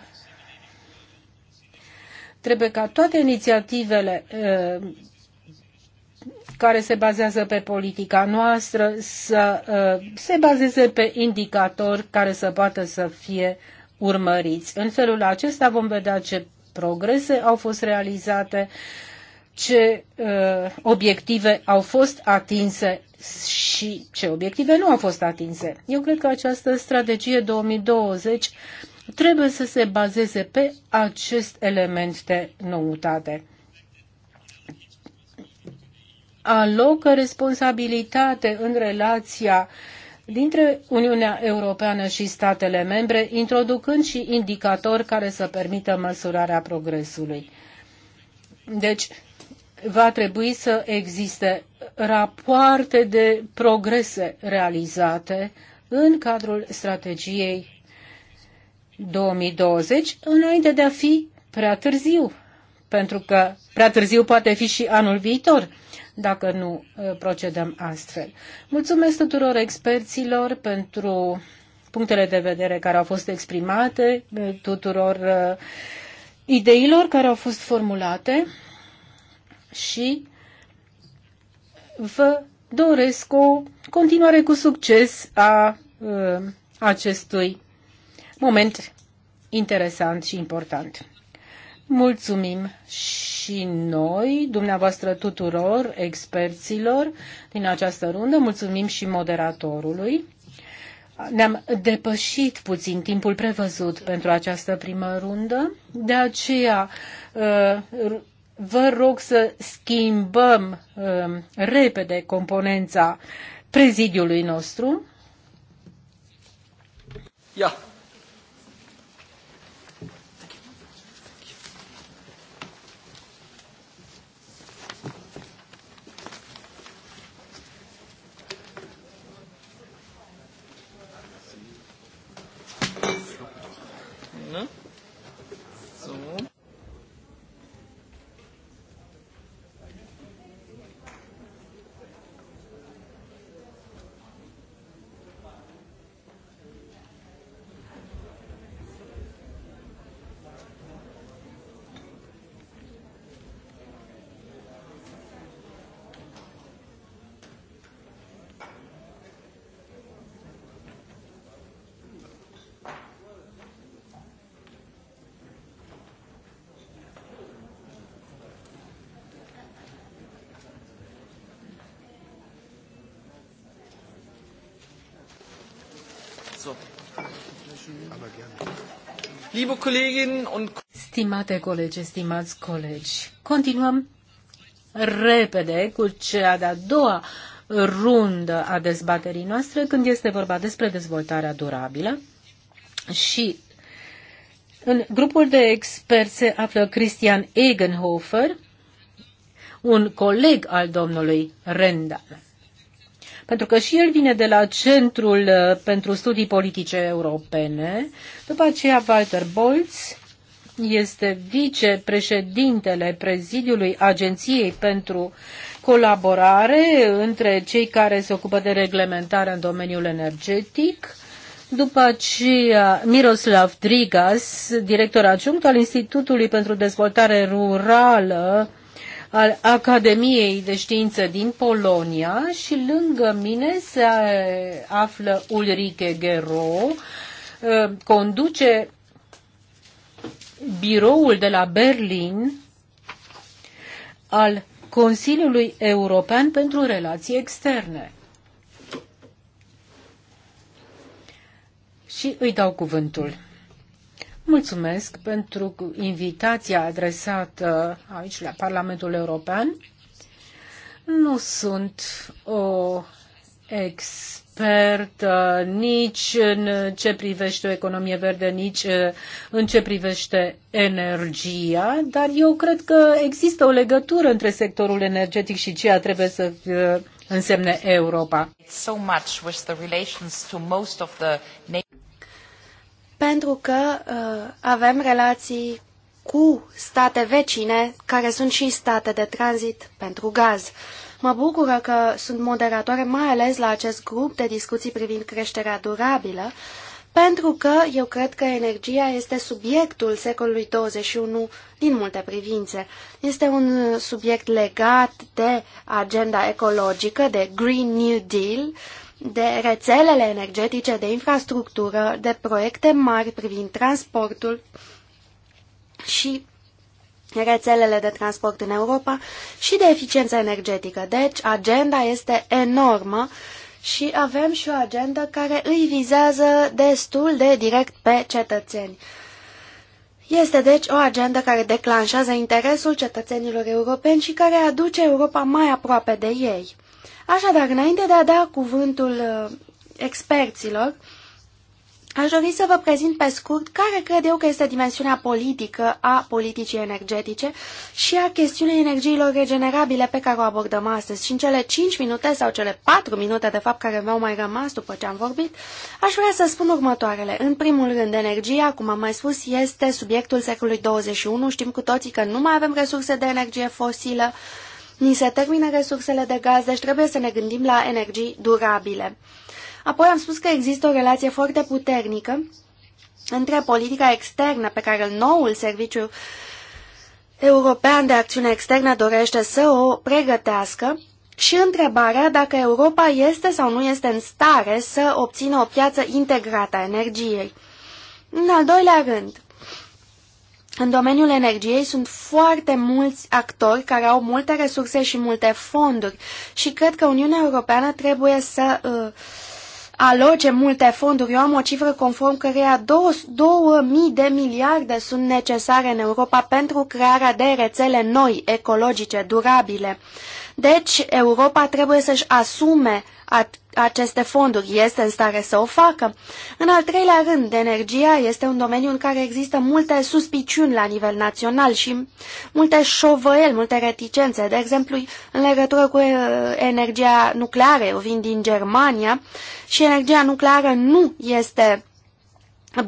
Trebuie ca toate inițiativele care se bazează pe politica noastră să se bazeze pe indicatori care să poată să fie urmăriți. În felul acesta vom vedea ce progrese au fost realizate, ce obiective au fost atinse și ce obiective nu au fost atinse. Eu cred că această strategie 2020 trebuie să se bazeze pe acest element de noutate. Alocă responsabilitate în relația dintre Uniunea Europeană și statele membre, introducând și indicatori care să permită măsurarea progresului. Deci, va trebui să existe rapoarte de progrese realizate în cadrul strategiei 2020 înainte de a fi prea târziu, pentru că prea târziu poate fi și anul viitor dacă nu uh, procedăm astfel. Mulțumesc tuturor experților pentru punctele de vedere care au fost exprimate, uh, tuturor uh, ideilor care au fost formulate și vă doresc o continuare cu succes a acestui moment interesant și important. Mulțumim și noi, dumneavoastră tuturor, experților din această rundă, mulțumim și moderatorului. Ne-am depășit puțin timpul prevăzut pentru această primă rundă, de aceea uh, vă rog să schimbăm uh, repede componența prezidiului nostru. Ia. So. Liebe Kolleginnen und Stimate colegi, stimați colegi, continuăm repede cu cea de-a doua rundă a dezbaterii noastre când este vorba despre dezvoltarea durabilă și în grupul de experți se află Christian Egenhofer, un coleg al domnului Rendan pentru că și el vine de la Centrul uh, pentru Studii Politice Europene. După aceea, Walter Bolz este vicepreședintele prezidiului Agenției pentru Colaborare între cei care se ocupă de reglementare în domeniul energetic. După aceea, Miroslav Drigas, director adjunct al Institutului pentru Dezvoltare Rurală al Academiei de Știință din Polonia și lângă mine se află Ulrike Gero, conduce biroul de la Berlin al Consiliului European pentru Relații Externe. Și îi dau cuvântul. Mulțumesc pentru invitația adresată aici la Parlamentul European. Nu sunt o expert nici în ce privește o economie verde, nici uh, în ce privește energia, dar eu cred că există o legătură între sectorul energetic și ceea trebuie să uh, însemne Europa pentru că uh, avem relații cu state vecine, care sunt și state de tranzit pentru gaz. Mă bucură că sunt moderatoare, mai ales la acest grup de discuții privind creșterea durabilă, pentru că eu cred că energia este subiectul secolului 21 din multe privințe. Este un subiect legat de agenda ecologică, de Green New Deal, de rețelele energetice, de infrastructură, de proiecte mari privind transportul și rețelele de transport în Europa și de eficiență energetică. Deci, agenda este enormă și avem și o agenda care îi vizează destul de direct pe cetățeni. Este deci o agendă care declanșează interesul cetățenilor europeni și care aduce Europa mai aproape de ei. Așadar, înainte de a da cuvântul uh, experților, aș dori să vă prezint pe scurt care cred eu că este dimensiunea politică a politicii energetice și a chestiunii energiilor regenerabile pe care o abordăm astăzi. Și în cele 5 minute sau cele 4 minute, de fapt, care mi-au mai rămas după ce am vorbit, aș vrea să spun următoarele. În primul rând, energia, cum am mai spus, este subiectul secolului 21. Știm cu toții că nu mai avem resurse de energie fosilă, ni se termină resursele de gaz, deci trebuie să ne gândim la energii durabile. Apoi am spus că există o relație foarte puternică între politica externă pe care noul serviciu european de acțiune externă dorește să o pregătească și întrebarea dacă Europa este sau nu este în stare să obțină o piață integrată a energiei. În al doilea rând, în domeniul energiei sunt foarte mulți actori care au multe resurse și multe fonduri și cred că Uniunea Europeană trebuie să uh, aloce multe fonduri. Eu am o cifră conform căreia 2000 de miliarde sunt necesare în Europa pentru crearea de rețele noi, ecologice, durabile. Uh, deci, Europa trebuie să-și asume aceste fonduri. Este în stare să o facă. În al treilea rând, energia este un domeniu în care există multe suspiciuni la nivel național și multe șovăieli, multe reticențe. De exemplu, în legătură cu uh, energia nucleară, eu vin din Germania și energia nucleară nu este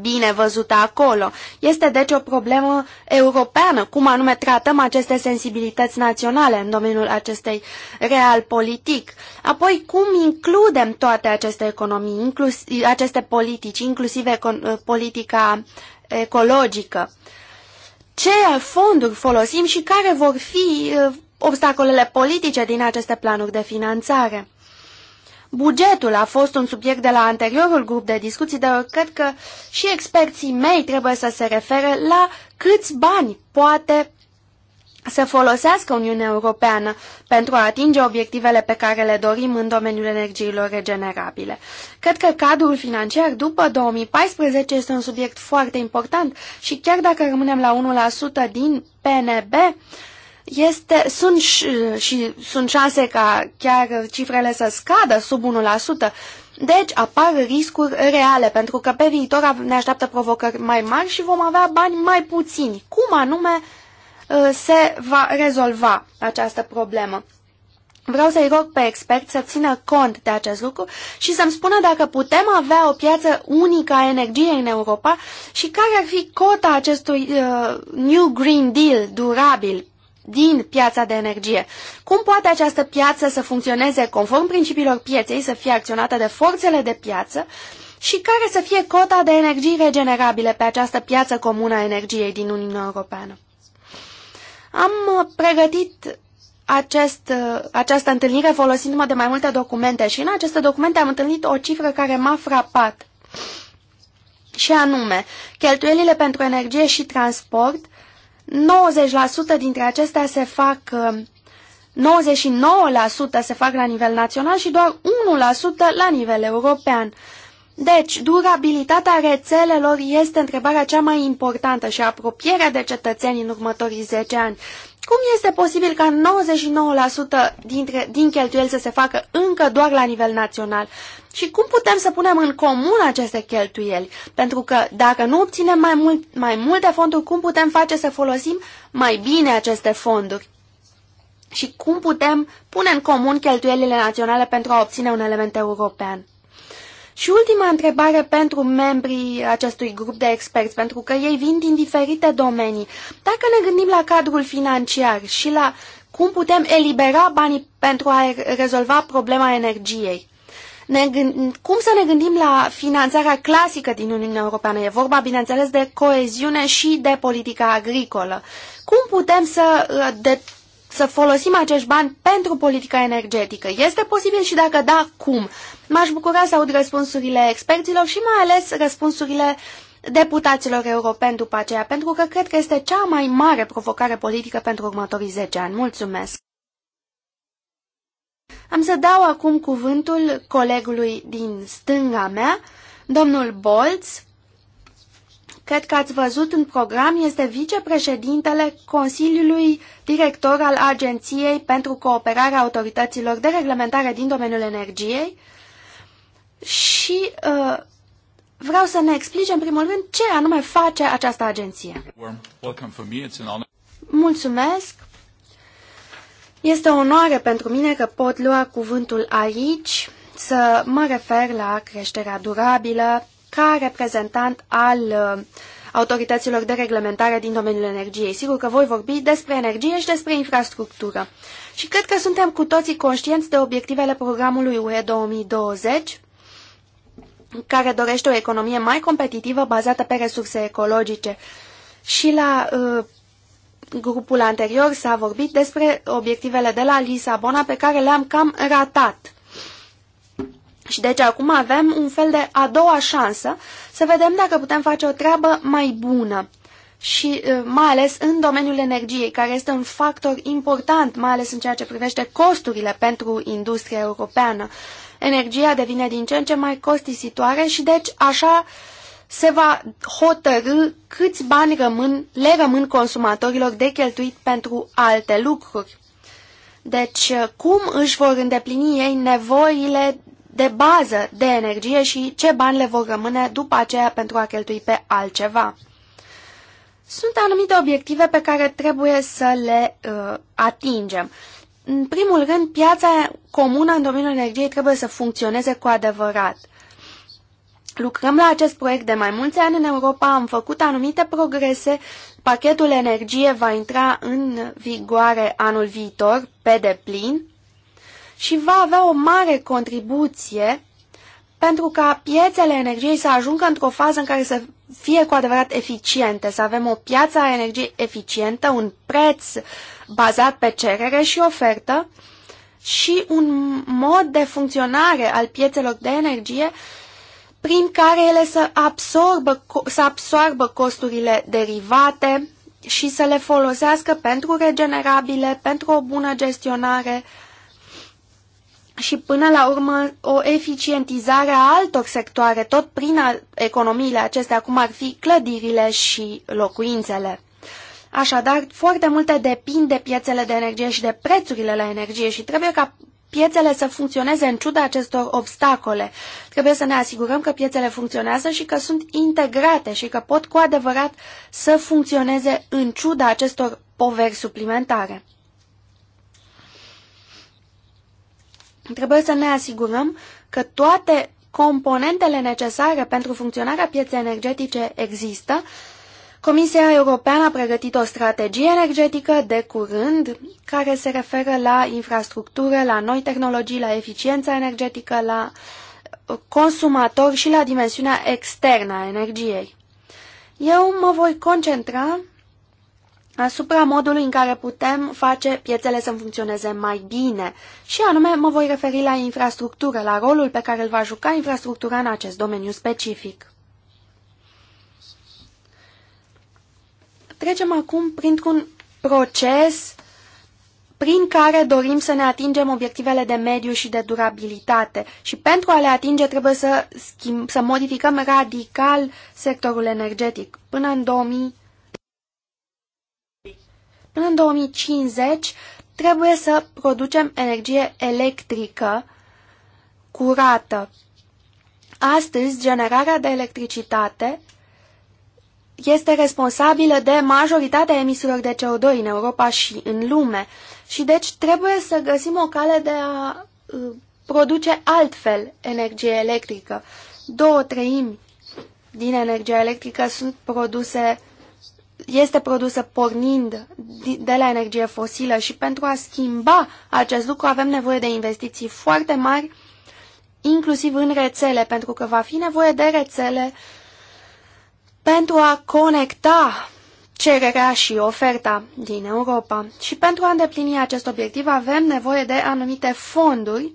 bine văzută acolo. Este deci o problemă europeană, cum anume tratăm aceste sensibilități naționale în domeniul acestei real politic. Apoi, cum includem toate aceste economii, inclus, aceste politici, inclusiv econ, politica ecologică. Ce fonduri folosim și care vor fi eh, obstacolele politice din aceste planuri de finanțare? Bugetul a fost un subiect de la anteriorul grup de discuții, dar cred că și experții mei trebuie să se refere la câți bani poate să folosească Uniunea Europeană pentru a atinge obiectivele pe care le dorim în domeniul energiilor regenerabile. Cred că cadrul financiar după 2014 este un subiect foarte important și chiar dacă rămânem la 1% din PNB, este, sunt și, și sunt șanse ca chiar cifrele să scadă sub 1%, deci apar riscuri reale, pentru că pe viitor ne așteaptă provocări mai mari și vom avea bani mai puțini. Cum anume uh, se va rezolva această problemă? Vreau să-i rog pe expert să țină cont de acest lucru și să-mi spună dacă putem avea o piață unică a energiei în Europa și care ar fi cota acestui uh, New Green Deal durabil din piața de energie. Cum poate această piață să funcționeze conform principiilor pieței, să fie acționată de forțele de piață și care să fie cota de energii regenerabile pe această piață comună a energiei din Uniunea Europeană? Am pregătit acest, această întâlnire folosindu-mă de mai multe documente și în aceste documente am întâlnit o cifră care m-a frapat. Și anume, cheltuielile pentru energie și transport 90% dintre acestea se fac, 99% uh, se fac la nivel național și doar 1% la nivel european. Deci, durabilitatea rețelelor este întrebarea cea mai importantă și apropierea de cetățeni în următorii 10 ani. Cum este posibil ca 99% dintre, din cheltuieli să se facă încă doar la nivel național? și cum putem să punem în comun aceste cheltuieli? Pentru că dacă nu obținem mai, mult, mai multe fonduri, cum putem face să folosim mai bine aceste fonduri? Și cum putem pune în comun cheltuielile naționale pentru a obține un element european? Și ultima întrebare pentru membrii acestui grup de experți, pentru că ei vin din diferite domenii. Dacă ne gândim la cadrul financiar și la cum putem elibera banii pentru a rezolva problema energiei, ne gând, cum să ne gândim la finanțarea clasică din Uniunea Europeană? E vorba, bineînțeles, de coeziune și de politica agricolă. Cum putem să, uh, de, să folosim acești bani pentru politica energetică? Este posibil și dacă da, cum? M-aș bucura să aud răspunsurile experților și mai ales răspunsurile deputaților europeni după aceea, pentru că cred că este cea mai mare provocare politică pentru următorii 10 ani. Mulțumesc! Am să dau acum cuvântul colegului din stânga mea, domnul Bolz. Cred că ați văzut în program, este vicepreședintele Consiliului Director al Agenției pentru Cooperarea Autorităților de Reglementare din domeniul energiei și uh, vreau să ne explice în primul rând ce anume face această agenție. Mulțumesc! Este o onoare pentru mine că pot lua cuvântul aici să mă refer la creșterea durabilă ca reprezentant al uh, autorităților de reglementare din domeniul energiei. Sigur că voi vorbi despre energie și despre infrastructură. Și cred că suntem cu toții conștienți de obiectivele programului UE 2020, care dorește o economie mai competitivă bazată pe resurse ecologice. Și la uh, grupul anterior s-a vorbit despre obiectivele de la Lisabona pe care le-am cam ratat. Și deci acum avem un fel de a doua șansă să vedem dacă putem face o treabă mai bună și mai ales în domeniul energiei, care este un factor important, mai ales în ceea ce privește costurile pentru industria europeană. Energia devine din ce în ce mai costisitoare și deci așa uh, se va hotărâ câți bani rămân, le rămân consumatorilor de cheltuit pentru alte lucruri. Deci, uh, cum își vor îndeplini ei nevoile de bază de energie și ce bani le vor rămâne după aceea pentru a cheltui pe altceva. Sunt anumite obiective pe care trebuie să le uh, atingem. În primul rând, piața comună în domeniul energiei trebuie să funcționeze cu adevărat. Lucrăm la acest proiect de mai mulți ani în Europa, am făcut anumite progrese, pachetul energie va intra în vigoare anul viitor pe deplin și va avea o mare contribuție pentru ca piețele energiei să ajungă într-o fază în care să fie cu adevărat eficiente, să avem o piață a energiei eficientă, un preț bazat pe cerere și ofertă și un mod de funcționare al piețelor de energie uh, prin care ele să absorbă, să absorbă costurile derivate și să le folosească pentru regenerabile, pentru o bună gestionare și până la urmă o eficientizare a altor sectoare, tot prin economiile acestea, cum ar fi clădirile și locuințele. Așadar, foarte multe depind de piețele de energie și de prețurile la energie și trebuie ca piețele să funcționeze în ciuda acestor obstacole. Trebuie să ne asigurăm că piețele funcționează și că sunt integrate și că pot cu adevărat să funcționeze în ciuda acestor poveri suplimentare. Trebuie să ne asigurăm că toate componentele necesare pentru funcționarea pieței energetice există Comisia Europeană a pregătit o strategie energetică de curând care se referă la infrastructură, la noi tehnologii, la eficiența energetică, la uh, consumator și la dimensiunea externă a energiei. Eu mă voi concentra asupra modului în care putem face piețele să funcționeze mai bine și anume mă voi referi la infrastructură, la rolul pe care îl va juca infrastructura în acest domeniu specific. Trecem acum printr-un proces prin care dorim să ne atingem obiectivele de mediu și de durabilitate. Și pentru a le atinge trebuie să, schimb, să modificăm radical sectorul energetic. Până în, 2000, până în 2050 trebuie să producem energie electrică curată. Astăzi, generarea de electricitate este responsabilă de majoritatea emisiilor de CO2 în Europa și în lume și deci trebuie să găsim o cale de a uh, produce altfel energie electrică. Două treimi din energia electrică sunt produse, este produsă pornind de la energie fosilă și pentru a schimba acest lucru avem nevoie de investiții foarte mari, inclusiv în rețele, pentru că va fi nevoie de rețele uh, pentru a conecta cererea și oferta din Europa. Și pentru a îndeplini acest obiectiv avem nevoie de anumite fonduri.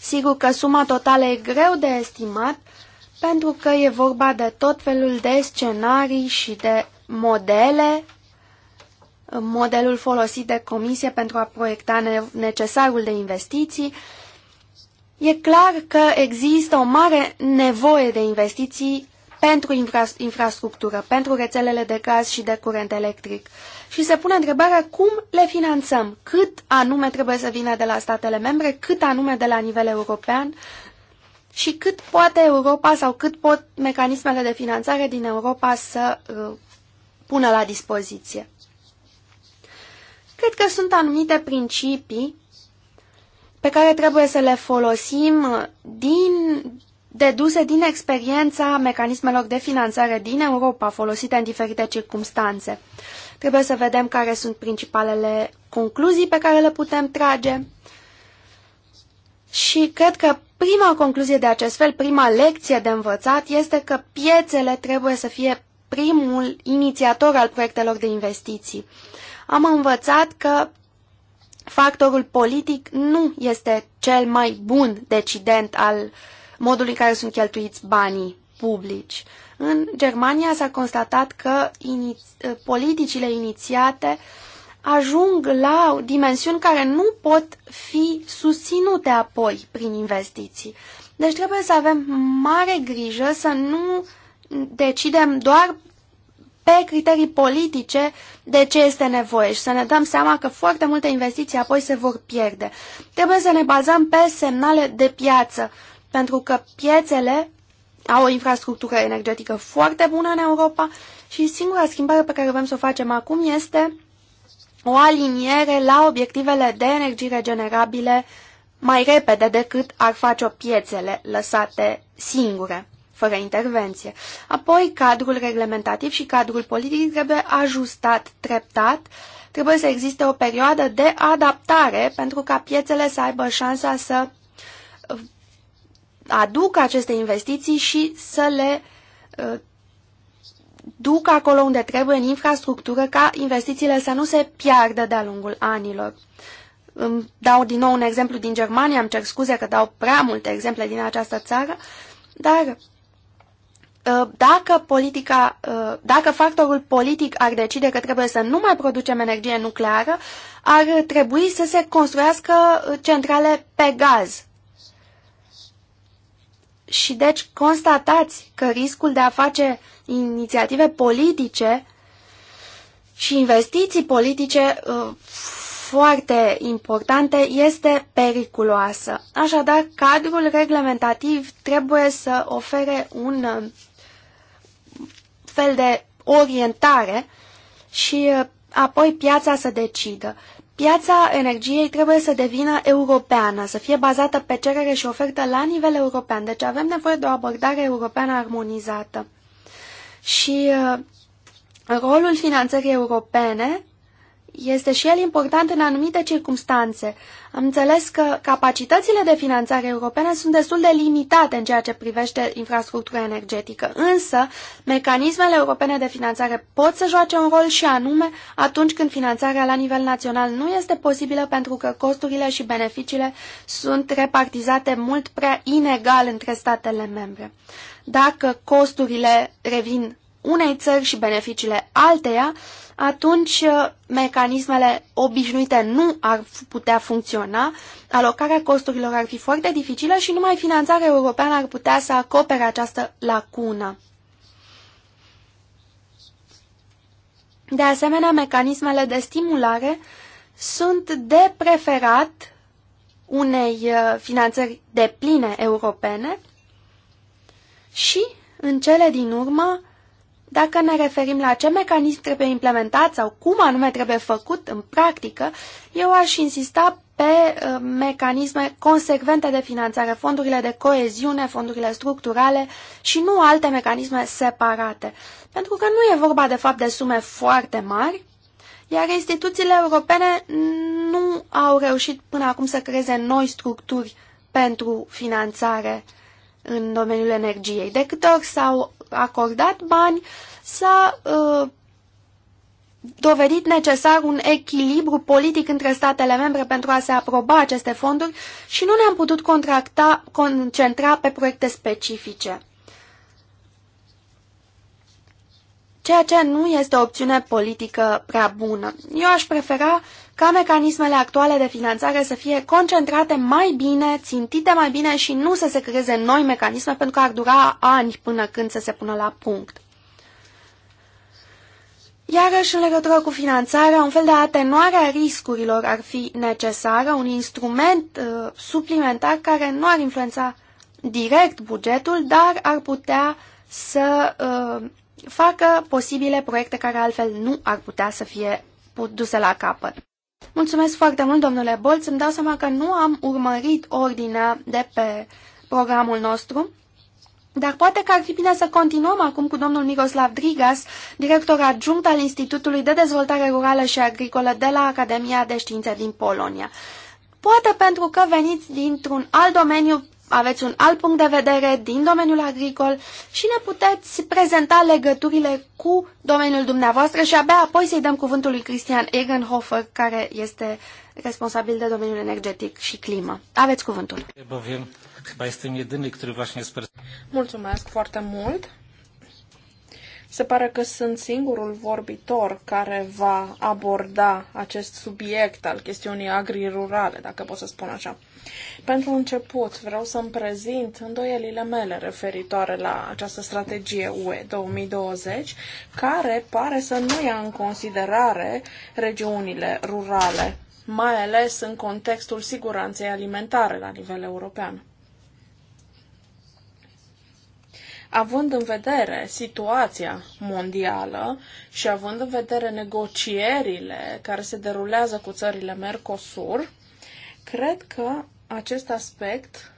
Sigur că suma totală e greu de estimat, pentru că e vorba de tot felul de scenarii și de modele, modelul folosit de comisie pentru a proiecta necesarul de investiții. E clar că există o mare nevoie de investiții pentru infra infrastructură, pentru rețelele de gaz și de curent electric. Și se pune întrebarea cum le finanțăm, cât anume trebuie să vină de la statele membre, cât anume de la nivel european și cât poate Europa sau cât pot mecanismele de finanțare din Europa să uh, pună la dispoziție. Cred că sunt anumite principii pe care trebuie să le folosim din, deduse din experiența mecanismelor de finanțare din Europa folosite în diferite circumstanțe. Trebuie să vedem care sunt principalele concluzii pe care le putem trage și cred că prima concluzie de acest fel, prima lecție de învățat este că piețele trebuie să fie primul inițiator al proiectelor de investiții. Am învățat că factorul politic nu este cel mai bun decident al uh, modul în care sunt cheltuiți banii publici. În Germania s-a constatat că iniți- politicile inițiate ajung la dimensiuni care nu pot fi susținute apoi prin investiții. Deci trebuie să avem mare grijă să nu decidem doar pe criterii politice de ce este nevoie și să ne dăm seama că foarte multe investiții apoi se vor pierde. Trebuie să ne bazăm pe semnale de piață pentru că piețele au o infrastructură energetică foarte bună în Europa și singura schimbare pe care vrem să o facem acum este o aliniere la obiectivele de energii regenerabile mai repede decât ar face-o piețele lăsate singure, fără intervenție. Apoi, cadrul reglementativ și cadrul politic trebuie ajustat treptat, trebuie să existe o perioadă de adaptare pentru ca piețele să aibă șansa să aducă aceste investiții și să le ducă uh, duc acolo unde trebuie în infrastructură ca investițiile să nu se piardă de-a lungul anilor. Îmi dau din nou un exemplu din Germania, îmi cer scuze că dau prea multe exemple din această țară, dar uh, dacă, politica, uh, dacă factorul politic ar decide că trebuie să nu mai producem energie nucleară, ar trebui să se construiască centrale pe gaz și deci constatați că riscul de a face inițiative politice și investiții politice uh, foarte importante este periculoasă. Așadar, cadrul reglementativ trebuie să ofere un uh, fel de orientare și uh, apoi piața să decidă. Piața energiei trebuie să devină europeană, să fie bazată pe cerere și ofertă la nivel european, deci avem nevoie de o abordare europeană armonizată. Și uh, rolul finanțării europene este și el important în anumite circumstanțe. Am înțeles că capacitățile de finanțare europene sunt destul de limitate în ceea ce privește infrastructura energetică, însă mecanismele europene de finanțare pot să joace un rol și anume atunci când finanțarea la nivel național nu este posibilă pentru că costurile și beneficiile sunt repartizate mult prea inegal între statele membre. Dacă costurile revin unei țări și beneficiile alteia, atunci uh, mecanismele obișnuite nu ar putea funcționa, alocarea costurilor ar fi foarte dificilă și numai finanțarea europeană ar putea să acopere această lacună. De asemenea, mecanismele de stimulare sunt de preferat unei uh, finanțări de pline europene și, în cele din urmă, dacă ne referim la ce mecanism trebuie implementat sau cum anume trebuie făcut în practică, eu aș insista pe uh, mecanisme consecvente de finanțare, fondurile de coeziune, fondurile structurale și nu alte mecanisme separate. Pentru că nu e vorba de fapt de sume foarte mari, iar instituțiile europene nu au reușit până acum să creeze noi structuri pentru finanțare în domeniul energiei. De câte ori s-au acordat bani, s-a uh, dovedit necesar un echilibru politic între statele membre pentru a se aproba aceste fonduri și nu ne-am putut contracta, concentra pe proiecte specifice. Ceea ce nu este o opțiune politică prea bună. Eu aș prefera ca mecanismele actuale de finanțare să fie concentrate mai bine, țintite mai bine și nu să se creeze noi mecanisme, pentru că ar dura ani până când să se pună la punct. Iarăși, în legătură cu finanțarea, un fel de atenuare a riscurilor ar fi necesară, un instrument uh, suplimentar care nu ar influența direct bugetul, dar ar putea să uh, facă posibile proiecte care altfel nu ar putea să fie duse la capăt. Mulțumesc foarte mult, domnule Bolț. Îmi dau seama că nu am urmărit ordinea de pe programul nostru. Dar poate că ar fi bine să continuăm acum cu domnul Miroslav Drigas, director adjunct al Institutului de Dezvoltare Rurală și Agricolă de la Academia de Științe din Polonia. Poate pentru că veniți dintr-un alt domeniu aveți un alt punct de vedere din domeniul agricol și ne puteți prezenta legăturile cu domeniul dumneavoastră și abia apoi să-i dăm cuvântul lui Cristian Egenhofer, care este responsabil de domeniul energetic și climă. Aveți cuvântul. Mulțumesc foarte mult. Se pare că sunt singurul vorbitor care va aborda acest subiect al chestiunii agri-rurale, dacă pot să spun așa. Pentru început, vreau să-mi prezint îndoielile mele referitoare la această strategie UE 2020, care pare să nu ia în considerare regiunile rurale, mai ales în contextul siguranței alimentare la nivel european. având în vedere situația mondială și având în vedere negocierile care se derulează cu țările Mercosur, cred că acest aspect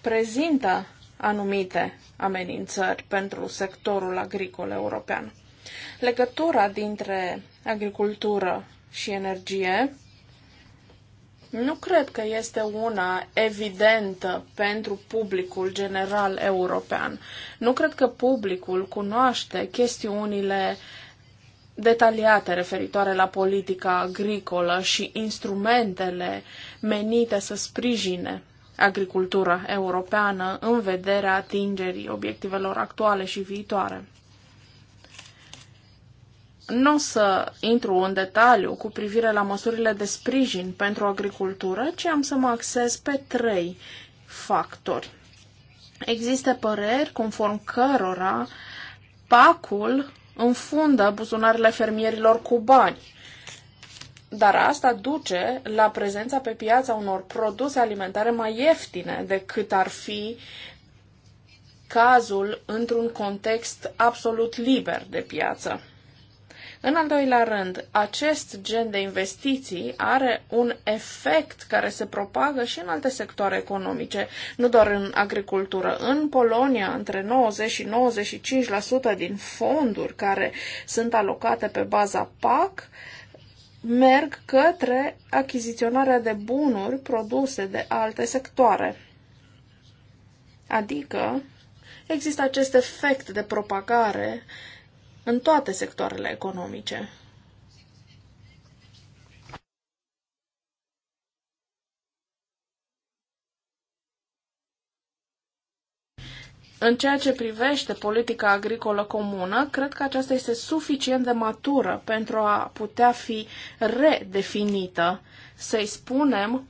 prezintă anumite amenințări pentru sectorul agricol european. Legătura dintre agricultură și energie nu cred că este una evidentă pentru publicul general european. Nu cred că publicul cunoaște chestiunile detaliate referitoare la politica agricolă și instrumentele menite să sprijine agricultura europeană în vederea atingerii obiectivelor actuale și viitoare. Nu o să intru în detaliu cu privire la măsurile de sprijin pentru agricultură, ci am să mă axez pe trei factori. Există păreri conform cărora pacul înfundă buzunarele fermierilor cu bani. Dar asta duce la prezența pe piața unor produse alimentare mai ieftine decât ar fi cazul într-un context absolut liber de piață. În al doilea rând, acest gen de investiții are un efect care se propagă și în alte sectoare economice, nu doar în agricultură. În Polonia, între 90 și 95% din fonduri care sunt alocate pe baza PAC merg către achiziționarea de bunuri produse de alte sectoare. Adică există acest efect de propagare în toate sectoarele economice. În ceea ce privește politica agricolă comună, cred că aceasta este suficient de matură pentru a putea fi redefinită. Să-i spunem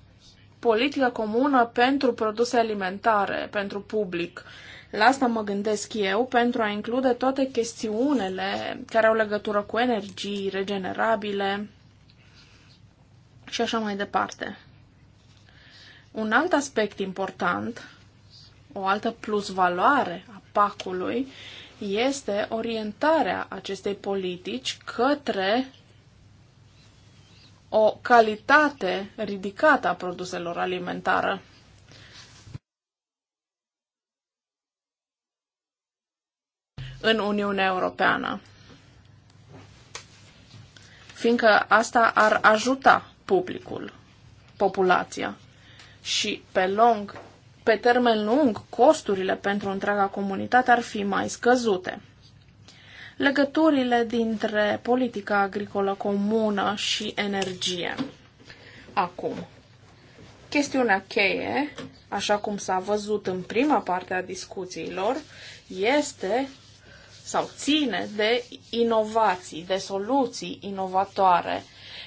politică comună pentru produse alimentare, pentru public. La asta mă gândesc eu pentru a include toate chestiunile care au legătură cu energii regenerabile și așa mai departe. Un alt aspect important, o altă plusvaloare a pacului, este orientarea acestei politici către o calitate ridicată a produselor alimentare. în Uniunea Europeană. Fiindcă asta ar ajuta publicul, populația. Și pe lung, pe termen lung, costurile pentru întreaga comunitate ar fi mai scăzute. Legăturile dintre politica agricolă comună și energie. Acum, chestiunea cheie, așa cum s-a văzut în prima parte a discuțiilor, este sau ține de inovații, de soluții inovatoare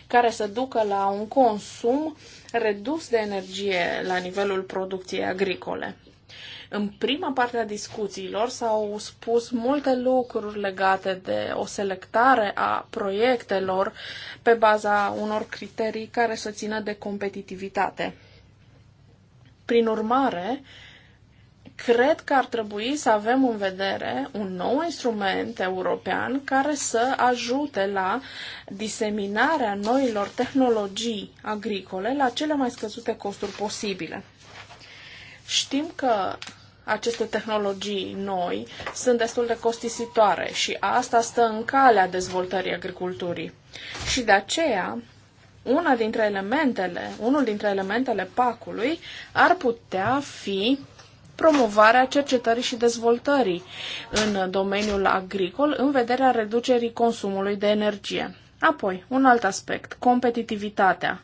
care să ducă la un consum redus de energie la nivelul producției agricole. În prima parte a discuțiilor s-au spus multe lucruri legate de o selectare a proiectelor pe baza unor criterii care să țină de competitivitate. Prin urmare, cred că ar trebui să avem în vedere un nou instrument european care să ajute la diseminarea noilor tehnologii agricole la cele mai scăzute costuri posibile. Știm că aceste tehnologii noi sunt destul de costisitoare și asta stă în calea dezvoltării agriculturii. Și de aceea, una dintre elementele, unul dintre elementele pacului ar putea fi promovarea cercetării și dezvoltării în domeniul agricol în vederea reducerii consumului de energie. Apoi, un alt aspect, competitivitatea.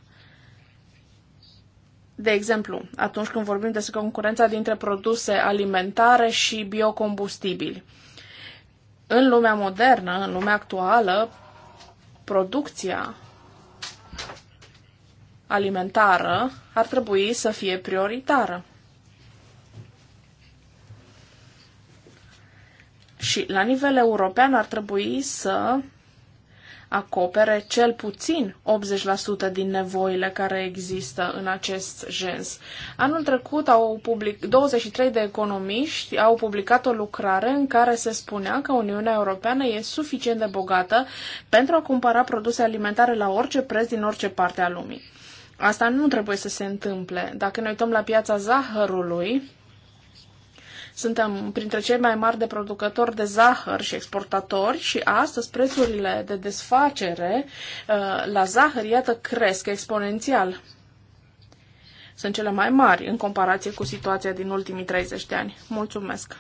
De exemplu, atunci când vorbim despre concurența dintre produse alimentare și biocombustibili. În lumea modernă, în lumea actuală, producția alimentară ar trebui să fie prioritară. Și la nivel european ar trebui să acopere cel puțin 80% din nevoile care există în acest gens. Anul trecut au public, 23 de economiști au publicat o lucrare în care se spunea că Uniunea Europeană e suficient de bogată pentru a cumpăra produse alimentare la orice preț din orice parte a lumii. Asta nu trebuie să se întâmple. Dacă ne uităm la piața zahărului, suntem printre cei mai mari de producători de zahăr și exportatori și astăzi prețurile de desfacere uh, la zahăr, iată, cresc exponențial. Sunt cele mai mari în comparație cu situația din ultimii 30 de ani. Mulțumesc!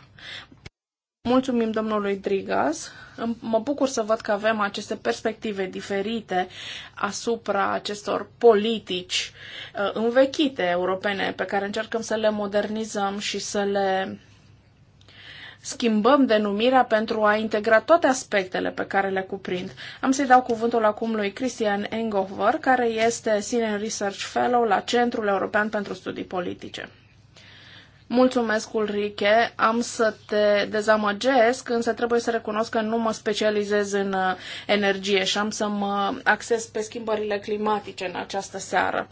Mulțumim domnului Drigas. Mă bucur să văd că avem aceste perspective diferite asupra acestor politici uh, învechite europene pe care încercăm să le modernizăm și să le schimbăm denumirea pentru a integra toate aspectele pe care le cuprind. Am să-i dau cuvântul acum lui Christian Engover, care este Senior Research Fellow la Centrul European pentru Studii Politice. Mulțumesc, Ulrike. Am să te dezamăgesc, însă trebuie să recunosc că nu mă specializez în uh, energie și am să mă axez pe schimbările climatice în această seară.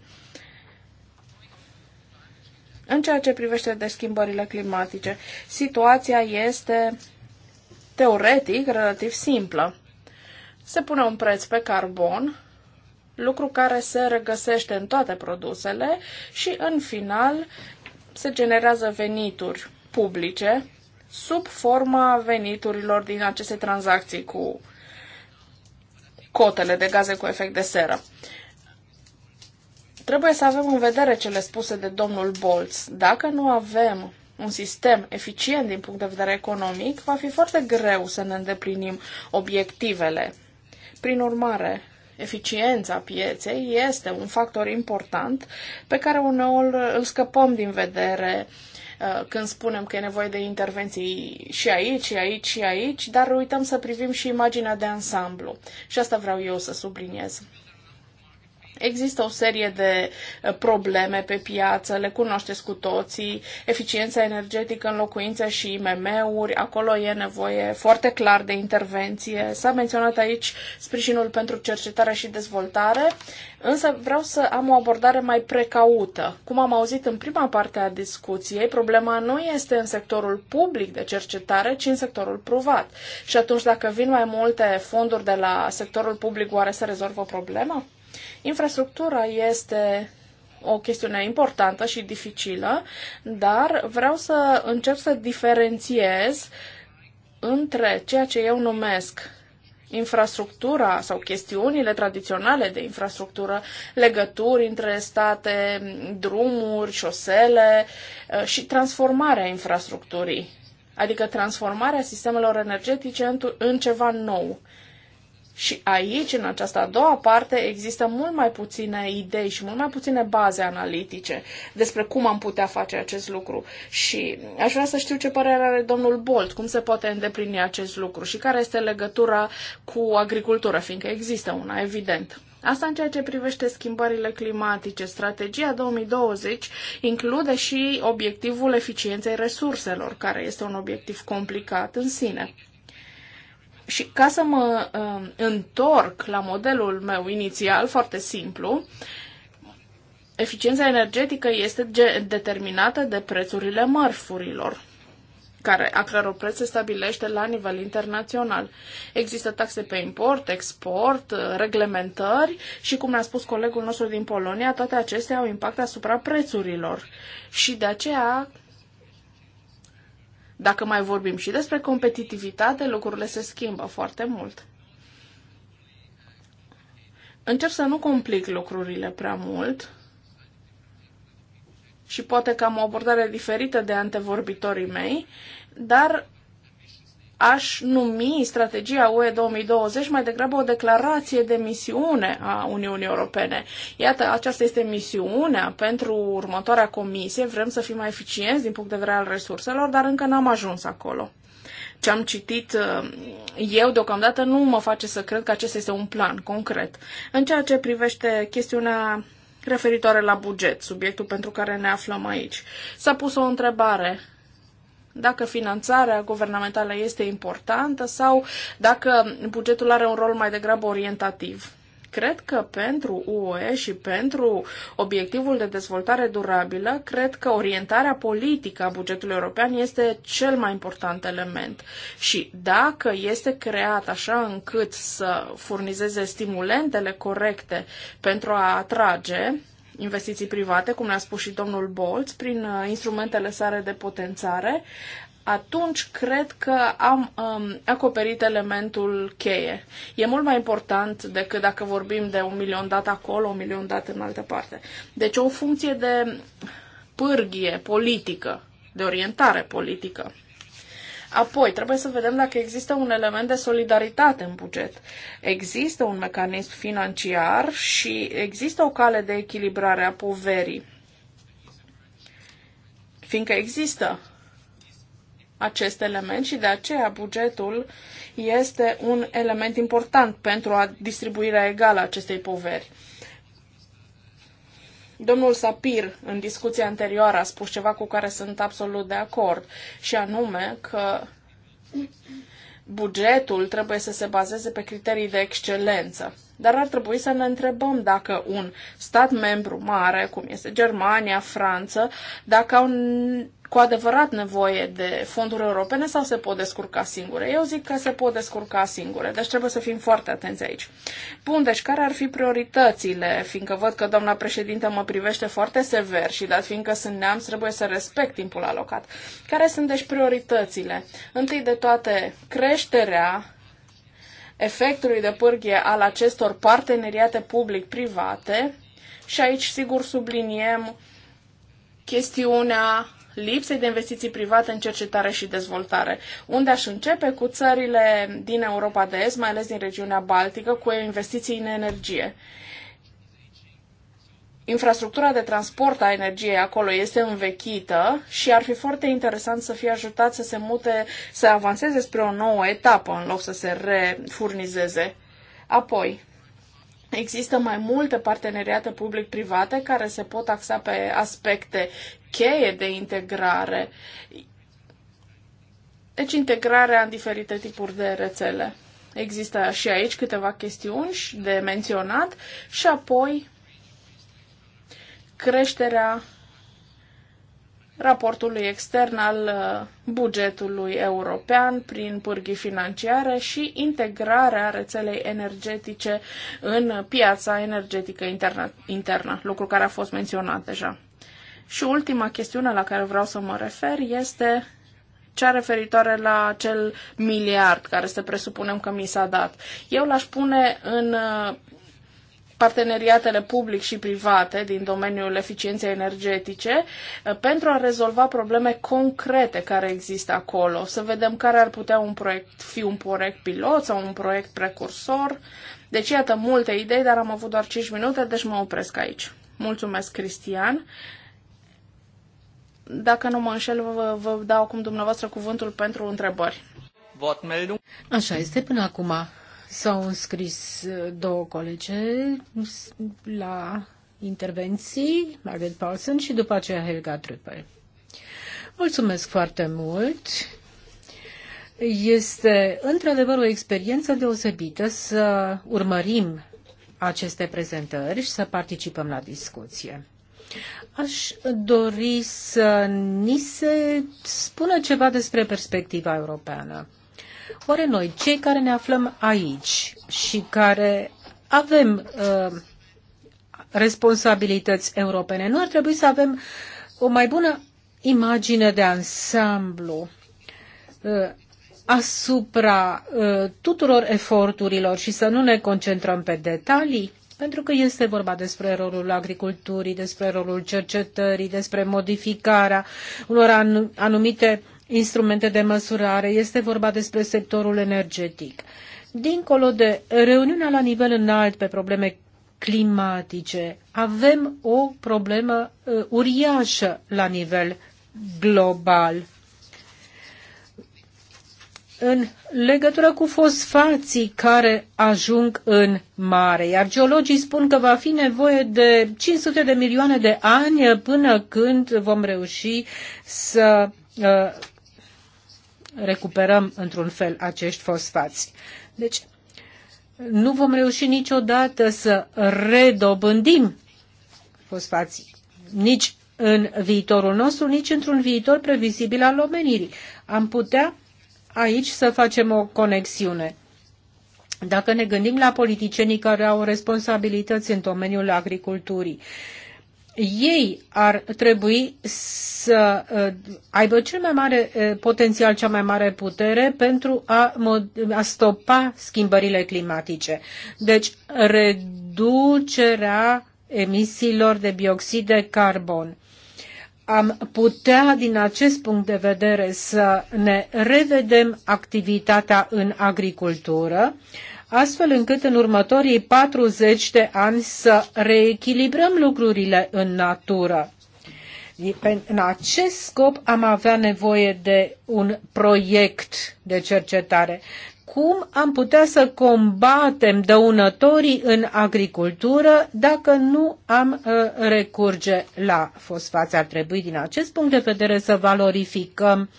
În ceea ce privește de schimbările climatice, situația este teoretic relativ simplă. Se pune un preț pe carbon, lucru care se regăsește în toate produsele și în final se generează venituri publice sub forma veniturilor din aceste tranzacții cu cotele de gaze cu efect de seră. Trebuie să avem în vedere cele spuse de domnul Bolz. Dacă nu avem un sistem eficient din punct de vedere economic, va fi foarte greu să ne îndeplinim obiectivele. Prin urmare, eficiența pieței este un factor important pe care uneori îl scăpăm din vedere uh, când spunem că e nevoie de intervenții și aici, și aici, și aici, dar uităm să privim și imaginea de ansamblu. Și asta vreau eu să subliniez. Există o serie de eh, probleme pe piață, le cunoașteți cu toții, eficiența energetică în locuințe și IMM-uri, acolo e nevoie foarte clar de intervenție. S-a menționat aici sprijinul pentru cercetare și dezvoltare, însă vreau să am o abordare mai precaută. Cum am auzit în prima parte a discuției, problema nu este în sectorul public de cercetare, ci în sectorul privat. Și atunci, dacă vin mai multe fonduri de la sectorul public, oare se rezolvă problema? Infrastructura este o chestiune importantă și dificilă, dar vreau să încep să diferențiez între ceea ce eu numesc infrastructura sau chestiunile tradiționale de infrastructură, legături între state, drumuri, șosele uh, și transformarea infrastructurii, adică transformarea sistemelor energetice în ceva nou. Și aici, în această a doua parte, există mult mai puține idei și mult mai puține baze analitice despre cum am putea face acest lucru. Și aș vrea să știu ce părere are domnul Bolt, cum se poate îndeplini acest lucru și care este legătura cu agricultura, fiindcă există una, evident. Asta în ceea ce privește schimbările climatice. Strategia 2020 include și obiectivul eficienței resurselor, care este un obiectiv complicat în sine. Și ca să mă uh, întorc la modelul meu inițial, foarte simplu, eficiența energetică este determinată de prețurile mărfurilor care, a căror preț se stabilește la nivel internațional. Există taxe pe import, export, uh, reglementări și, cum ne-a spus colegul nostru din Polonia, toate acestea au impact asupra prețurilor. Și de aceea dacă mai vorbim și despre competitivitate, lucrurile se schimbă foarte mult. Încerc să nu complic lucrurile prea mult și poate că am o abordare diferită de antevorbitorii mei, dar aș numi strategia UE 2020 mai degrabă o declarație de misiune a Uniunii Europene. Iată, aceasta este misiunea pentru următoarea comisie. Vrem să fim mai eficienți din punct de vedere al resurselor, dar încă n-am ajuns acolo. Ce am citit uh, eu deocamdată nu mă face să cred că acesta este un plan concret. În ceea ce privește chestiunea referitoare la buget, subiectul pentru care ne aflăm aici, s-a pus o întrebare dacă finanțarea guvernamentală este importantă sau dacă bugetul are un rol mai degrabă orientativ. Cred că pentru UE și pentru obiectivul de dezvoltare durabilă, cred că orientarea politică a bugetului european este cel mai important element. Și dacă este creat așa încât să furnizeze stimulentele corecte pentru a atrage investiții private, cum ne-a spus și domnul Bolț, prin uh, instrumentele sale de potențare, atunci cred că am um, acoperit elementul cheie. E mult mai important decât dacă vorbim de un milion dat acolo, un milion dat în altă parte. Deci o funcție de pârghie politică, de orientare politică. Apoi, trebuie să vedem dacă există un element de solidaritate în buget. Există un mecanism financiar și există o cale de echilibrare a poverii. Fiindcă există acest element și de aceea bugetul este un element important pentru a distribuirea egală a acestei poveri. Domnul Sapir, în discuția anterioară, a spus ceva cu care sunt absolut de acord, și anume că bugetul trebuie să se bazeze pe criterii de excelență. Dar ar trebui să ne întrebăm dacă un stat membru mare, cum este Germania, Franța, dacă au cu adevărat nevoie de fonduri europene sau se pot descurca singure? Eu zic că se pot descurca singure, deci trebuie să fim foarte atenți aici. Bun, deci care ar fi prioritățile? Fiindcă văd că doamna președintă mă privește foarte sever și dat fiindcă sunt neam, trebuie să respect timpul alocat. Care sunt deci prioritățile? Întâi de toate, creșterea efectului de pârghie al acestor parteneriate public-private și aici sigur subliniem chestiunea lipsei de investiții private în cercetare și dezvoltare, unde aș începe cu țările din Europa de Est, mai ales din regiunea Baltică, cu investiții în energie. Infrastructura de transport a energiei acolo este învechită și ar fi foarte interesant să fie ajutat să se mute, să avanseze spre o nouă etapă în loc să se refurnizeze. Apoi, Există mai multe parteneriate public-private care se pot axa pe aspecte cheie de integrare. Deci integrarea în diferite tipuri de rețele. Există și aici câteva chestiuni de menționat și apoi creșterea raportului extern al uh, bugetului european prin pârghii financiare și integrarea rețelei energetice în piața energetică internă, internă lucru care a fost menționat deja. Și ultima chestiune la care vreau să mă refer este cea referitoare la acel miliard care să presupunem că mi s-a dat. Eu l-aș pune în uh, parteneriatele public și private din domeniul eficienței energetice uh, pentru a rezolva probleme concrete care există acolo. Să vedem care ar putea un proiect fi un proiect pilot sau un proiect precursor. Deci, iată, multe idei, dar am avut doar 5 minute, deci mă opresc aici. Mulțumesc, Cristian. Dacă nu mă înșel, vă, vă dau acum dumneavoastră cuvântul pentru întrebări. Așa este până acum. S-au înscris uh, două colege la intervenții, Margaret Paulson și după aceea Helga Trüppel. Mulțumesc foarte mult! Este într-adevăr o experiență deosebită să urmărim aceste prezentări și să participăm la discuție. Aș dori să ni se spună ceva despre perspectiva europeană. Oare noi, cei care ne aflăm aici și care avem uh, responsabilități europene, nu ar trebui să avem o mai bună imagine de ansamblu uh, asupra uh, tuturor eforturilor și să nu ne concentrăm pe detalii? Pentru că este vorba despre rolul agriculturii, despre rolul cercetării, despre modificarea unor anumite instrumente de măsurare, este vorba despre sectorul energetic. Dincolo de reuniunea la nivel înalt pe probleme climatice, avem o problemă uh, uriașă la nivel global în legătură cu fosfații care ajung în mare, iar geologii spun că va fi nevoie de 500 de milioane de ani până când vom reuși să uh, recuperăm într-un fel acești fosfați. Deci, nu vom reuși niciodată să redobândim fosfații, nici în viitorul nostru, nici într-un viitor previzibil al omenirii. Am putea aici să facem o conexiune. Dacă ne gândim la politicienii care au responsabilități în domeniul agriculturii, ei ar trebui să uh, aibă cel mai mare uh, potențial, cea mai mare putere pentru a, a stopa schimbările climatice. Deci, reducerea emisiilor de bioxid de carbon am putea, din acest punct de vedere, să ne revedem activitatea în agricultură, astfel încât în următorii 40 de ani să reechilibrăm lucrurile în natură. În acest scop am avea nevoie de un proiect de cercetare cum am putea să combatem dăunătorii în agricultură dacă nu am uh, recurge la fosfați. Ar trebui din acest punct de vedere să valorificăm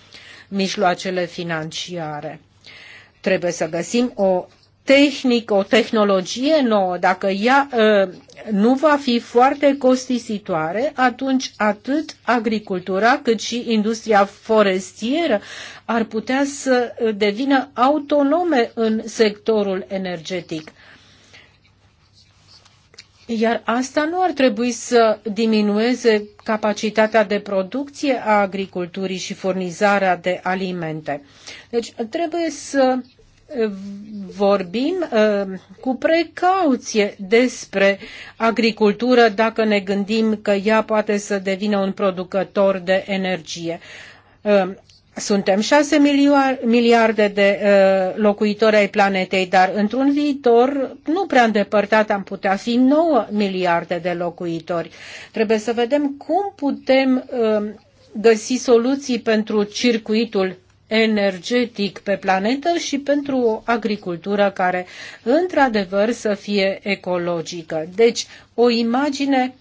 mijloacele financiare. Trebuie să găsim o tehnică, o tehnologie nouă, dacă ea ă, nu va fi foarte costisitoare, atunci atât agricultura cât și industria forestieră ar putea să devină autonome în sectorul energetic. Iar asta nu ar trebui să diminueze capacitatea de producție a agriculturii și furnizarea de alimente. Deci trebuie să vorbim uh, cu precauție despre agricultură dacă ne gândim că ea poate să devină un producător de energie. Uh, suntem șase miliarde de uh, locuitori ai planetei, dar într-un viitor nu prea îndepărtat am putea fi 9 miliarde de locuitori. Trebuie să vedem cum putem găsi soluții pentru circuitul energetic pe planetă și pentru o agricultură care într-adevăr să fie ecologică. Deci o imagine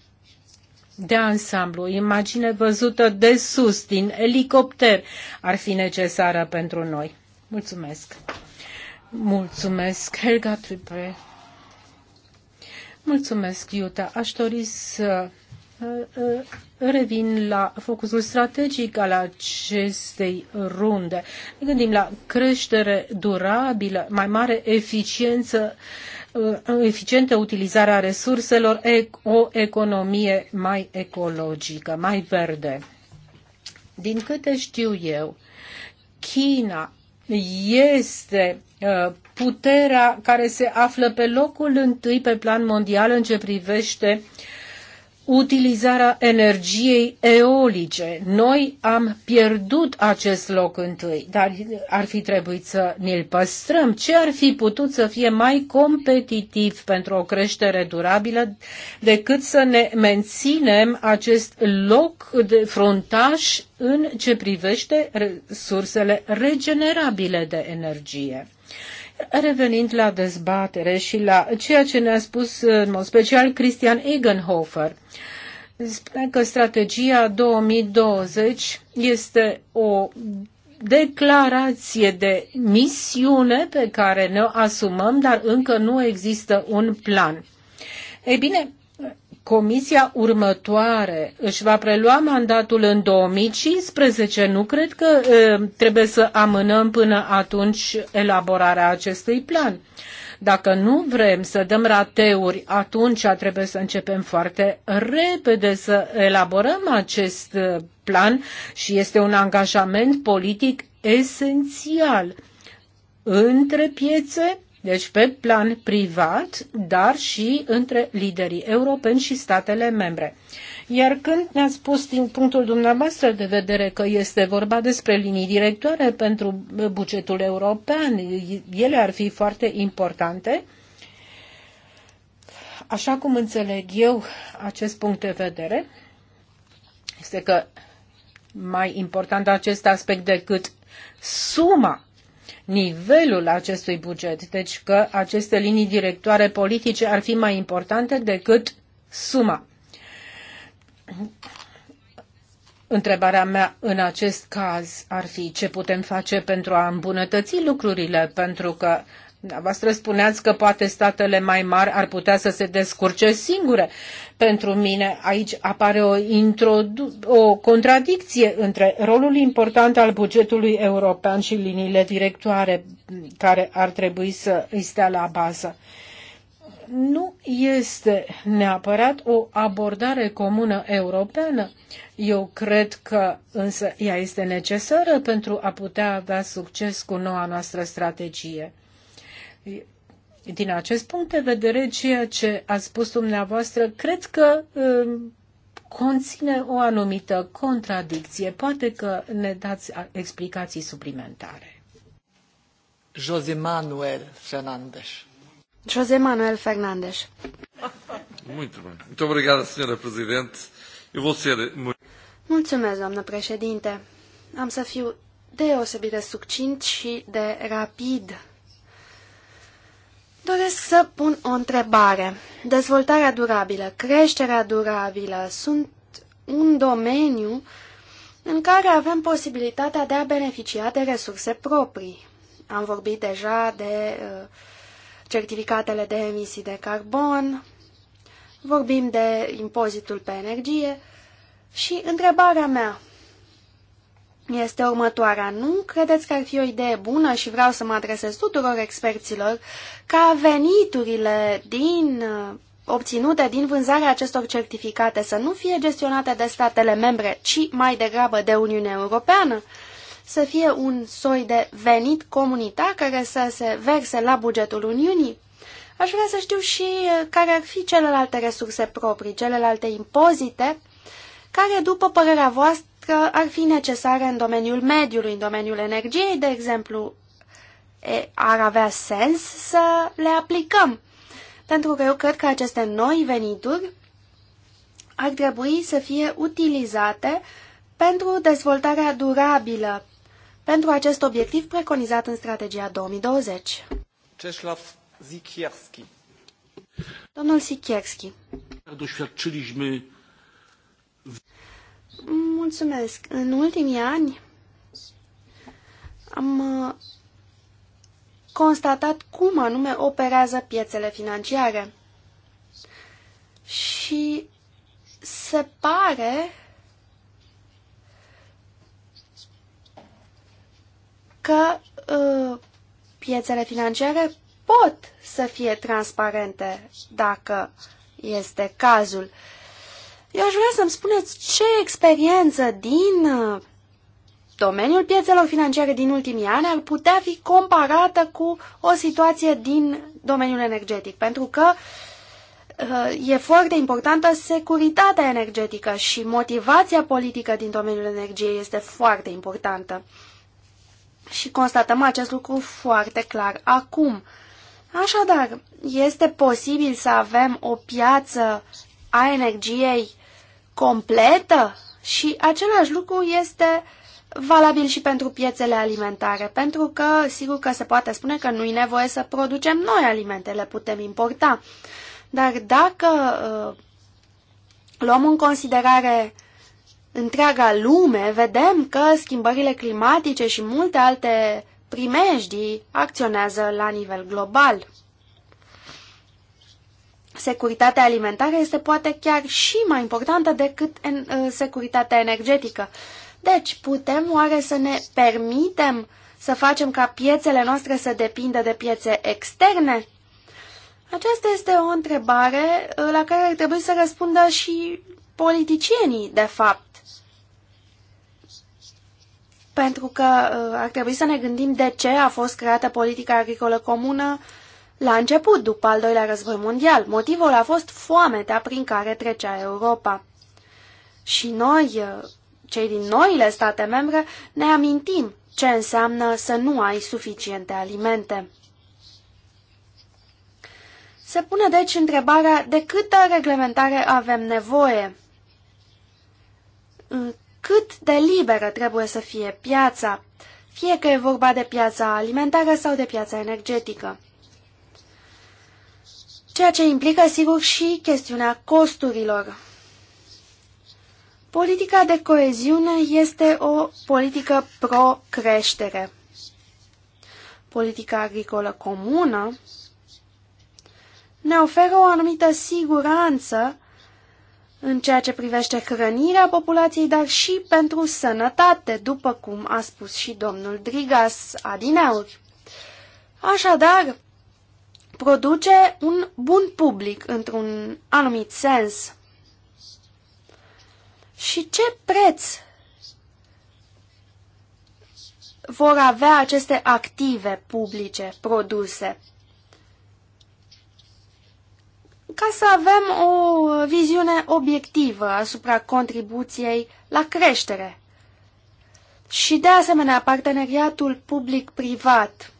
de ansamblu, o imagine văzută de sus, din elicopter, ar fi necesară pentru noi. Mulțumesc! Mulțumesc, Helga Tripe! Mulțumesc, Iuta! Aș dori să revin la focusul strategic al acestei runde. Ne gândim la creștere durabilă, mai mare eficiență, eficientă utilizarea resurselor, o economie mai ecologică, mai verde. Din câte știu eu, China este ă, puterea care se află pe locul întâi pe plan mondial în ce privește uh, utilizarea energiei eolice. Noi am pierdut acest loc întâi, dar ar fi trebuit să ne-l păstrăm. Ce ar fi putut să fie mai competitiv pentru o creștere durabilă decât să ne menținem acest loc de fruntaș în ce privește resursele regenerabile de energie? Revenind la dezbatere și la ceea ce ne-a spus în mod special Christian Egenhofer, spune că strategia 2020 este o declarație de misiune pe care ne-o asumăm, dar încă nu există un plan. Ei bine, comisia următoare își va prelua mandatul în 2015, nu cred că e, trebuie să amânăm până atunci elaborarea acestui plan. Dacă nu vrem să dăm rateuri, atunci trebuie să începem foarte repede să elaborăm acest plan și este un angajament politic esențial între piețe deci pe plan privat, dar și între liderii europeni și statele membre. Iar când ne-ați spus din punctul dumneavoastră de vedere că este vorba despre linii directoare pentru bugetul european, ele ar fi foarte importante, așa cum înțeleg eu acest punct de vedere, este că mai important acest aspect decât suma nivelul acestui buget, deci că aceste linii directoare politice ar fi mai importante decât suma. Întrebarea mea în acest caz ar fi ce putem face pentru a îmbunătăți lucrurile, pentru că Dumneavoastră spuneați că poate statele mai mari ar putea să se descurce singure. Pentru mine aici apare o, o contradicție între rolul important al bugetului european și liniile directoare care ar trebui să îi stea la bază. Nu este neapărat o abordare comună europeană. Eu cred că însă ea este necesară pentru a putea avea succes cu noua noastră strategie din acest punct de vedere, ceea ce a spus dumneavoastră, cred că um, conține o anumită contradicție. Poate că ne dați explicații suplimentare. José Manuel Fernandes. José Manuel Fernandes. Muito bem. Muito obrigado, senhora presidente. Eu vou ser muito... Mulțumesc, doamnă președinte. Am să fiu deosebit de succint și de rapid. Doresc să pun o întrebare. Dezvoltarea durabilă, creșterea durabilă sunt un domeniu în care avem posibilitatea de a beneficia de resurse proprii. Am vorbit deja de uh, certificatele de emisii de carbon, vorbim de impozitul pe energie și întrebarea mea, este următoarea. Nu credeți că ar fi o idee bună și vreau să mă adresez tuturor experților ca veniturile din uh, obținute din vânzarea acestor certificate să nu fie gestionate de statele membre, ci mai degrabă de Uniunea Europeană, să fie un soi de venit comunitar care să se verse la bugetul Uniunii. Aș vrea să știu și uh, care ar fi celelalte resurse proprii, celelalte impozite, care, după părerea voastră, că ar fi necesare în domeniul mediului, în domeniul energiei, de exemplu, ar avea sens să le aplicăm. Pentru că eu cred că aceste noi venituri ar trebui să fie utilizate pentru dezvoltarea durabilă, pentru acest obiectiv preconizat în strategia 2020. Czeslaw Sikierski. Domnul Sikierski. Doświadczyliśmy Mulțumesc. În ultimii ani am uh, constatat cum anume operează piețele financiare. Și se pare că uh, piețele financiare pot să fie transparente dacă este cazul. Uh, eu aș vrea să-mi spuneți ce experiență din uh, domeniul piețelor financiare din ultimii ani ar putea fi comparată cu o situație din domeniul energetic, pentru că uh, e foarte importantă securitatea energetică și motivația politică din domeniul energiei este foarte importantă. Și constatăm acest lucru foarte clar acum. Așadar, este posibil să avem o piață a energiei completă și același lucru este valabil și pentru piețele alimentare, pentru că sigur că se poate spune că nu e nevoie să producem noi alimente, le putem importa. Dar dacă uh, luăm în considerare întreaga lume, vedem că schimbările climatice și multe alte primejdii acționează la nivel global securitatea alimentară este poate chiar și mai importantă decât în, în uh, securitatea energetică. Deci, putem oare să ne permitem să facem ca piețele noastre să depindă de piețe externe? Aceasta este o întrebare uh, la care ar trebui să răspundă și politicienii, de fapt. Pentru că uh, ar trebui să ne gândim de ce a fost creată politica agricolă comună, la început, după al doilea război mondial. Motivul a fost foametea prin care trecea Europa. Și noi, eh, cei din noile state membre, ne amintim ce înseamnă să nu ai suficiente alimente. Se pune deci întrebarea de câtă reglementare avem nevoie. Cât de liberă trebuie să fie piața, fie că e vorba de piața alimentară sau de piața energetică ceea ce implică, sigur, și chestiunea costurilor. Politica de coeziune este o politică pro-creștere. Politica agricolă comună ne oferă o anumită siguranță în ceea ce privește hrănirea populației, dar și pentru sănătate, după cum a spus și domnul Drigas adineauri. Așadar, produce un bun public într-un anumit sens. Și ce preț vor avea aceste active publice produse? Ca să avem o viziune obiectivă asupra contribuției la creștere. Și de asemenea, parteneriatul public-privat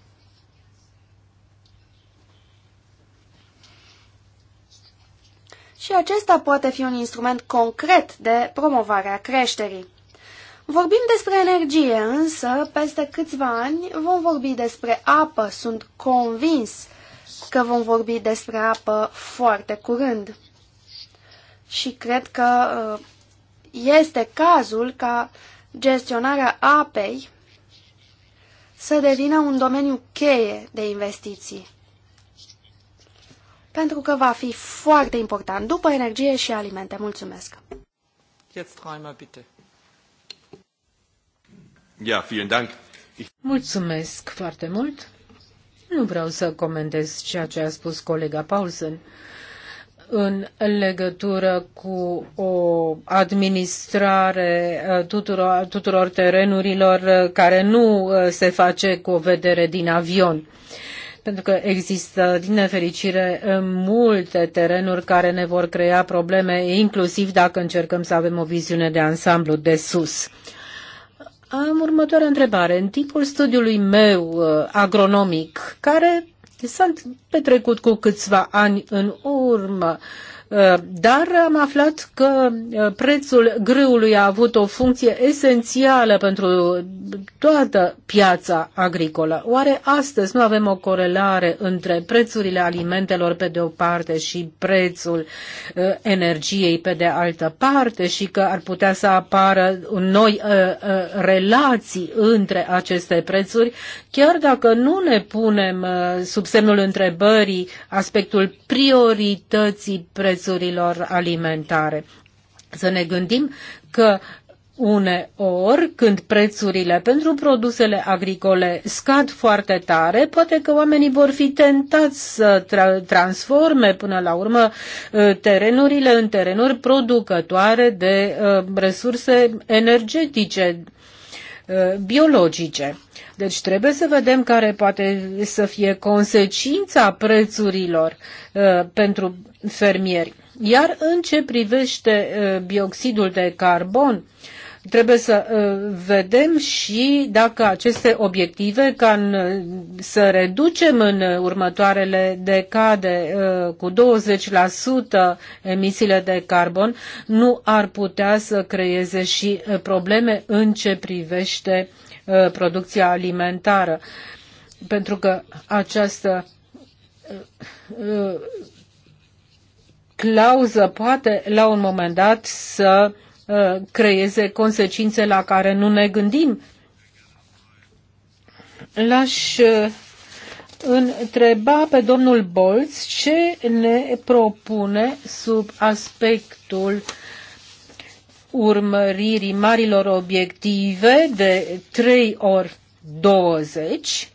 și acesta poate fi un instrument concret de promovare a creșterii. Vorbim despre energie, însă peste câțiva ani vom vorbi despre apă. Sunt convins că vom vorbi despre apă foarte curând. Și cred că uh, este cazul ca gestionarea apei să devină un domeniu cheie de investiții pentru că va fi foarte important după energie și alimente. Mulțumesc! Jetzt Reimer, bitte. Ja, vielen Dank. Mulțumesc foarte mult. Nu vreau să comentez ceea ce a spus colega Paulsen în legătură cu o administrare uh, tuturor, tuturor terenurilor uh, care nu uh, se face cu o vedere din avion. Uh, pentru că există, din nefericire, multe terenuri care ne vor crea probleme, inclusiv dacă încercăm să avem o viziune de ansamblu de sus. Am următoarea întrebare. În timpul studiului meu uh, agronomic, care s-a petrecut cu câțiva ani în urmă, Uh, dar am aflat că uh, prețul grâului a avut o funcție esențială pentru toată piața agricolă. Oare astăzi nu avem o corelare între prețurile alimentelor pe de o parte și prețul uh, energiei pe de altă parte și că ar putea să apară noi relații între aceste prețuri, chiar dacă nu ne punem sub semnul întrebării aspectul priorității prețului prețurilor alimentare. Să ne gândim că Uneori, când prețurile pentru produsele agricole scad foarte tare, poate că oamenii vor fi tentați să tra- transforme până la urmă uh, terenurile în terenuri producătoare de uh, resurse energetice Uh, biologice. Deci trebuie să vedem care poate să fie consecința prețurilor uh, pentru fermieri. Iar în ce privește uh, bioxidul de carbon, trebuie să uh, vedem și dacă aceste obiective, can uh, să reducem în următoarele decade uh, cu 20% emisiile de carbon, nu ar putea să creeze și probleme în ce privește producția alimentară. Pentru că această clauză poate la un moment dat să Uh, creeze consecințe la care nu ne gândim. L-aș uh, întreba pe domnul Bolț ce ne propune sub aspectul urmăririi marilor obiective de 3 ori 20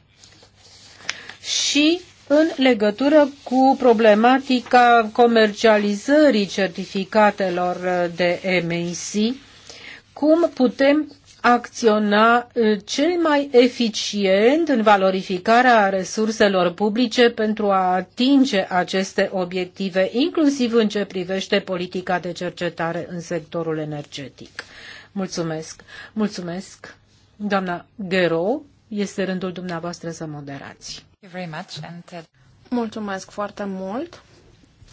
și în legătură cu problematica comercializării certificatelor uh, de emisii, cum putem acționa uh, cel mai eficient în valorificarea resurselor publice pentru a atinge aceste obiective, inclusiv în ce privește politica de cercetare în sectorul energetic. Mulțumesc. Mulțumesc, doamna Gero este rândul dumneavoastră să moderați. Uh, Mulțumesc foarte mult!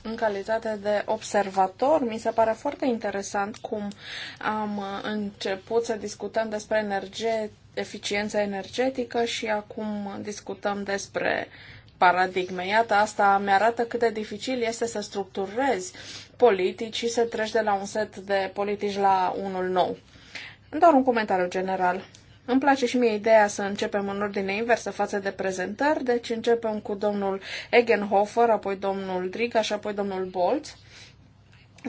În calitate de observator, mi se pare foarte interesant cum am uh, început să discutăm despre energie, eficiența energetică și acum discutăm despre paradigme. Iată, asta mi-arată cât de dificil este să structurezi politici și să treci de la un set de politici la unul nou. Doar un comentariu general. Îmi place și mie ideea să începem în ordine inversă față de prezentări, deci începem cu domnul Egenhofer, apoi domnul Driga și apoi domnul Bolt.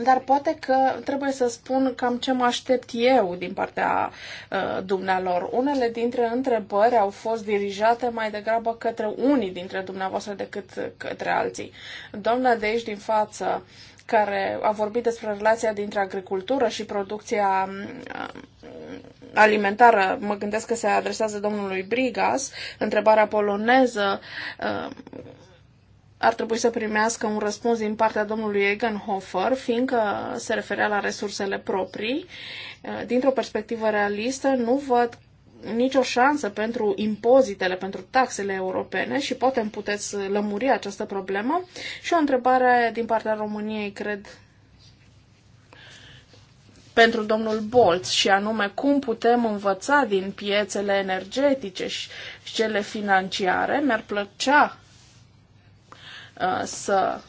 Dar poate că trebuie să spun cam ce mă aștept eu din partea uh, dumnealor. Unele dintre întrebări au fost dirijate mai degrabă către unii dintre dumneavoastră decât către alții. Doamna de aici din față care a vorbit despre relația dintre agricultură și producția um, um, alimentară, mă gândesc că se adresează domnului Brigas, întrebarea poloneză um, ar trebui să primească un răspuns din partea domnului Egenhofer, fiindcă se referea la resursele proprii. Uh, dintr-o perspectivă realistă, nu văd nicio șansă pentru impozitele, pentru taxele europene și poate îmi puteți lămuri această problemă. Și o întrebare din partea României, cred, pentru domnul Bolț și anume cum putem învăța din piețele energetice și cele financiare. Mi-ar plăcea uh, să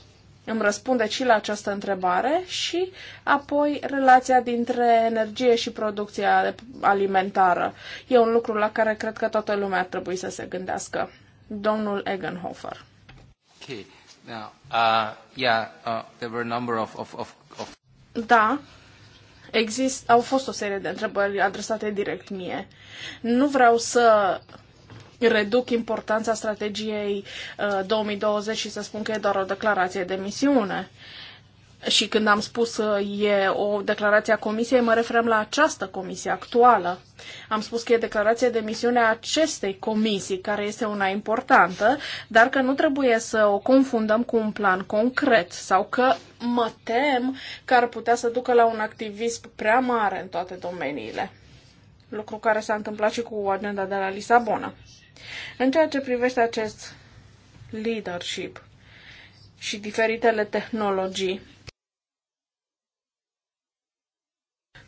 îmi răspunde și la această întrebare și apoi relația dintre energie și producția alimentară. E un lucru la care cred că toată lumea ar trebui să se gândească. Domnul Egenhofer. Okay. Now, uh, yeah, uh, there were a number of, of, of, of... Da, exist, au fost o serie de întrebări adresate direct mie. Nu vreau să reduc importanța strategiei 2020 uh, și să spun că e doar o declarație de misiune. Și când am spus uh, e o declarație a comisiei, mă referem la această comisie actuală. Am spus că e declarație de misiune a acestei comisii, care este una importantă, dar că nu trebuie să o confundăm cu un plan concret sau că mă tem că ar putea să ducă la un activism prea mare în toate domeniile. Lucru care s-a întâmplat și cu agenda de la Lisabona. În ceea ce privește acest leadership și diferitele tehnologii,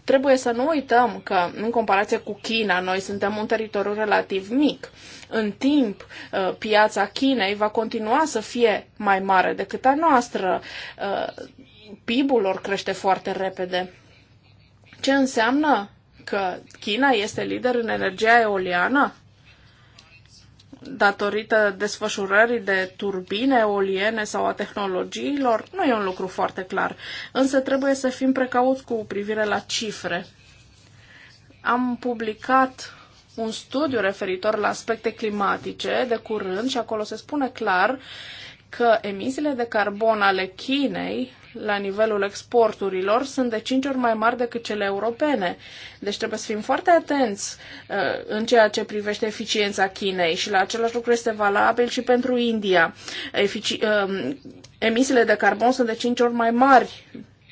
trebuie să nu uităm că, în comparație cu China, noi suntem un teritoriu relativ mic. În timp, uh, piața Chinei va continua să fie mai mare decât a noastră. Uh, PIB-ul lor crește foarte repede. Ce înseamnă că China este lider în energia eoliană? datorită desfășurării de turbine eoliene sau a tehnologiilor, nu e un lucru foarte clar. Însă trebuie să fim precauți cu privire la cifre. Am publicat un studiu referitor la aspecte climatice de curând și acolo se spune clar că emisiile de carbon ale Chinei la nivelul exporturilor sunt de 5 ori mai mari decât cele europene. Deci trebuie să fim foarte atenți uh, în ceea ce privește eficiența Chinei și la același lucru este valabil și pentru India. Efici- uh, emisiile de carbon sunt de 5 ori mai mari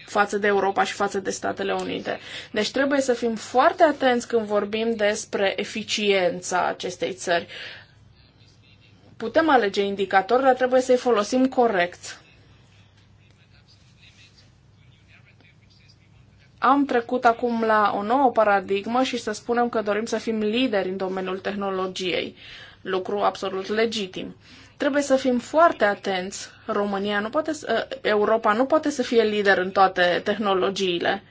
față de Europa și față de Statele Unite. Deci trebuie să fim foarte atenți când vorbim despre eficiența acestei țări. Putem alege indicatori, dar trebuie să-i folosim corect. am trecut acum la o nouă paradigmă și să spunem că dorim să fim lideri în domeniul tehnologiei. Lucru absolut legitim. Trebuie să fim foarte atenți. România nu poate să, Europa nu poate să fie lider în toate tehnologiile.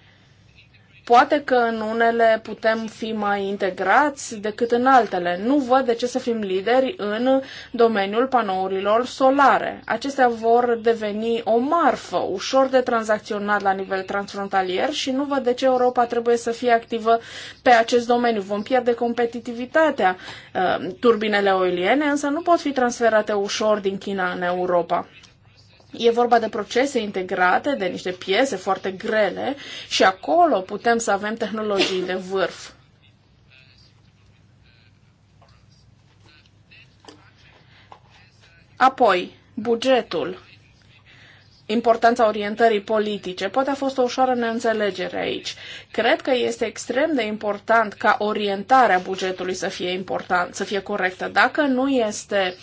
Poate că în unele putem fi mai integrați decât în altele. Nu văd de ce să fim lideri în domeniul panourilor solare. Acestea vor deveni o marfă, ușor de tranzacționat la nivel transfrontalier și nu văd de ce Europa trebuie să fie activă pe acest domeniu. Vom pierde competitivitatea. Uh, turbinele oiliene însă nu pot fi transferate ușor din China în Europa. E vorba de procese integrate, de niște piese foarte grele și acolo putem să avem tehnologii de vârf. Apoi, bugetul importanța orientării politice. Poate a fost o ușoară neînțelegere aici. Cred că este extrem de important ca orientarea bugetului să fie important, să fie corectă. Dacă nu este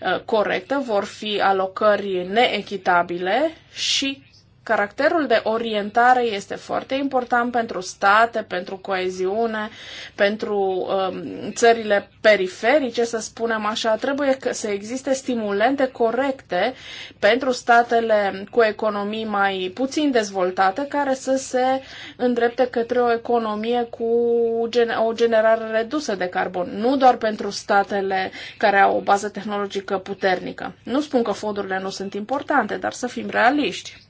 uh, corectă, vor fi alocări neechitabile și Caracterul de orientare este foarte important pentru state, pentru coeziune, pentru um, țările periferice, să spunem așa. Trebuie să existe stimulente corecte pentru statele cu economii mai puțin dezvoltate, care să se îndrepte către o economie cu o generare redusă de carbon, nu doar pentru statele care au o bază tehnologică puternică. Nu spun că fondurile nu sunt importante, dar să fim realiști.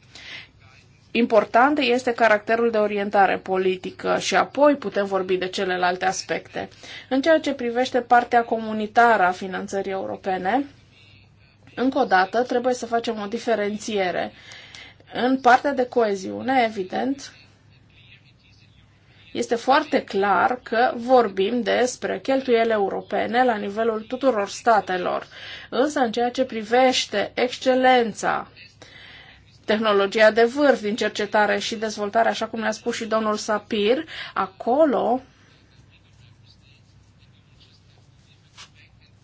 Important este caracterul de orientare politică și apoi putem vorbi de celelalte aspecte. În ceea ce privește partea comunitară a finanțării europene, încă o dată trebuie să facem o diferențiere. În partea de coeziune, evident, este foarte clar că vorbim despre cheltuieli europene la nivelul tuturor statelor. Însă, în ceea ce privește excelența, tehnologia de vârf din cercetare și dezvoltare, așa cum ne-a spus și domnul Sapir, acolo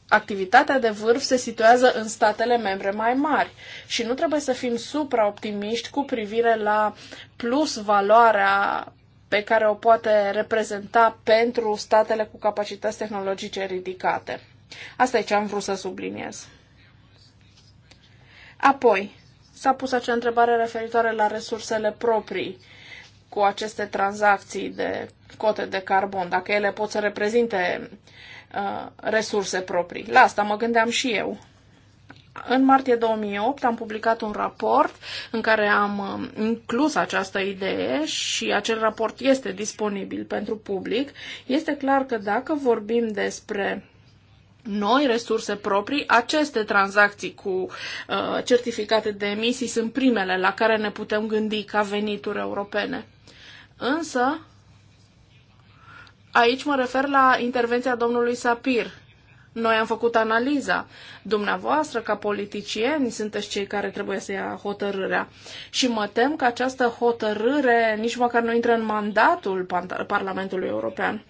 activitatea de vârf se situează în statele membre mai mari și nu trebuie să fim supraoptimiști cu privire la plus valoarea pe care o poate reprezenta pentru statele cu capacități tehnologice ridicate. Asta e ce am vrut să subliniez. Apoi, S-a pus acea întrebare referitoare la resursele proprii cu aceste tranzacții de cote de carbon, dacă ele pot să reprezinte uh, resurse proprii. La asta mă gândeam și eu. În martie 2008 am publicat un raport în care am uh, inclus această idee și acel raport este disponibil pentru public. Este clar că dacă vorbim despre noi resurse proprii. Aceste tranzacții cu uh, certificate de emisii sunt primele la care ne putem gândi ca venituri europene. Însă, aici mă refer la intervenția domnului Sapir. Noi am făcut analiza. Dumneavoastră, ca politicieni, sunteți cei care trebuie să ia hotărârea. Și mă tem că această hotărâre nici măcar nu intră în mandatul Parlamentului European.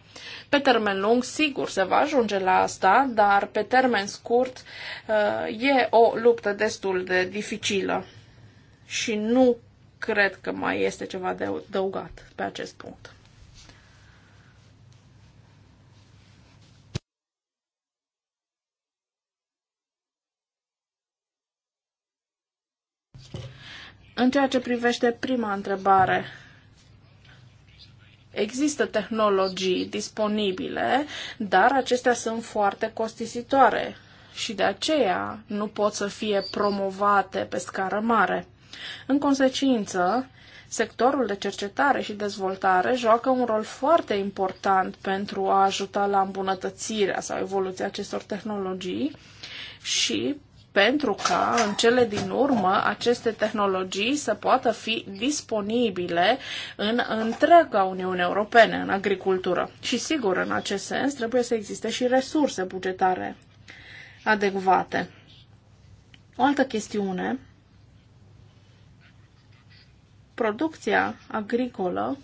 Pe termen lung, sigur, se va ajunge la asta, dar pe termen scurt uh, e o luptă destul de dificilă și nu cred că mai este ceva de adăugat pe acest punct. În ceea ce privește prima întrebare Există tehnologii disponibile, dar acestea sunt foarte costisitoare și de aceea nu pot să fie promovate pe scară mare. În consecință, sectorul de cercetare și dezvoltare joacă un rol foarte important pentru a ajuta la îmbunătățirea sau evoluția acestor tehnologii și pentru ca în cele din urmă aceste tehnologii să poată fi disponibile în întreaga Uniune Europene, în agricultură. Și sigur, în acest sens, trebuie să existe și resurse bugetare adecvate. O altă chestiune, producția agricolă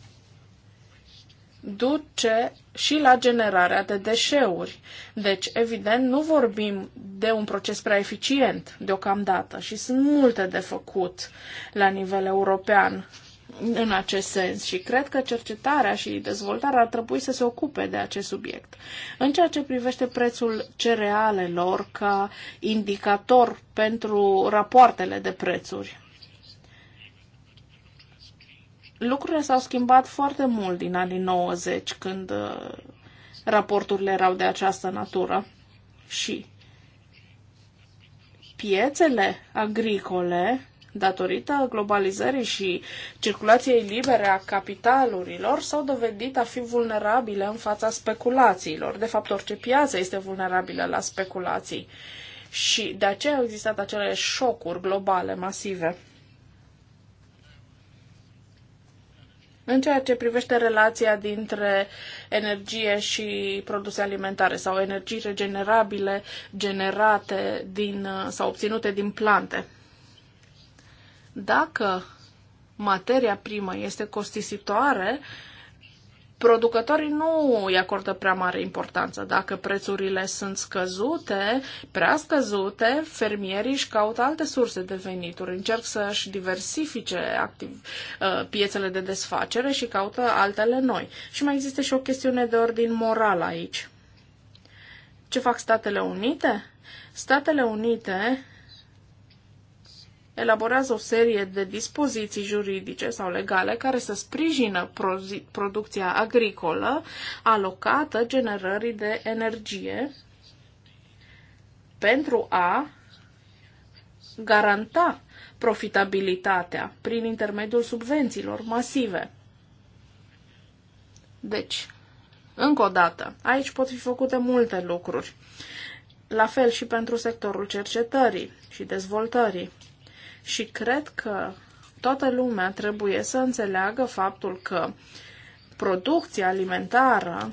duce și la generarea de deșeuri. Deci, evident, nu vorbim de un proces prea eficient deocamdată și sunt multe de făcut la nivel european în acest sens și cred că cercetarea și dezvoltarea ar trebui să se ocupe de acest subiect. În ceea ce privește prețul cerealelor ca indicator pentru rapoartele de prețuri, lucrurile s-au schimbat foarte mult din anii 90, când uh, raporturile erau de această natură. Și piețele agricole, datorită globalizării și circulației libere a capitalurilor, s-au dovedit a fi vulnerabile în fața speculațiilor. De fapt, orice piață este vulnerabilă la speculații. Și de aceea au existat acele șocuri globale masive. În ceea ce privește relația dintre energie și produse alimentare sau energii regenerabile generate din, uh, sau obținute din plante. Dacă materia primă este costisitoare, uh, producătorii nu îi acordă prea mare importanță. Dacă prețurile sunt scăzute, prea scăzute, fermierii își caută alte surse de venituri, încerc să-și diversifice activ, uh, piețele de desfacere și caută altele noi. Și mai există și o chestiune de ordin moral aici. Ce fac Statele Unite? Statele Unite elaborează o serie de dispoziții juridice sau legale care să sprijină producția agricolă alocată generării de energie pentru a garanta profitabilitatea prin intermediul subvențiilor masive. Deci, încă o dată, aici pot fi făcute multe lucruri. La fel și pentru sectorul cercetării și dezvoltării. Și cred că toată lumea trebuie să înțeleagă faptul că producția alimentară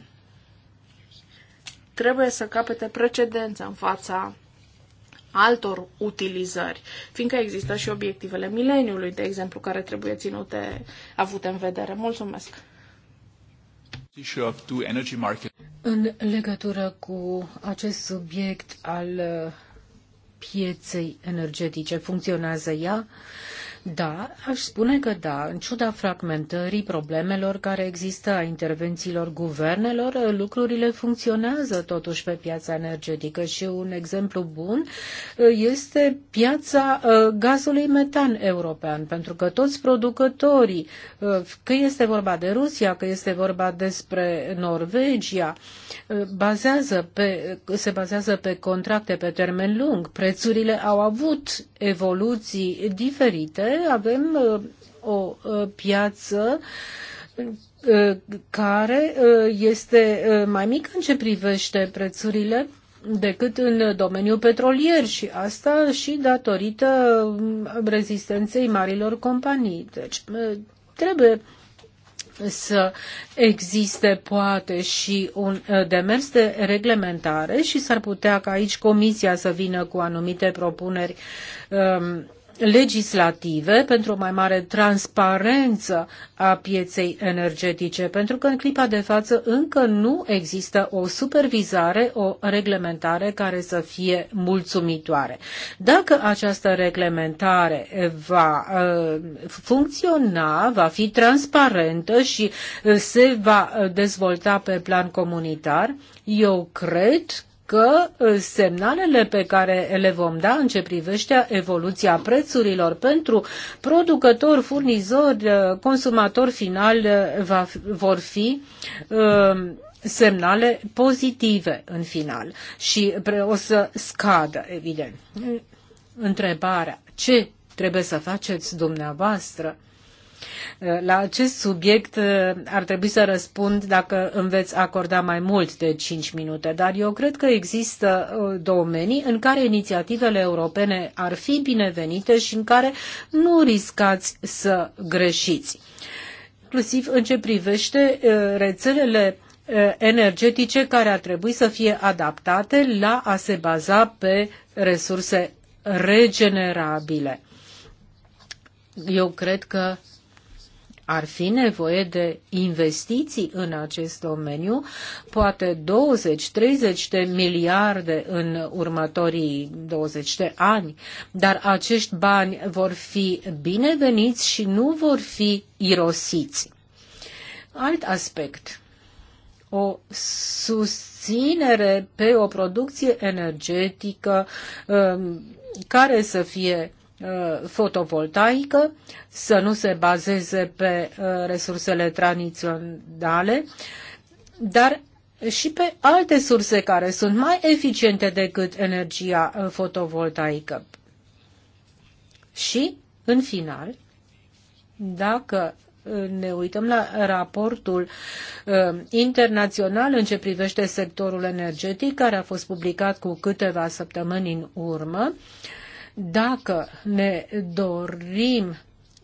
trebuie să capete precedență în fața altor utilizări, fiindcă există și obiectivele mileniului, de exemplu, care trebuie ținute, avute în vedere. Mulțumesc! În legătură cu acest subiect al pieței energetice funcționează ea da, aș spune că da, în ciuda fragmentării problemelor care există a intervențiilor guvernelor, lucrurile funcționează totuși pe piața energetică și un exemplu bun uh, este piața uh, gazului metan european, pentru că toți producătorii, uh, că este vorba de Rusia, că este vorba despre Norvegia, bazează pe, se bazează pe contracte pe termen lung. Prețurile au avut evoluții diferite Uh, uh, uh, care avem o piață care este mai mică în ce privește prețurile decât în domeniul petrolier și asta și datorită um, rezistenței marilor companii. Deci trebuie să existe poate și un demers de reglementare și s-ar putea ca aici Comisia să vină cu anumite propuneri um, legislative pentru o mai mare transparență a pieței energetice, pentru că în clipa de față încă nu există o supervizare, o reglementare care să fie mulțumitoare. Dacă această reglementare va uh, funcționa, va fi transparentă și uh, se va uh, dezvolta pe plan comunitar, eu cred că uh, semnalele pe care le vom da în ce privește evoluția prețurilor pentru producători, furnizori, uh, consumator final uh, va, vor fi semnale pozitive în final și o să scadă, evident. Întrebarea, ce trebuie să faceți dumneavoastră? La acest subiect uh, ar trebui să răspund dacă îmi veți acorda mai mult de 5 minute, dar eu cred că există uh, domenii în care inițiativele europene ar fi binevenite și în care nu riscați să greșiți inclusiv în ce privește uh, rețelele energetice care ar trebui să fie adaptate la a se baza pe resurse regenerabile. Eu cred că ar fi nevoie de investiții în acest domeniu, poate 20-30 de miliarde în următorii 20 de ani, dar acești bani vor fi bineveniți și nu vor fi irosiți. Alt aspect. O susținere pe o producție energetică um, care să fie Uh, fotovoltaică, să nu se bazeze pe uh, resursele tradiționale, dar și pe alte surse care sunt mai eficiente decât energia uh, fotovoltaică. Și, în final, dacă ne uităm la raportul uh, internațional în ce privește sectorul energetic, care a fost publicat cu câteva săptămâni în urmă, uh, dacă ne dorim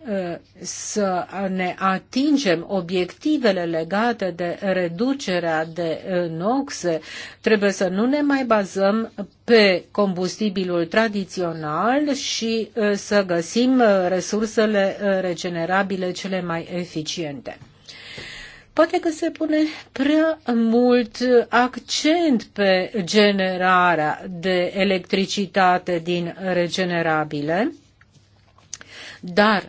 uh, să ne atingem obiectivele legate de reducerea de uh, noxe, trebuie să nu ne mai bazăm pe combustibilul tradițional și uh, să găsim resursele regenerabile cele mai eficiente. Poate că se pune prea mult accent pe generarea de electricitate din regenerabile, dar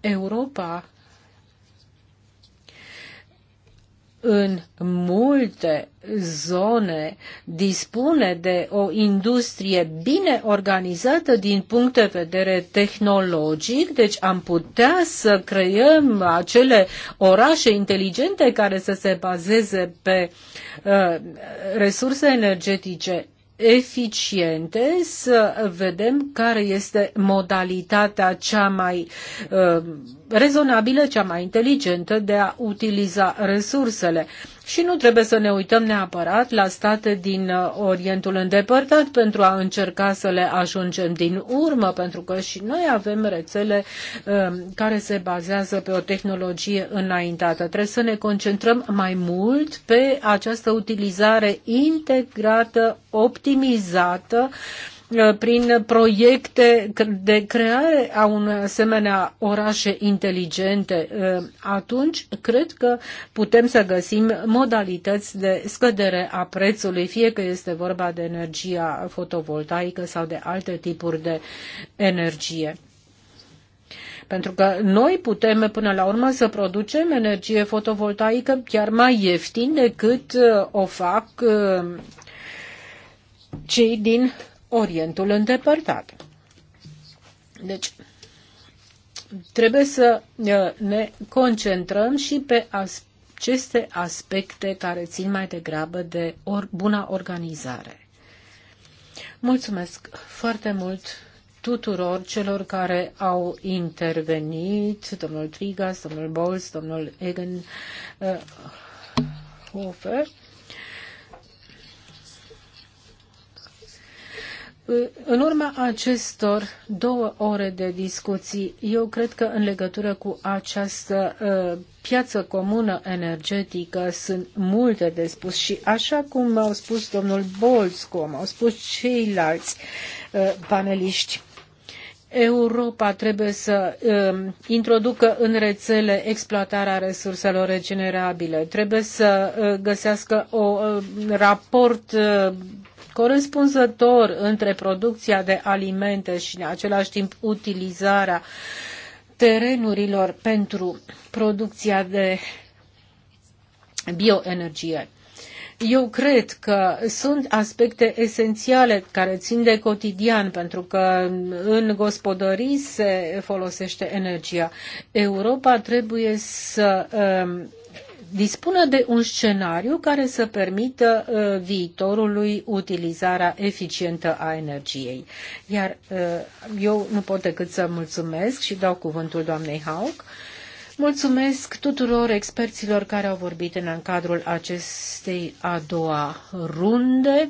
Europa în multe zone dispune de o industrie bine organizată din punct de vedere tehnologic, deci am putea să creăm acele orașe inteligente care să se bazeze pe uh, resurse energetice eficiente, să vedem care este modalitatea cea mai uh, rezonabilă, cea mai inteligentă de a utiliza resursele. Și nu trebuie să ne uităm neapărat la state din uh, Orientul îndepărtat pentru a încerca să le ajungem din urmă, pentru că și noi avem rețele um, care se bazează pe o tehnologie înaintată. Trebuie să ne concentrăm mai mult pe această utilizare integrată, optimizată, Uh, prin proiecte de creare a unei asemenea orașe inteligente, uh, atunci cred că putem să găsim modalități de scădere a prețului, fie că este vorba de energia fotovoltaică sau de alte tipuri de energie pentru că noi putem până la urmă să producem energie fotovoltaică chiar mai ieftin decât uh, o fac cei din Orientul îndepărtat. Deci, trebuie să uh, ne concentrăm și pe aceste aspecte care țin mai degrabă de or, buna organizare. Mulțumesc foarte mult tuturor celor care au intervenit, domnul Trigas, domnul Bowles, domnul Egan uh, Hofer. În urma acestor două ore de discuții, eu cred că în legătură cu această uh, piață comună energetică sunt multe de spus și așa cum au spus domnul Bolz, cum au spus ceilalți uh, paneliști, Europa trebuie să uh, introducă în rețele exploatarea resurselor regenerabile, trebuie să uh, găsească un uh, raport uh, corespunzător între producția de alimente și în același timp utilizarea terenurilor pentru producția de bioenergie. Eu cred că sunt aspecte esențiale care țin de cotidian, pentru că în gospodării se folosește energia. Europa trebuie să um, dispună de un scenariu care să permită uh, viitorului utilizarea eficientă a energiei. Iar uh, eu nu pot decât să mulțumesc și dau cuvântul doamnei Hauk. Mulțumesc tuturor experților care au vorbit în cadrul acestei a doua runde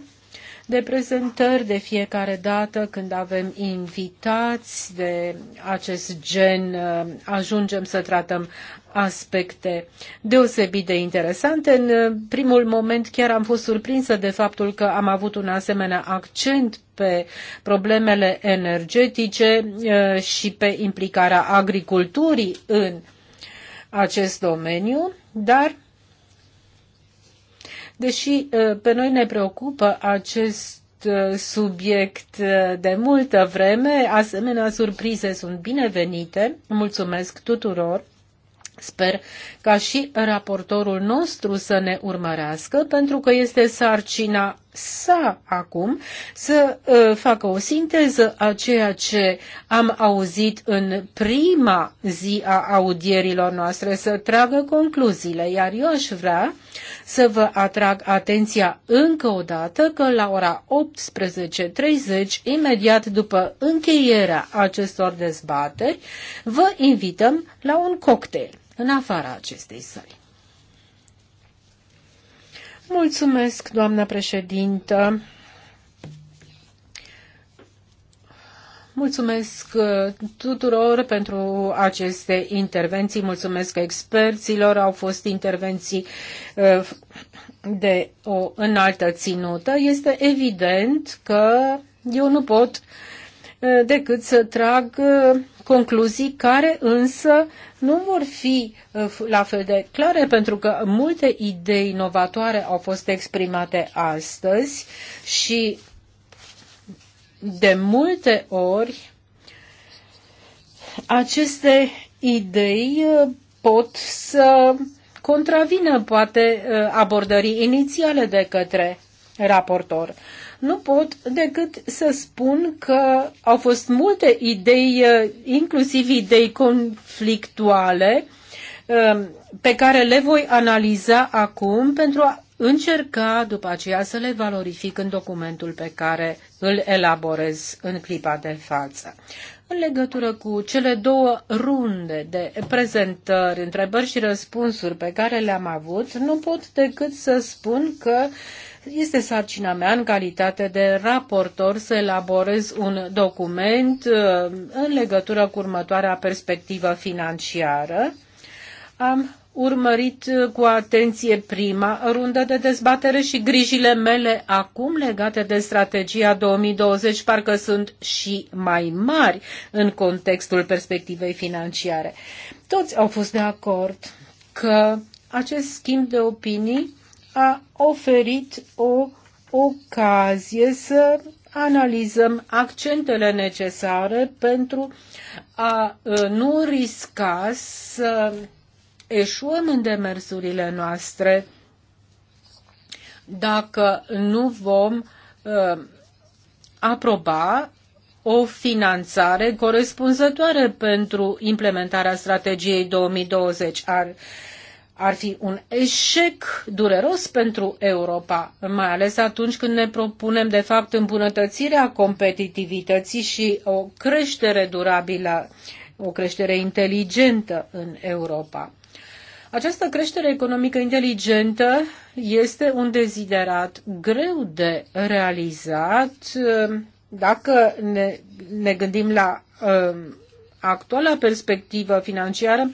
de prezentări de fiecare dată când avem invitați de acest gen. Uh, ajungem să tratăm aspecte deosebit de interesante. În uh, primul moment chiar am fost surprinsă de faptul că am avut un asemenea accent pe problemele energetice uh, și pe implicarea agriculturii în acest domeniu, dar Deși uh, pe noi ne preocupă acest uh, subiect uh, de multă vreme, asemenea surprize sunt binevenite. Mulțumesc tuturor! Sper ca și raportorul nostru să ne urmărească, pentru că este sarcina sa acum să uh, facă o sinteză a ceea ce am auzit în prima zi a audierilor noastre, să tragă concluziile, iar eu aș vrea să vă atrag atenția încă o dată că la ora 18.30, imediat după încheierea acestor dezbateri, vă invităm la un cocktail în afara acestei săli. Mulțumesc, doamna președintă. Mulțumesc uh, tuturor pentru aceste intervenții, mulțumesc experților, au fost intervenții uh, de o înaltă ținută. Este evident că eu nu pot uh, decât să trag concluzii care însă nu vor fi uh, la fel de clare pentru că multe idei inovatoare au fost exprimate astăzi și de multe ori aceste idei uh, pot să contravină poate uh, abordării inițiale de către raportor. Nu pot decât să spun că au fost multe idei, uh, inclusiv idei conflictuale, uh, pe care le voi analiza acum pentru a încerca după aceea să le valorific în documentul pe care îl elaborez în clipa de față. În legătură cu cele două runde de prezentări, întrebări și răspunsuri pe care le-am avut, nu pot decât să spun că uh, este sarcina mea în calitate de raportor să elaborez un document uh, în legătură cu următoarea perspectivă financiară. Am urmărit uh, cu atenție prima rundă de dezbatere și grijile mele acum legate de strategia 2020 parcă sunt și mai mari în contextul perspectivei financiare. Toți au fost de acord că acest schimb de opinii a oferit o ocazie să analizăm accentele necesare pentru a ă, nu risca să eșuăm în demersurile noastre dacă nu vom uh, aproba o finanțare corespunzătoare pentru implementarea strategiei 2020. Ar ar fi un eșec dureros pentru Europa, mai ales atunci când ne propunem, de fapt, îmbunătățirea competitivității și o creștere durabilă, o creștere inteligentă în Europa. Această creștere economică inteligentă este un deziderat greu de realizat dacă ne, ne gândim la uh, actuala perspectivă financiară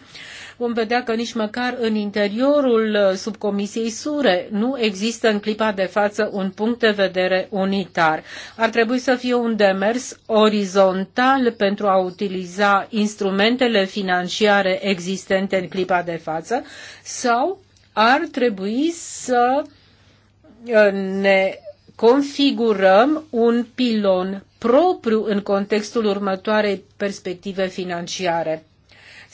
vom vedea că nici măcar în interiorul uh, subcomisiei SURE nu există în clipa de față un punct de vedere unitar. Ar trebui să fie un demers orizontal pentru a utiliza instrumentele financiare existente în clipa de față sau ar trebui să uh, ne configurăm un pilon propriu în contextul următoarei perspective financiare.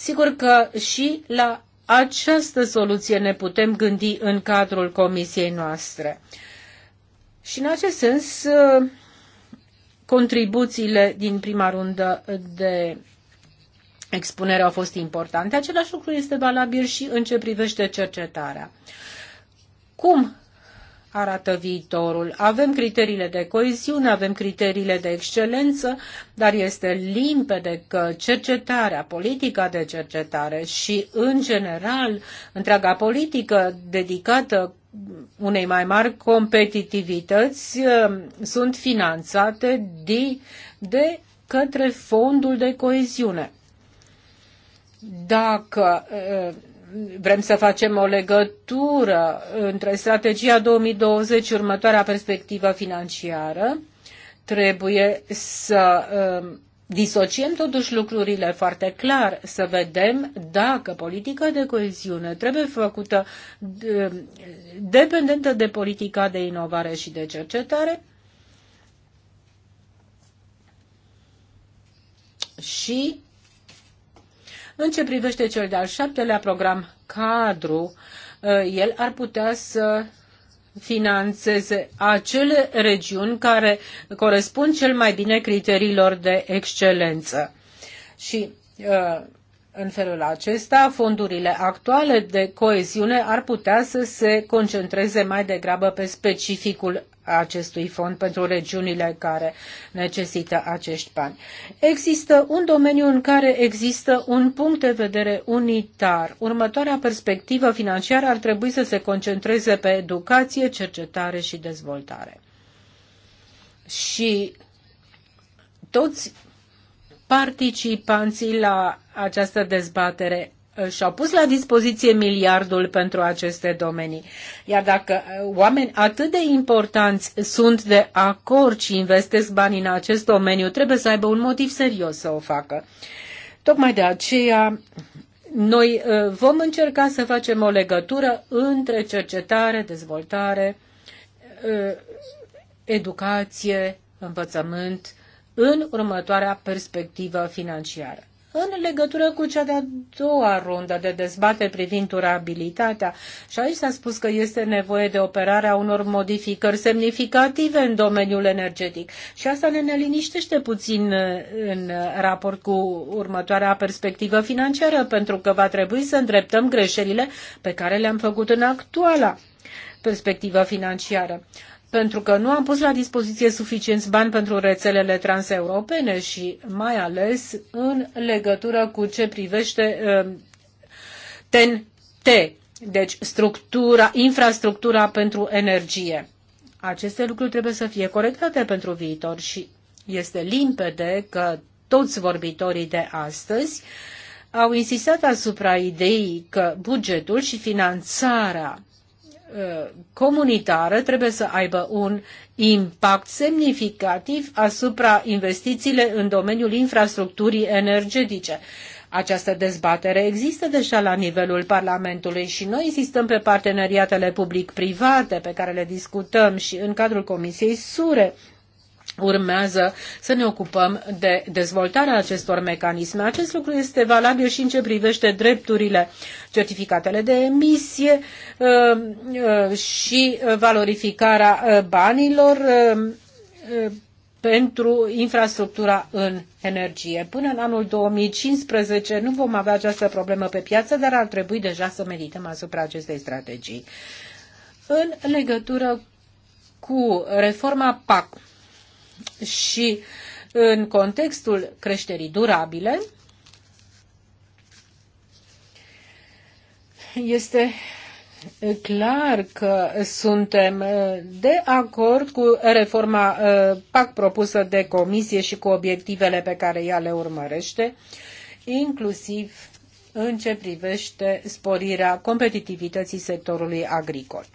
Sigur că și la această soluție ne putem gândi în cadrul comisiei noastre. Și în acest sens, contribuțiile din prima rundă de expunere au fost importante. Același lucru este valabil și în ce privește cercetarea. Cum arată viitorul. Avem criteriile de coeziune, avem criteriile de excelență, dar este limpede că cercetarea, politica de cercetare și, în general, întreaga politică dedicată unei mai mari competitivități eh, sunt finanțate de, de către fondul de coeziune. Dacă eh, vrem să facem o legătură între strategia 2020 și următoarea perspectivă financiară. Trebuie să um, disociem totuși lucrurile foarte clar, să vedem dacă politica de coeziune trebuie făcută um, dependentă de politica de inovare și de cercetare și în ce privește cel de-al șaptelea program cadru, eh, el ar putea să financeze acele regiuni care corespund cel mai bine criteriilor de excelență. Și eh, în felul acesta, fondurile actuale de coeziune ar putea să se concentreze mai degrabă pe specificul acestui fond pentru regiunile care necesită acești bani. Există un domeniu în care există un punct de vedere unitar. Următoarea perspectivă financiară ar trebui să se concentreze pe educație, cercetare și dezvoltare. Și toți participanții la această dezbatere Uh, și-au pus la dispoziție miliardul pentru aceste domenii. Iar dacă uh, oameni atât de importanți sunt de acord și investesc bani în acest domeniu, trebuie să aibă un motiv serios să o facă. Tocmai de aceea noi uh, vom încerca să facem o legătură între cercetare, dezvoltare, educație, învățământ în următoarea perspectivă financiară în legătură cu cea de-a doua rundă de dezbate privind durabilitatea. Și aici s-a spus că este nevoie de operarea unor modificări semnificative în domeniul energetic. Și asta ne neliniștește puțin uh, în uh, raport cu următoarea perspectivă financiară, pentru că va trebui să îndreptăm greșelile pe care le-am făcut în actuala perspectivă financiară pentru că nu am pus la dispoziție suficienți bani pentru rețelele transeuropene și mai ales în legătură cu ce privește TEN-T, uh, deci structura, infrastructura pentru energie. Aceste lucruri trebuie să fie corectate pentru viitor și este limpede că toți vorbitorii de astăzi au insistat asupra ideii că bugetul și finanțarea Uh, comunitară trebuie să aibă un impact semnificativ asupra investițiile în domeniul infrastructurii energetice. Această dezbatere există deja la nivelul Parlamentului și noi insistăm pe parteneriatele public-private pe care le discutăm și în cadrul Comisiei SURE urmează să ne ocupăm de dezvoltarea acestor mecanisme. Acest lucru este valabil și în ce privește drepturile, certificatele de emisie uh, uh, și valorificarea uh, banilor pentru infrastructura în energie. Până în anul 2015 nu vom avea această problemă pe piață, dar ar trebui deja să medităm asupra acestei strategii. În legătură cu reforma PAC, și în contextul creșterii durabile este clar că suntem de acord cu reforma uh, PAC propusă de comisie și cu obiectivele pe care ea le urmărește, inclusiv în ce privește sporirea competitivității sectorului agricol.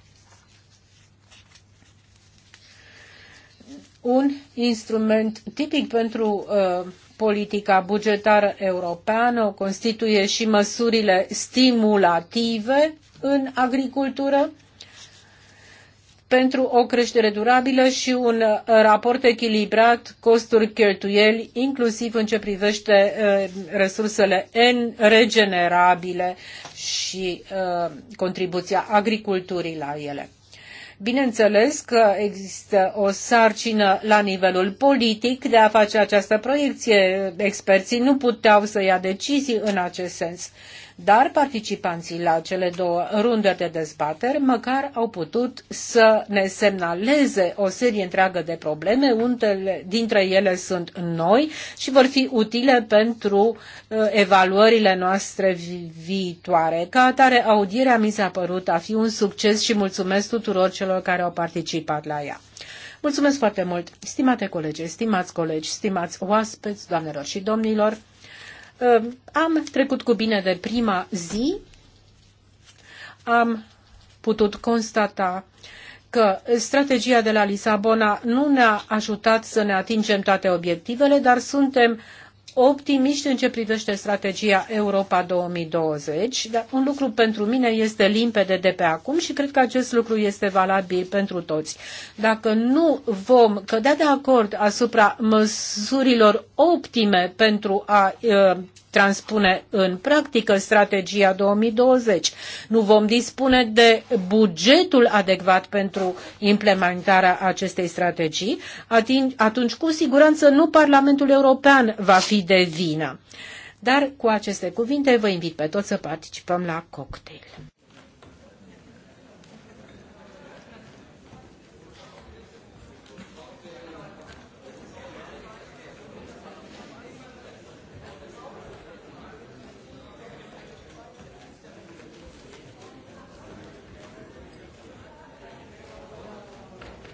un instrument tipic pentru uh, politica bugetară europeană, o constituie și măsurile stimulative în agricultură pentru o creștere durabilă și un uh, raport echilibrat costuri-cheltuieli, inclusiv în ce privește uh, resursele resursele regenerabile și uh, contribuția agriculturii la ele. Bineînțeles că există o sarcină la nivelul politic de a face această proiecție. Experții nu puteau să ia decizii în acest sens dar participanții la cele două runde de dezbateri măcar au putut să ne semnaleze o serie întreagă de probleme, unele dintre ele sunt noi și vor fi utile pentru uh, evaluările noastre viitoare. Ca atare, audierea mi s-a părut a fi un succes și mulțumesc tuturor celor care au participat la ea. Mulțumesc foarte mult, stimate colegi, stimați colegi, stimați oaspeți, doamnelor și domnilor. Ehm, am trecut cu bine de prima zi, am putut constata că strategia de la Lisabona nu ne-a ajutat să ne atingem toate obiectivele, dar suntem optimiști în ce privește strategia Europa 2020, dar un lucru pentru mine este limpede de pe acum și cred că acest lucru este valabil pentru toți. Dacă nu vom cădea de acord asupra măsurilor optime pentru a uh, transpune în practică strategia 2020. Nu vom dispune de bugetul adecvat pentru implementarea acestei strategii, atunci cu siguranță nu Parlamentul European va fi de vină. Dar cu aceste cuvinte vă invit pe toți să participăm la cocktail.